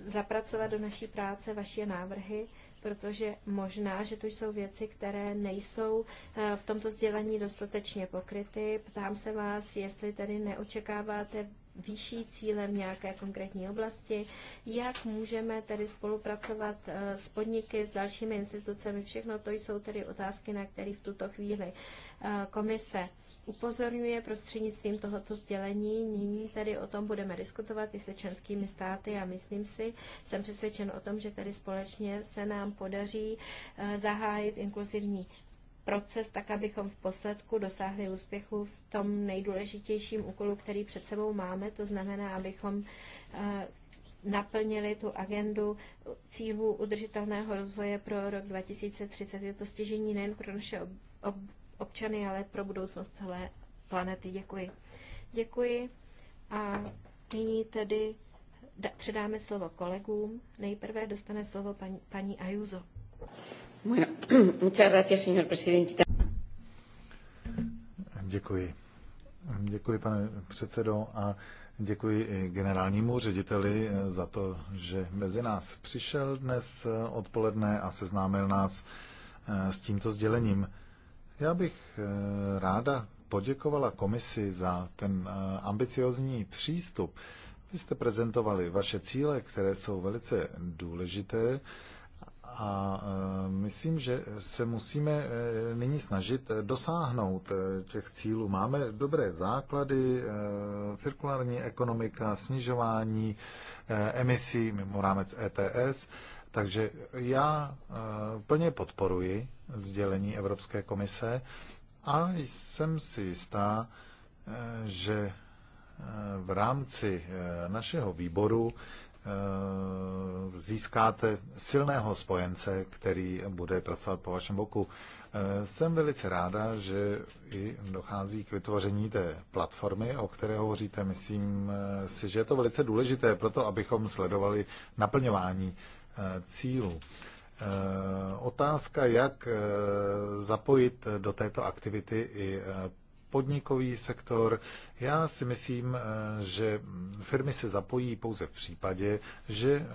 zapracovat do naší práce vaše návrhy, protože možná, že to jsou věci, které nejsou eh, v tomto sdělení dostatečně pokryty. Ptám se vás, jestli tedy neočekáváte vyšší cílem nějaké konkrétní oblasti, jak můžeme tedy spolupracovat eh, s podniky, s dalšími institucemi. Všechno to jsou tedy otázky, na které v tuto chvíli eh, komise upozorňuje prostřednictvím tohoto sdělení. Nyní tedy o tom budeme diskutovat i se členskými státy a myslím si, jsem přesvědčen o tom, že tedy společně se nám podaří eh, zahájit inkluzivní proces tak, abychom v posledku dosáhli úspěchu v tom nejdůležitějším úkolu, který před sebou máme, to znamená, abychom eh, naplnili tu agendu cílů udržitelného rozvoje pro rok 2030. Je to stěžení nejen pro naše ob, ob, občany, ale pro budoucnost celé planety. Děkuji. Děkuji a nyní tedy da, předáme slovo kolegům. Nejprve dostane slovo paní, paní Ajuzo. Bueno, muchas gracias, señor presidente. Děkuji. Děkuji, pane předsedo, a děkuji i generálnímu řediteli za to, že mezi nás přišel dnes odpoledne a seznámil nás eh, s tímto sdělením. Já bych eh, ráda poděkovala komisi za ten eh, ambiciozní přístup. Vy jste prezentovali vaše cíle, které jsou velice důležité. A eh, myslím, že se musíme eh, nyní snažit eh, dosáhnout těch cílů. Máme dobré základy, cirkulární ekonomika, snižování emisí mimo rámec ETS, takže já plně podporuji sdělení Evropské komise a jsem si jistá, že v rámci našeho výboru Eh, získáte silného spojence, který bude pracovat po vašem boku. Eh, jsem velice ráda, že i dochází k vytvoření té platformy, o které hovoříte. Myslím eh, si, že je to velice důležité pro to, abychom sledovali naplňování cílů. Otázka, jak zapojit do této aktivity i podnikový sektor. Já si myslím, eh, že firmy se zapojí pouze v případě, že eh,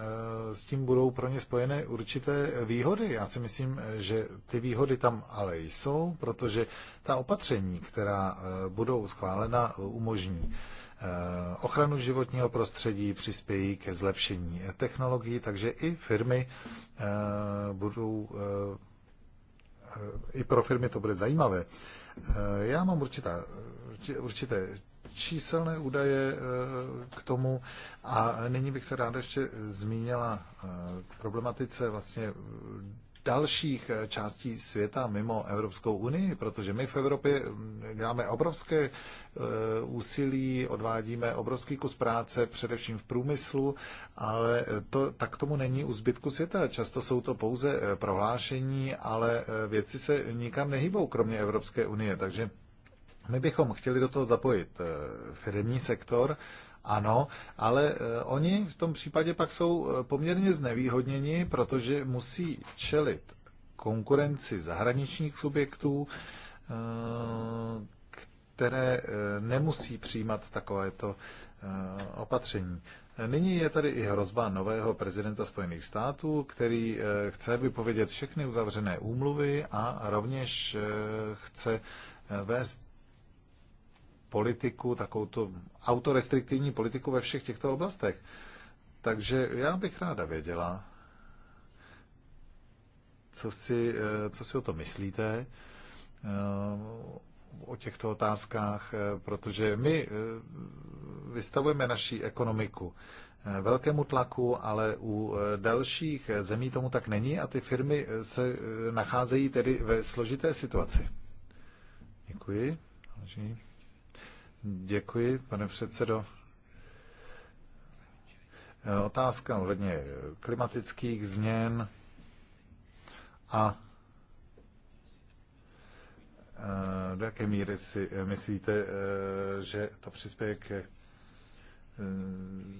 s tím budou pro ně spojené určité výhody. Já si myslím, eh, že ty výhody tam ale jsou, protože ta opatření, která budou schválena, umožní ochranu životního prostředí, přispějí ke zlepšení technologií, takže i firmy budou, i pro firmy to bude zajímavé. Eh, já mám určitá, určité číselné údaje eh, k tomu a nyní bych se ráda ještě zmínila eh, k problematice vlastně dalších eh, částí světa mimo Evropskou unii, protože my v Evropě mm, děláme obrovské eh, úsilí, odvádíme obrovský kus práce, především v průmyslu, ale eh, to, tak tomu není u zbytku světa. Často jsou to pouze prohlášení, ale věci se nikam nehýbou, kromě Evropské unie. Takže my bychom chtěli do toho zapojit firmní sektor, ano, ale eh, oni v tom případě pak jsou eh, poměrně znevýhodněni, protože musí čelit konkurenci zahraničních subjektů, eh, které nemusí přijímat takovéto opatření. Nyní je tady i hrozba nového prezidenta Spojených států, který chce vypovědět všechny uzavřené úmluvy a rovněž chce vést politiku, takovou tu autorestriktivní politiku ve všech těchto oblastech. Takže já bych ráda věděla, co si, eh, co si o to myslíte, eh, o těchto otázkách, eh, protože my vystavujeme naší ekonomiku velkému tlaku, ale u dalších zemí tomu tak není a ty firmy se nacházejí tedy ve složité situaci. Děkuji. Děkuji. Děkuji, pane předsedo. Otázka ohledně klimatických změn a e, do jaké míry si myslíte, e, že to přispěje k e,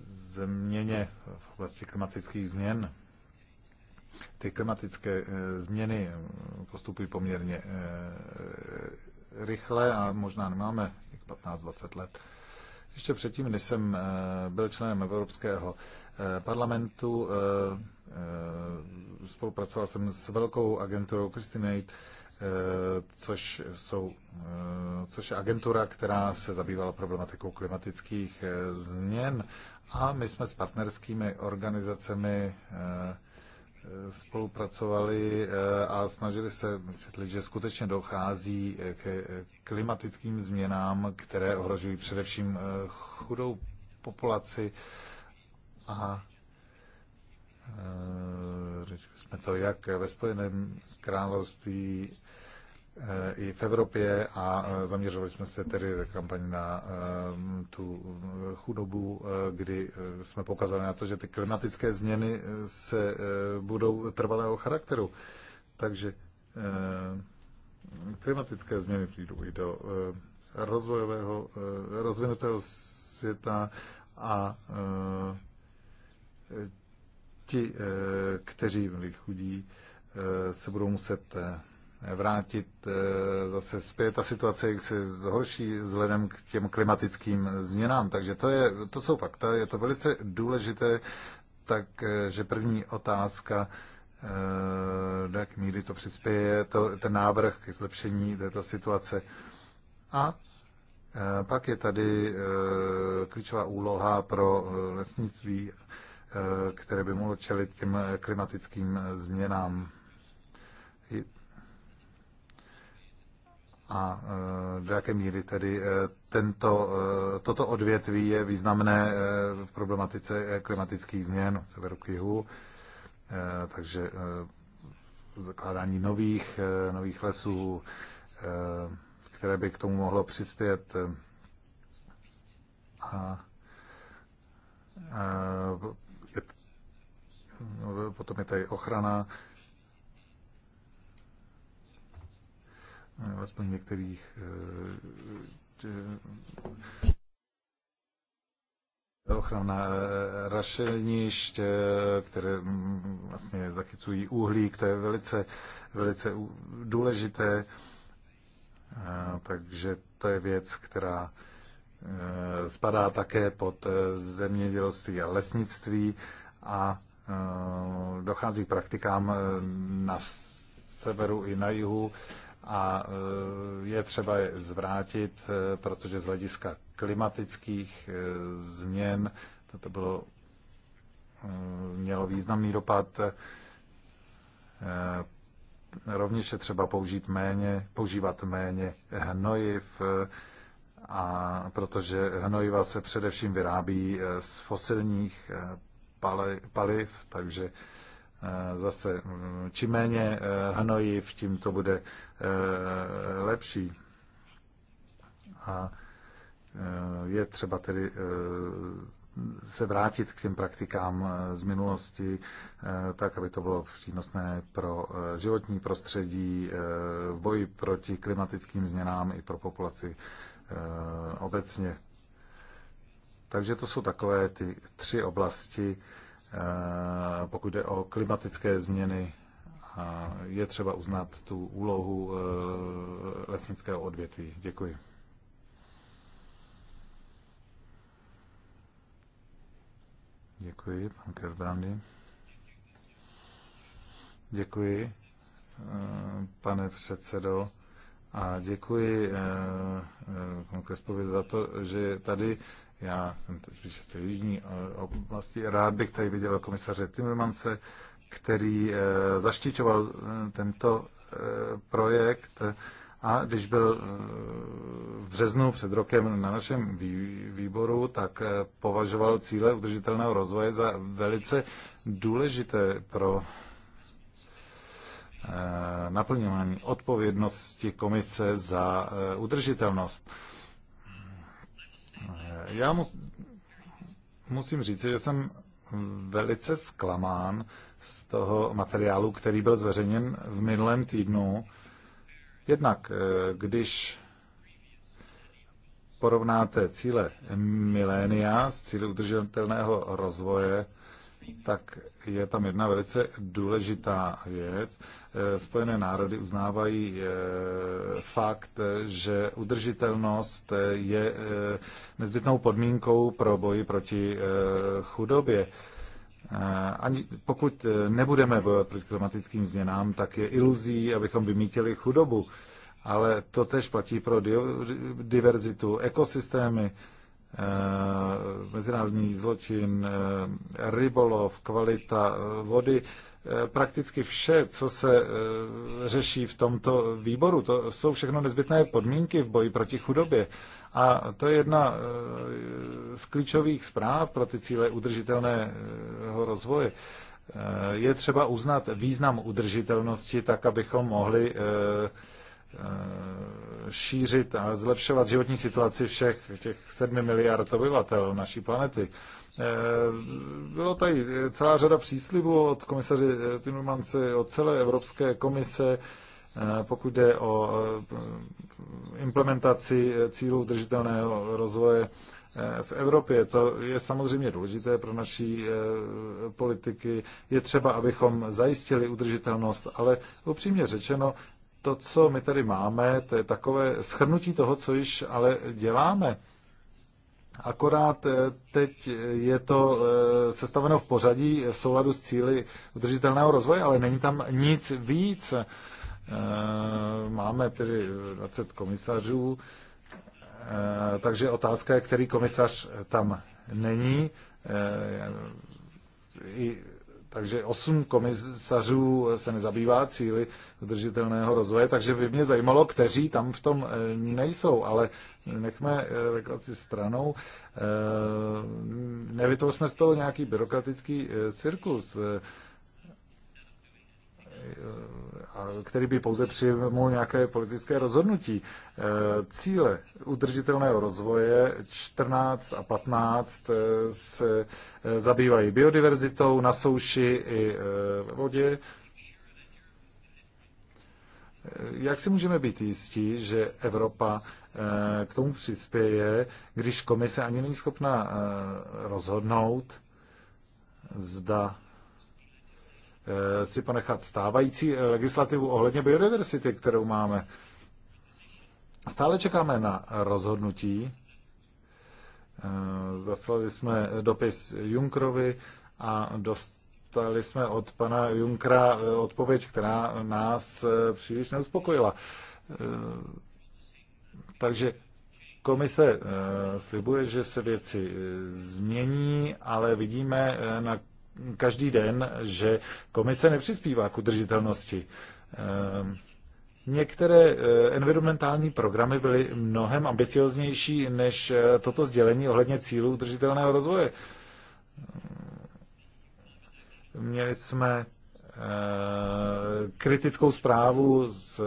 změně v oblasti klimatických změn? Ty klimatické změny postupují poměrně rychle a možná nemáme 15-20 let. Ještě předtím, než jsem eh, byl členem Evropského eh, parlamentu, eh, spolupracoval jsem s velkou agenturou Christinate, což, jsou, což je agentura, která se zabývala problematikou klimatických změn a my jsme s partnerskými organizacemi spolupracovali eh, a snažili se vysvětlit, že skutečně dochází eh, k eh, klimatickým změnám, které ohrožují především chudou populaci a Řekli jsme to jak ve Spojeném království, Eh, i v Evropě a eh, zaměřovali jsme se tedy ve kampani na eh, tu chudobu, kdy jsme pokazali na to, že ty klimatické změny se budou trvalého charakteru. Takže klimatické změny přijdou i do rozvojového, rozvinutého světa a ti, kteří byli chudí, se budou muset vrátit eh, zase zpět ta situace se zhorší vzhledem k těm klimatickým změnám. Takže to, je, to jsou fakta, je to velice důležité, takže eh, první otázka, eh, do jak míry to přispěje to, ten návrh k zlepšení této situace. A pak je tady klíčová úloha pro lesnictví, které by mohlo čelit těm klimatickým změnám. a e, do jaké míry tedy e, tento, e, toto odvětví je významné v problematice klimatických změn severu k jihu, takže zakládání nových, nových lesů, které by k tomu mohlo přispět a no, potom je tady ochrana Eh, alespoň některých eh, eh, ochrana rašelnišť, které mm, vlastně zachycují uhlík, to je velice, velice důležité. Takže to je věc, která spadá také pod zemědělství a lesnictví a dochází k praktikám na severu i na jihu, a eh, je třeba je zvrátit, eh, protože z hlediska klimatických eh, změn toto bylo, mělo významný dopad. Rovněž je třeba použít méně, používat méně hnojiv, a protože hnojiva se především vyrábí z fosilních paliv, takže Eh, zase mm, čím méně hnojiv, eh, tím to bude eh, lepší. A je třeba tedy se vrátit k těm praktikám z minulosti, tak, aby to bylo přínosné pro životní prostředí, v boji proti klimatickým změnám i pro populaci obecně. Takže to jsou takové ty tři oblasti, Eh, pokud jde o klimatické změny, je třeba uznat tu úlohu eh, lesnického odvětví. Děkuji. Děkuji, pan Kerbrandy. Děkuji, eh, pane předsedo. A děkuji panu Krespovi za to, že tady já jsem to jižní eh, oblasti. Rád bych tady viděl komisaře Timmermanse, který eh, zaštičoval eh, tento projekt a když byl v březnu před rokem na našem výboru, tak považoval cíle udržitelného rozvoje za velice důležité pro naplňování odpovědnosti komise za udržitelnost. Já mus, musím říct, že jsem velice zklamán z toho materiálu, který byl zveřejněn v minulém týdnu. Jednak, eh, když porovnáte cíle milénia s cíly udržitelného rozvoje, tak je tam jedna velice důležitá věc, Eh, Spojené národy uznávají eh, fakt, že udržitelnost eh, je nezbytnou podmínkou pro boji proti chudobě. Ani pokud nebudeme bojovat proti klimatickým změnám, tak je iluzí, abychom vymítili chudobu. Ale to tež platí pro diverzitu, ekosystémy, mezinárodní zločin, rybolov, kvalita vody. Eh, prakticky vše, co se eh, řeší v tomto výboru. To jsou všechno nezbytné podmínky v boji proti chudobě. A to je jedna eh, z klíčových zpráv pro ty cíle udržitelného rozvoje. Je třeba uznat význam udržitelnosti tak, abychom mohli šířit a zlepšovat životní situaci všech těch sedmi miliard obyvatel naší planety. Eh, bylo tady eh, celá řada příslibů od komisaře eh, Timmermanse, od celé Evropské komise, pokud jde o implementaci cílů držitelného rozvoje v Evropě. To je samozřejmě důležité pro naší politiky. Je třeba, abychom zajistili udržitelnost, ale upřímně řečeno, to, co my tady máme, to je takové schrnutí toho, co již ale děláme. Akorát eh, teď je to eh, sestaveno v pořadí v souladu s cíly udržitelného rozvoje, ale není tam nic víc. Eh, máme tedy 20 komisařů, takže otázka je, který komisař tam není takže osm komisařů se nezabývá cíly udržitelného rozvoje, takže by mě zajímalo, kteří tam v tom eh, nejsou, ale nechme eh, reklaci stranou. Eh, Nevytvořme z toho nějaký byrokratický cirkus který by pouze přijmul nějaké politické rozhodnutí. E, cíle udržitelného rozvoje 14 a 15 e, se e, zabývají biodiverzitou na souši i ve vodě. Jak si můžeme být jistí, že Evropa k tomu přispěje, když komise ani není schopna rozhodnout, zda Eh, si ponechat stávající eh, legislativu ohledně biodiversity, kterou máme. Stále čekáme na rozhodnutí. Eh, zaslali jsme dopis Junkrovi a dostali jsme od pana Junkra odpověď, která nás příliš neuspokojila. Takže komise slibuje, že se věci změní, ale vidíme, na každý den, že komise nepřispívá k udržitelnosti. Ehm, některé eh, environmentální programy byly mnohem ambicioznější než eh, toto sdělení ohledně cílů udržitelného rozvoje. Ehm, měli jsme eh, kritickou zprávu z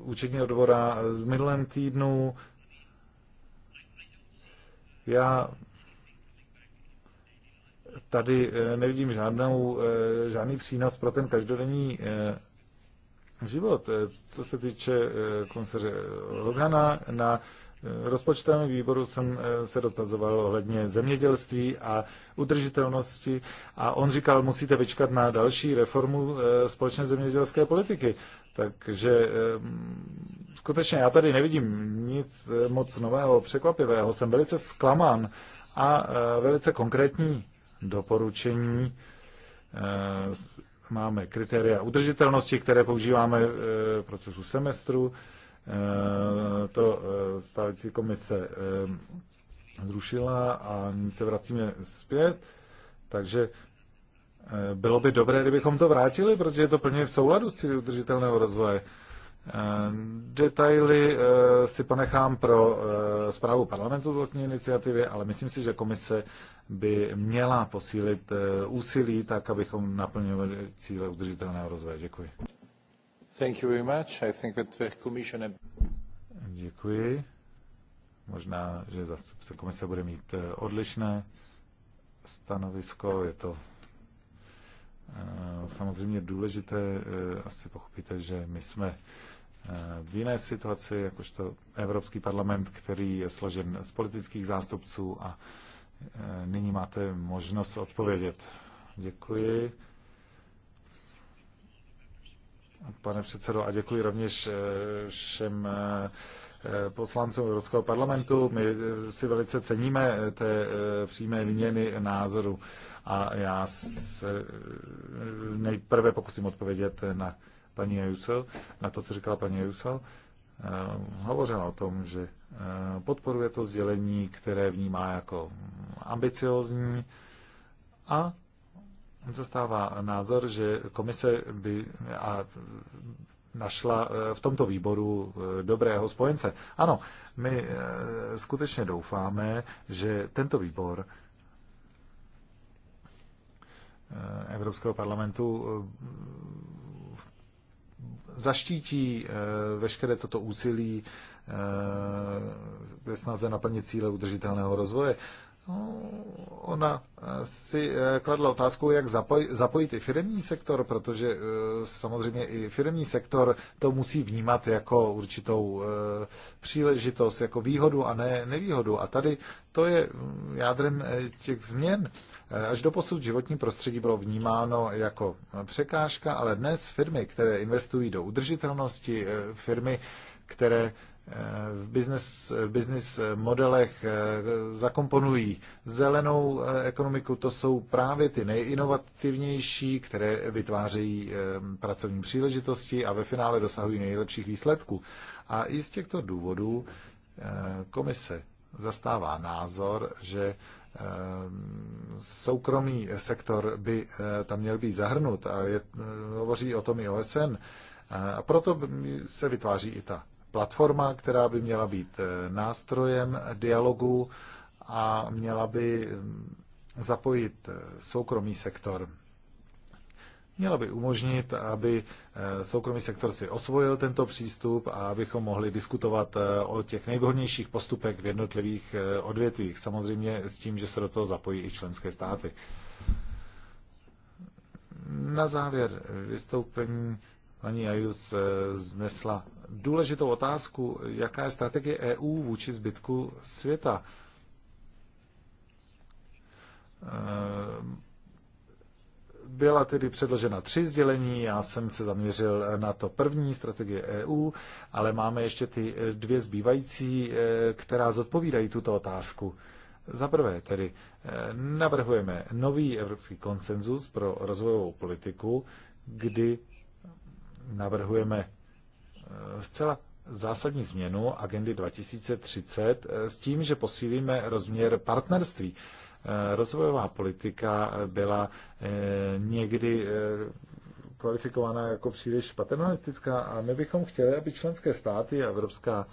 účetního dvora z minulém týdnu. Já tady eh, nevidím žádnou, eh, žádný přínos pro ten každodenní eh, život. Co se týče komisaře Logana, na rozpočtovém výboru jsem se dotazoval ohledně zemědělství a udržitelnosti a on říkal, musíte vyčkat na další reformu společné zemědělské politiky. Takže skutečně já tady nevidím nic moc nového, překvapivého. Jsem velice zklamán a velice konkrétní doporučení. Eh, máme kritéria udržitelnosti, které používáme eh, v procesu semestru. Eh, to stávající komise zrušila a se vracíme zpět. Takže bylo by dobré, kdybychom to vrátili, protože je to plně v souladu s cíli udržitelného rozvoje. Eh, detaily eh, si ponechám pro eh, zprávu parlamentu vlastní iniciativy, ale myslím si, že komise by měla posílit úsilí tak, abychom naplňovali cíle udržitelného rozvoje. Děkuji. Thank you very much. I think that the commission... Děkuji. Možná, že zastupce komise bude mít odlišné stanovisko. Je to samozřejmě důležité. Asi pochopíte, že my jsme v jiné situaci, jakožto Evropský parlament, který je složen z politických zástupců a e, nyní máte možnost odpovědět. Děkuji. Pane předsedo, a děkuji rovněž e, všem e, poslancům Evropského parlamentu. My si velice ceníme té přímé výměny názoru a já se nejprve pokusím odpovědět na paní Jusel, na to, co říkala paní Jusel, eh, hovořila o tom, že eh, podporuje to sdělení, které vnímá jako ambiciozní a zastává názor, že komise by a našla eh, v tomto výboru dobrého spojence. Ano, my skutečně doufáme, že tento výbor Evropského parlamentu zaštítí eh, veškeré toto úsilí eh, ve snaze naplnit cíle udržitelného rozvoje. No, ona eh, si kladla otázku, jak zapojit i firmní sektor, protože samozřejmě i firmní sektor to musí vnímat jako určitou příležitost, jako výhodu a ne nevýhodu. A tady to je mm, jádrem těch změn. Eh, až do posud životní prostředí bylo vnímáno jako překážka, ale dnes firmy, které investují do udržitelnosti, eh, firmy, které eh, v business, v business modelech zakomponují zelenou ekonomiku, to jsou právě ty nejinovativnější, které vytvářejí pracovní příležitosti a ve finále dosahují nejlepších výsledků. A i z těchto důvodů komise zastává názor, že Ehm, soukromý sektor by eh, tam měl být zahrnut a je, eh, hovoří o tom i OSN. A proto se vytváří i ta platforma, která by měla být eh, nástrojem dialogu a měla by mm, zapojit soukromý sektor měla by umožnit, aby eh, soukromý sektor si osvojil tento přístup a abychom mohli diskutovat eh, o těch nejvhodnějších postupech v jednotlivých eh, odvětvích. Samozřejmě s tím, že se do toho zapojí i členské státy. Na závěr vystoupení paní Ajus znesla důležitou otázku, jaká je strategie EU vůči zbytku světa byla tedy předložena tři sdělení, já jsem se zaměřil eh, na to první, strategie EU, ale máme ještě ty eh, dvě zbývající, eh, která zodpovídají tuto otázku. Za prvé tedy navrhujeme nový evropský konsenzus pro rozvojovou politiku, kdy navrhujeme zcela zásadní změnu agendy 2030 s tím, že posílíme rozměr partnerství. Eh, rozvojová politika eh, byla eh, někdy kvalifikována jako příliš paternalistická a my bychom chtěli, aby členské státy a Evropská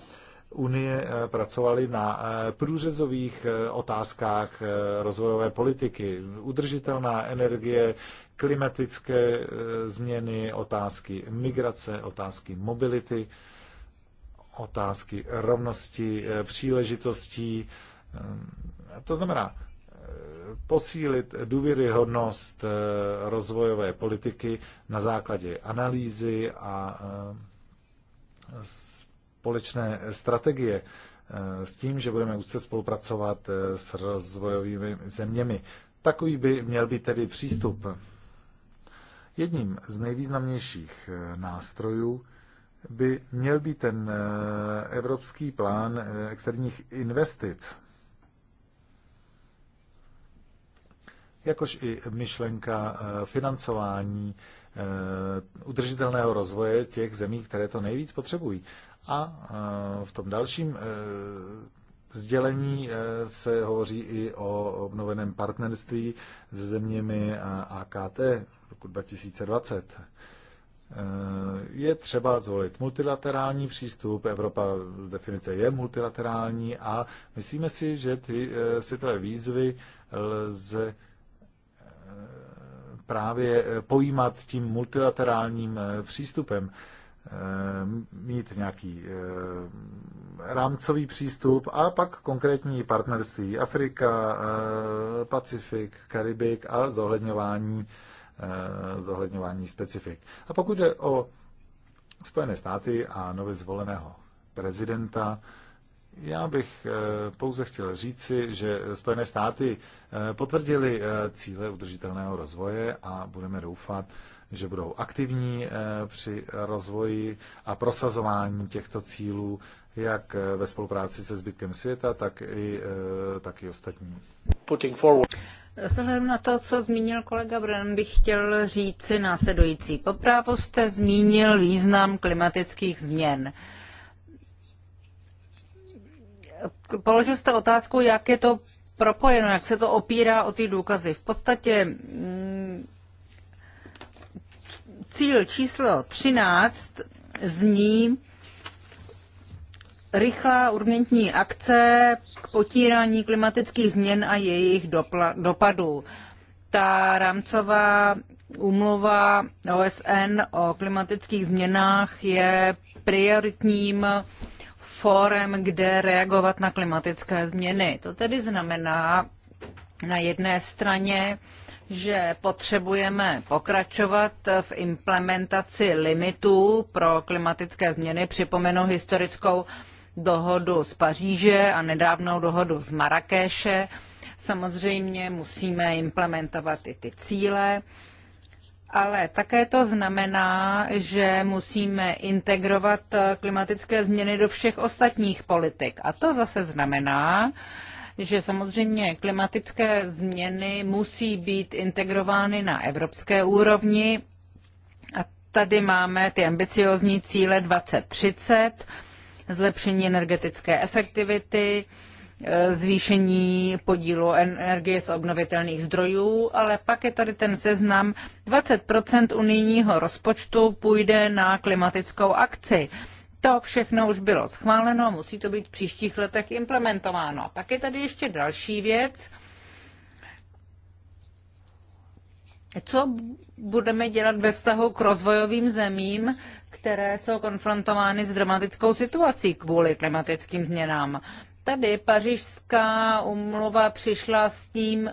unie pracovali na průřezových otázkách rozvojové politiky. Udržitelná energie, klimatické změny, otázky migrace, otázky mobility, otázky rovnosti příležitostí. Ehm, to znamená, posílit důvěryhodnost eh, rozvojové politiky na základě analýzy a eh, společné strategie eh, s tím, že budeme úzce spolupracovat s rozvojovými zeměmi. Takový by měl být tedy přístup. Jedním z nejvýznamnějších nástrojů by měl být ten evropský plán externích investic. jakož i myšlenka eh, financování eh, udržitelného rozvoje těch zemí, které to nejvíc potřebují. A eh, v tom dalším sdělení se hovoří i o obnoveném partnerství se zeměmi AKT roku 2020. Je třeba zvolit multilaterální přístup. Evropa z definice je multilaterální a myslíme si, že ty světové výzvy lze právě eh, pojímat tím multilaterálním eh, přístupem eh, mít nějaký rámcový přístup a pak konkrétní partnerství Afrika, Pacifik, Karibik a zohledňování, zohledňování specifik. A pokud jde o Spojené státy a nově zvoleného prezidenta, já bych eh, pouze chtěl říci, že Spojené státy eh, potvrdili eh, cíle udržitelného rozvoje a budeme doufat, že budou aktivní při rozvoji a prosazování těchto cílů, jak ve spolupráci se zbytkem světa, tak i, tak i ostatní. Vzhledem na to, co zmínil kolega Bren, bych chtěl říci následující. Poprávo jste zmínil význam klimatických změn položil jste otázku, jak je to propojeno, jak se to opírá o ty důkazy. V podstatě mm, cíl číslo 13 zní rychlá urgentní akce k potírání klimatických změn a jejich dopadů. Ta rámcová úmluva OSN o klimatických změnách je prioritním fórem, kde reagovat na klimatické změny. To tedy znamená na jedné straně, že potřebujeme pokračovat v implementaci limitů pro klimatické změny. Připomenu historickou dohodu z Paříže a nedávnou dohodu z Marrakeše. Samozřejmě musíme implementovat i ty cíle ale také to znamená, že musíme integrovat klimatické změny do všech ostatních politik. A to zase znamená, že samozřejmě klimatické změny musí být integrovány na evropské úrovni. A tady máme ty ambiciozní cíle 2030, zlepšení energetické efektivity, Eh, zvýšení podílu energie z obnovitelných zdrojů, ale pak je tady ten seznam 20 unijního rozpočtu půjde na klimatickou akci. To všechno už bylo schváleno a musí to být v příštích letech implementováno. pak je tady ještě další věc. Co budeme dělat ve vztahu k rozvojovým zemím, které jsou konfrontovány s dramatickou situací kvůli klimatickým změnám? Tady pařížská umluva přišla s tím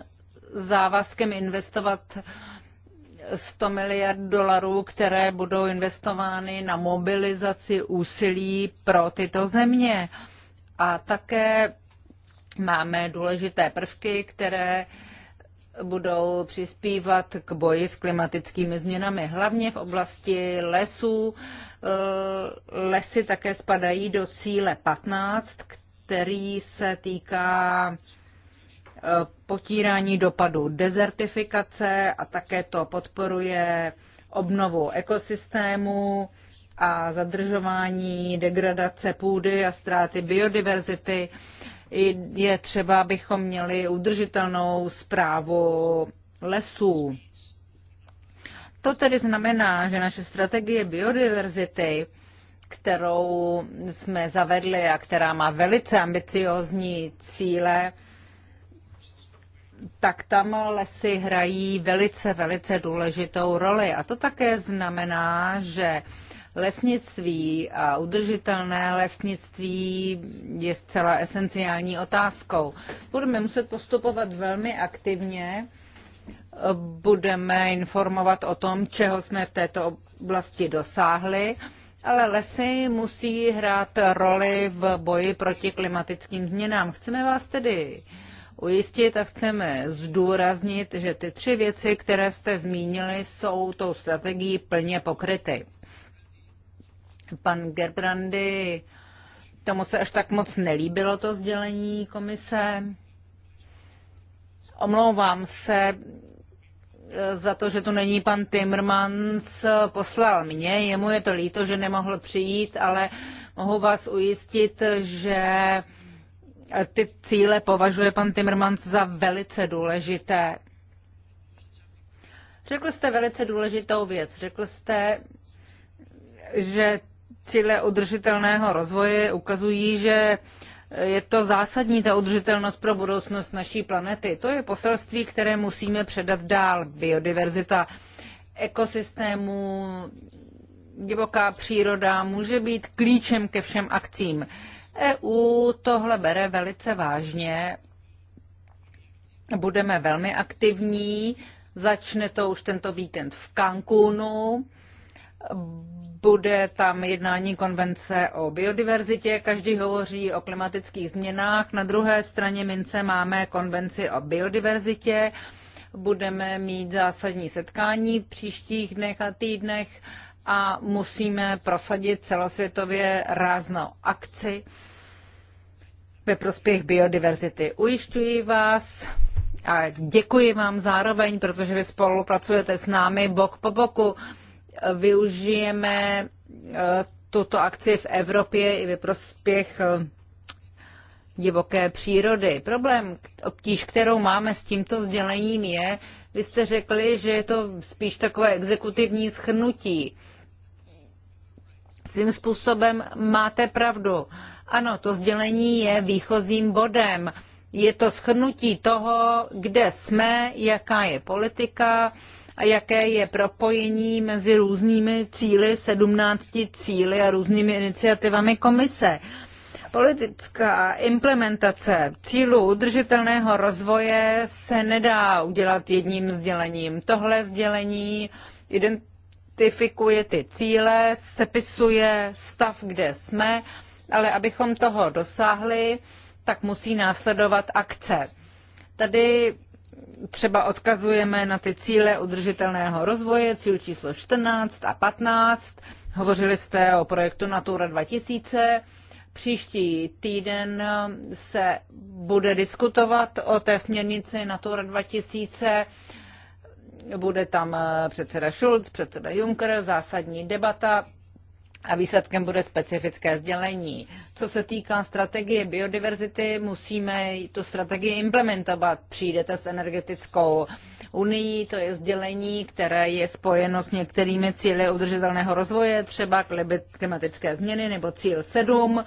závazkem investovat 100 miliard dolarů, které budou investovány na mobilizaci úsilí pro tyto země. A také máme důležité prvky, které budou přispívat k boji s klimatickými změnami, hlavně v oblasti lesů. Lesy také spadají do cíle 15, který se týká eh, potírání dopadu dezertifikace a také to podporuje obnovu ekosystému a zadržování degradace půdy a ztráty biodiverzity. Je třeba, abychom měli udržitelnou zprávu lesů. To tedy znamená, že naše strategie biodiverzity kterou jsme zavedli a která má velice ambiciozní cíle, tak tam lesy hrají velice, velice důležitou roli. A to také znamená, že lesnictví a udržitelné lesnictví je zcela esenciální otázkou. Budeme muset postupovat velmi aktivně, budeme informovat o tom, čeho jsme v této oblasti dosáhli ale lesy musí hrát roli v boji proti klimatickým změnám. Chceme vás tedy ujistit a chceme zdůraznit, že ty tři věci, které jste zmínili, jsou tou strategií plně pokryty. Pan Gerbrandy, tomu se až tak moc nelíbilo to sdělení komise. Omlouvám se, za to, že tu není pan Timmermans, poslal mě. Jemu je to líto, že nemohl přijít, ale mohu vás ujistit, že ty cíle považuje pan Timmermans za velice důležité. Řekl jste velice důležitou věc. Řekl jste, že cíle udržitelného rozvoje ukazují, že je to zásadní, ta udržitelnost pro budoucnost naší planety. To je poselství, které musíme předat dál. Biodiverzita ekosystému, divoká příroda může být klíčem ke všem akcím. EU tohle bere velice vážně. Budeme velmi aktivní. Začne to už tento víkend v Cancúnu bude tam jednání konvence o biodiverzitě, každý hovoří o klimatických změnách. Na druhé straně mince máme konvenci o biodiverzitě, budeme mít zásadní setkání v příštích dnech a týdnech a musíme prosadit celosvětově ráznou akci ve prospěch biodiverzity. Ujišťuji vás a děkuji vám zároveň, protože vy spolupracujete s námi bok po boku využijeme eh, tuto akci v Evropě i ve prospěch eh, divoké přírody. Problém, obtíž, kterou máme s tímto sdělením je, vy jste řekli, že je to spíš takové exekutivní schnutí. Svým způsobem máte pravdu. Ano, to sdělení je výchozím bodem. Je to schnutí toho, kde jsme, jaká je politika, a jaké je propojení mezi různými cíly, 17 cíly a různými iniciativami komise. Politická implementace cílu udržitelného rozvoje se nedá udělat jedním sdělením. Tohle sdělení identifikuje ty cíle, sepisuje stav, kde jsme, ale abychom toho dosáhli, tak musí následovat akce. Tady třeba odkazujeme na ty cíle udržitelného rozvoje, cíl číslo 14 a 15. Hovořili jste o projektu Natura 2000. Příští týden se bude diskutovat o té směrnici Natura 2000. Bude tam eh, předseda Schulz, předseda Juncker, zásadní debata a výsledkem bude specifické sdělení. Co se týká strategie biodiverzity, musíme tu strategii implementovat. Přijdete s energetickou unii, to je sdělení, které je spojeno s některými cíly udržitelného rozvoje, třeba klimatické změny nebo cíl 7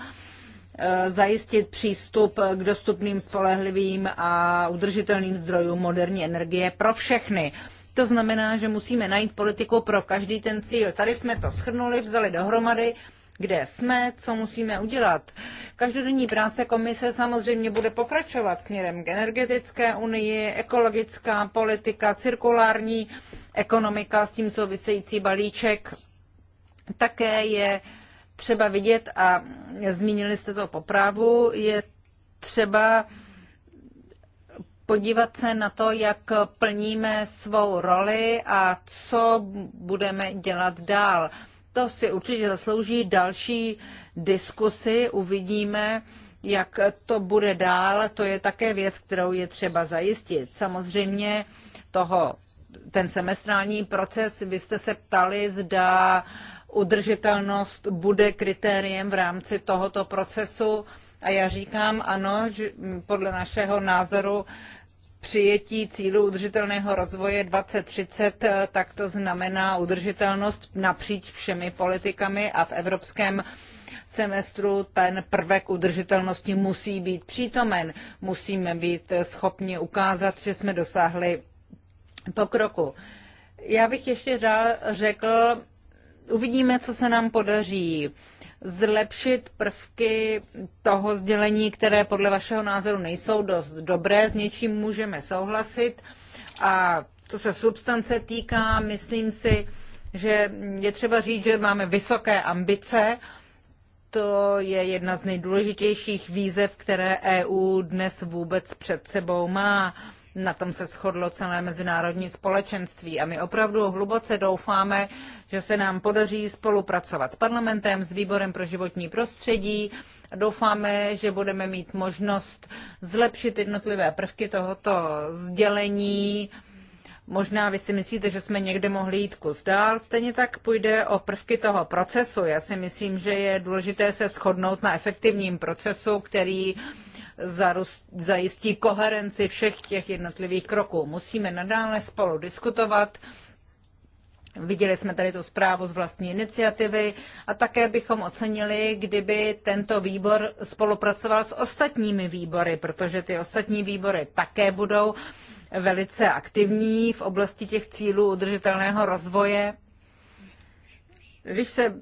eh, zajistit přístup k dostupným, spolehlivým a udržitelným zdrojům moderní energie pro všechny. To znamená, že musíme najít politiku pro každý ten cíl. Tady jsme to schrnuli, vzali dohromady, kde jsme, co musíme udělat. Každodenní práce komise samozřejmě bude pokračovat směrem k energetické unii, ekologická politika, cirkulární ekonomika, s tím související balíček. Také je třeba vidět, a zmínili jste to po právu, je třeba podívat se na to, jak plníme svou roli a co budeme dělat dál. To si určitě zaslouží další diskusy, uvidíme, jak to bude dál. To je také věc, kterou je třeba zajistit. Samozřejmě toho, ten semestrální proces, vy jste se ptali, zda udržitelnost bude kritériem v rámci tohoto procesu. A já říkám ano, že podle našeho názoru přijetí cílu udržitelného rozvoje 2030, eh, tak to znamená udržitelnost napříč všemi politikami a v evropském semestru ten prvek udržitelnosti musí být přítomen. Musíme být schopni ukázat, že jsme dosáhli pokroku. Já bych ještě dál řekl, uvidíme, co se nám podaří zlepšit prvky toho sdělení, které podle vašeho názoru nejsou dost dobré, s něčím můžeme souhlasit. A co se substance týká, myslím si, že je třeba říct, že máme vysoké ambice. To je jedna z nejdůležitějších výzev, které EU dnes vůbec před sebou má. Na tom se shodlo celé mezinárodní společenství a my opravdu hluboce doufáme, že se nám podaří spolupracovat s parlamentem, s výborem pro životní prostředí. Doufáme, že budeme mít možnost zlepšit jednotlivé prvky tohoto sdělení. Možná vy si myslíte, že jsme někde mohli jít kus dál, stejně tak půjde o prvky toho procesu. Já si myslím, že je důležité se shodnout na efektivním procesu, který zajistí koherenci všech těch jednotlivých kroků. Musíme nadále spolu diskutovat. Viděli jsme tady tu zprávu z vlastní iniciativy a také bychom ocenili, kdyby tento výbor spolupracoval s ostatními výbory, protože ty ostatní výbory také budou velice aktivní v oblasti těch cílů udržitelného rozvoje. Když se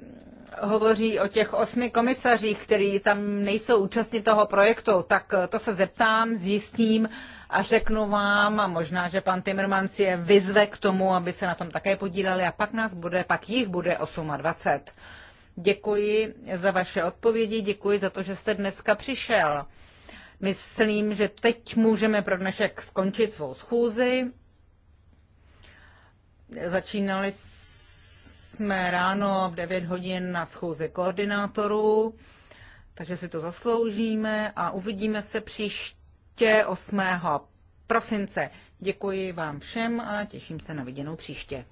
hovoří o těch osmi komisařích, kteří tam nejsou účastní toho projektu, tak eh, to se zeptám, zjistím a řeknu vám, a možná, že pan Timmermans je vyzve k tomu, aby se na tom také podíleli a pak nás bude, pak jich bude 28. Děkuji za vaše odpovědi, děkuji za to, že jste dneska přišel. Myslím, že teď můžeme pro dnešek skončit svou schůzi. Začínali jsme jsme ráno v 9 hodin na schůzi koordinátorů, takže si to zasloužíme a uvidíme se příště 8. prosince. Děkuji vám všem a těším se na viděnou příště.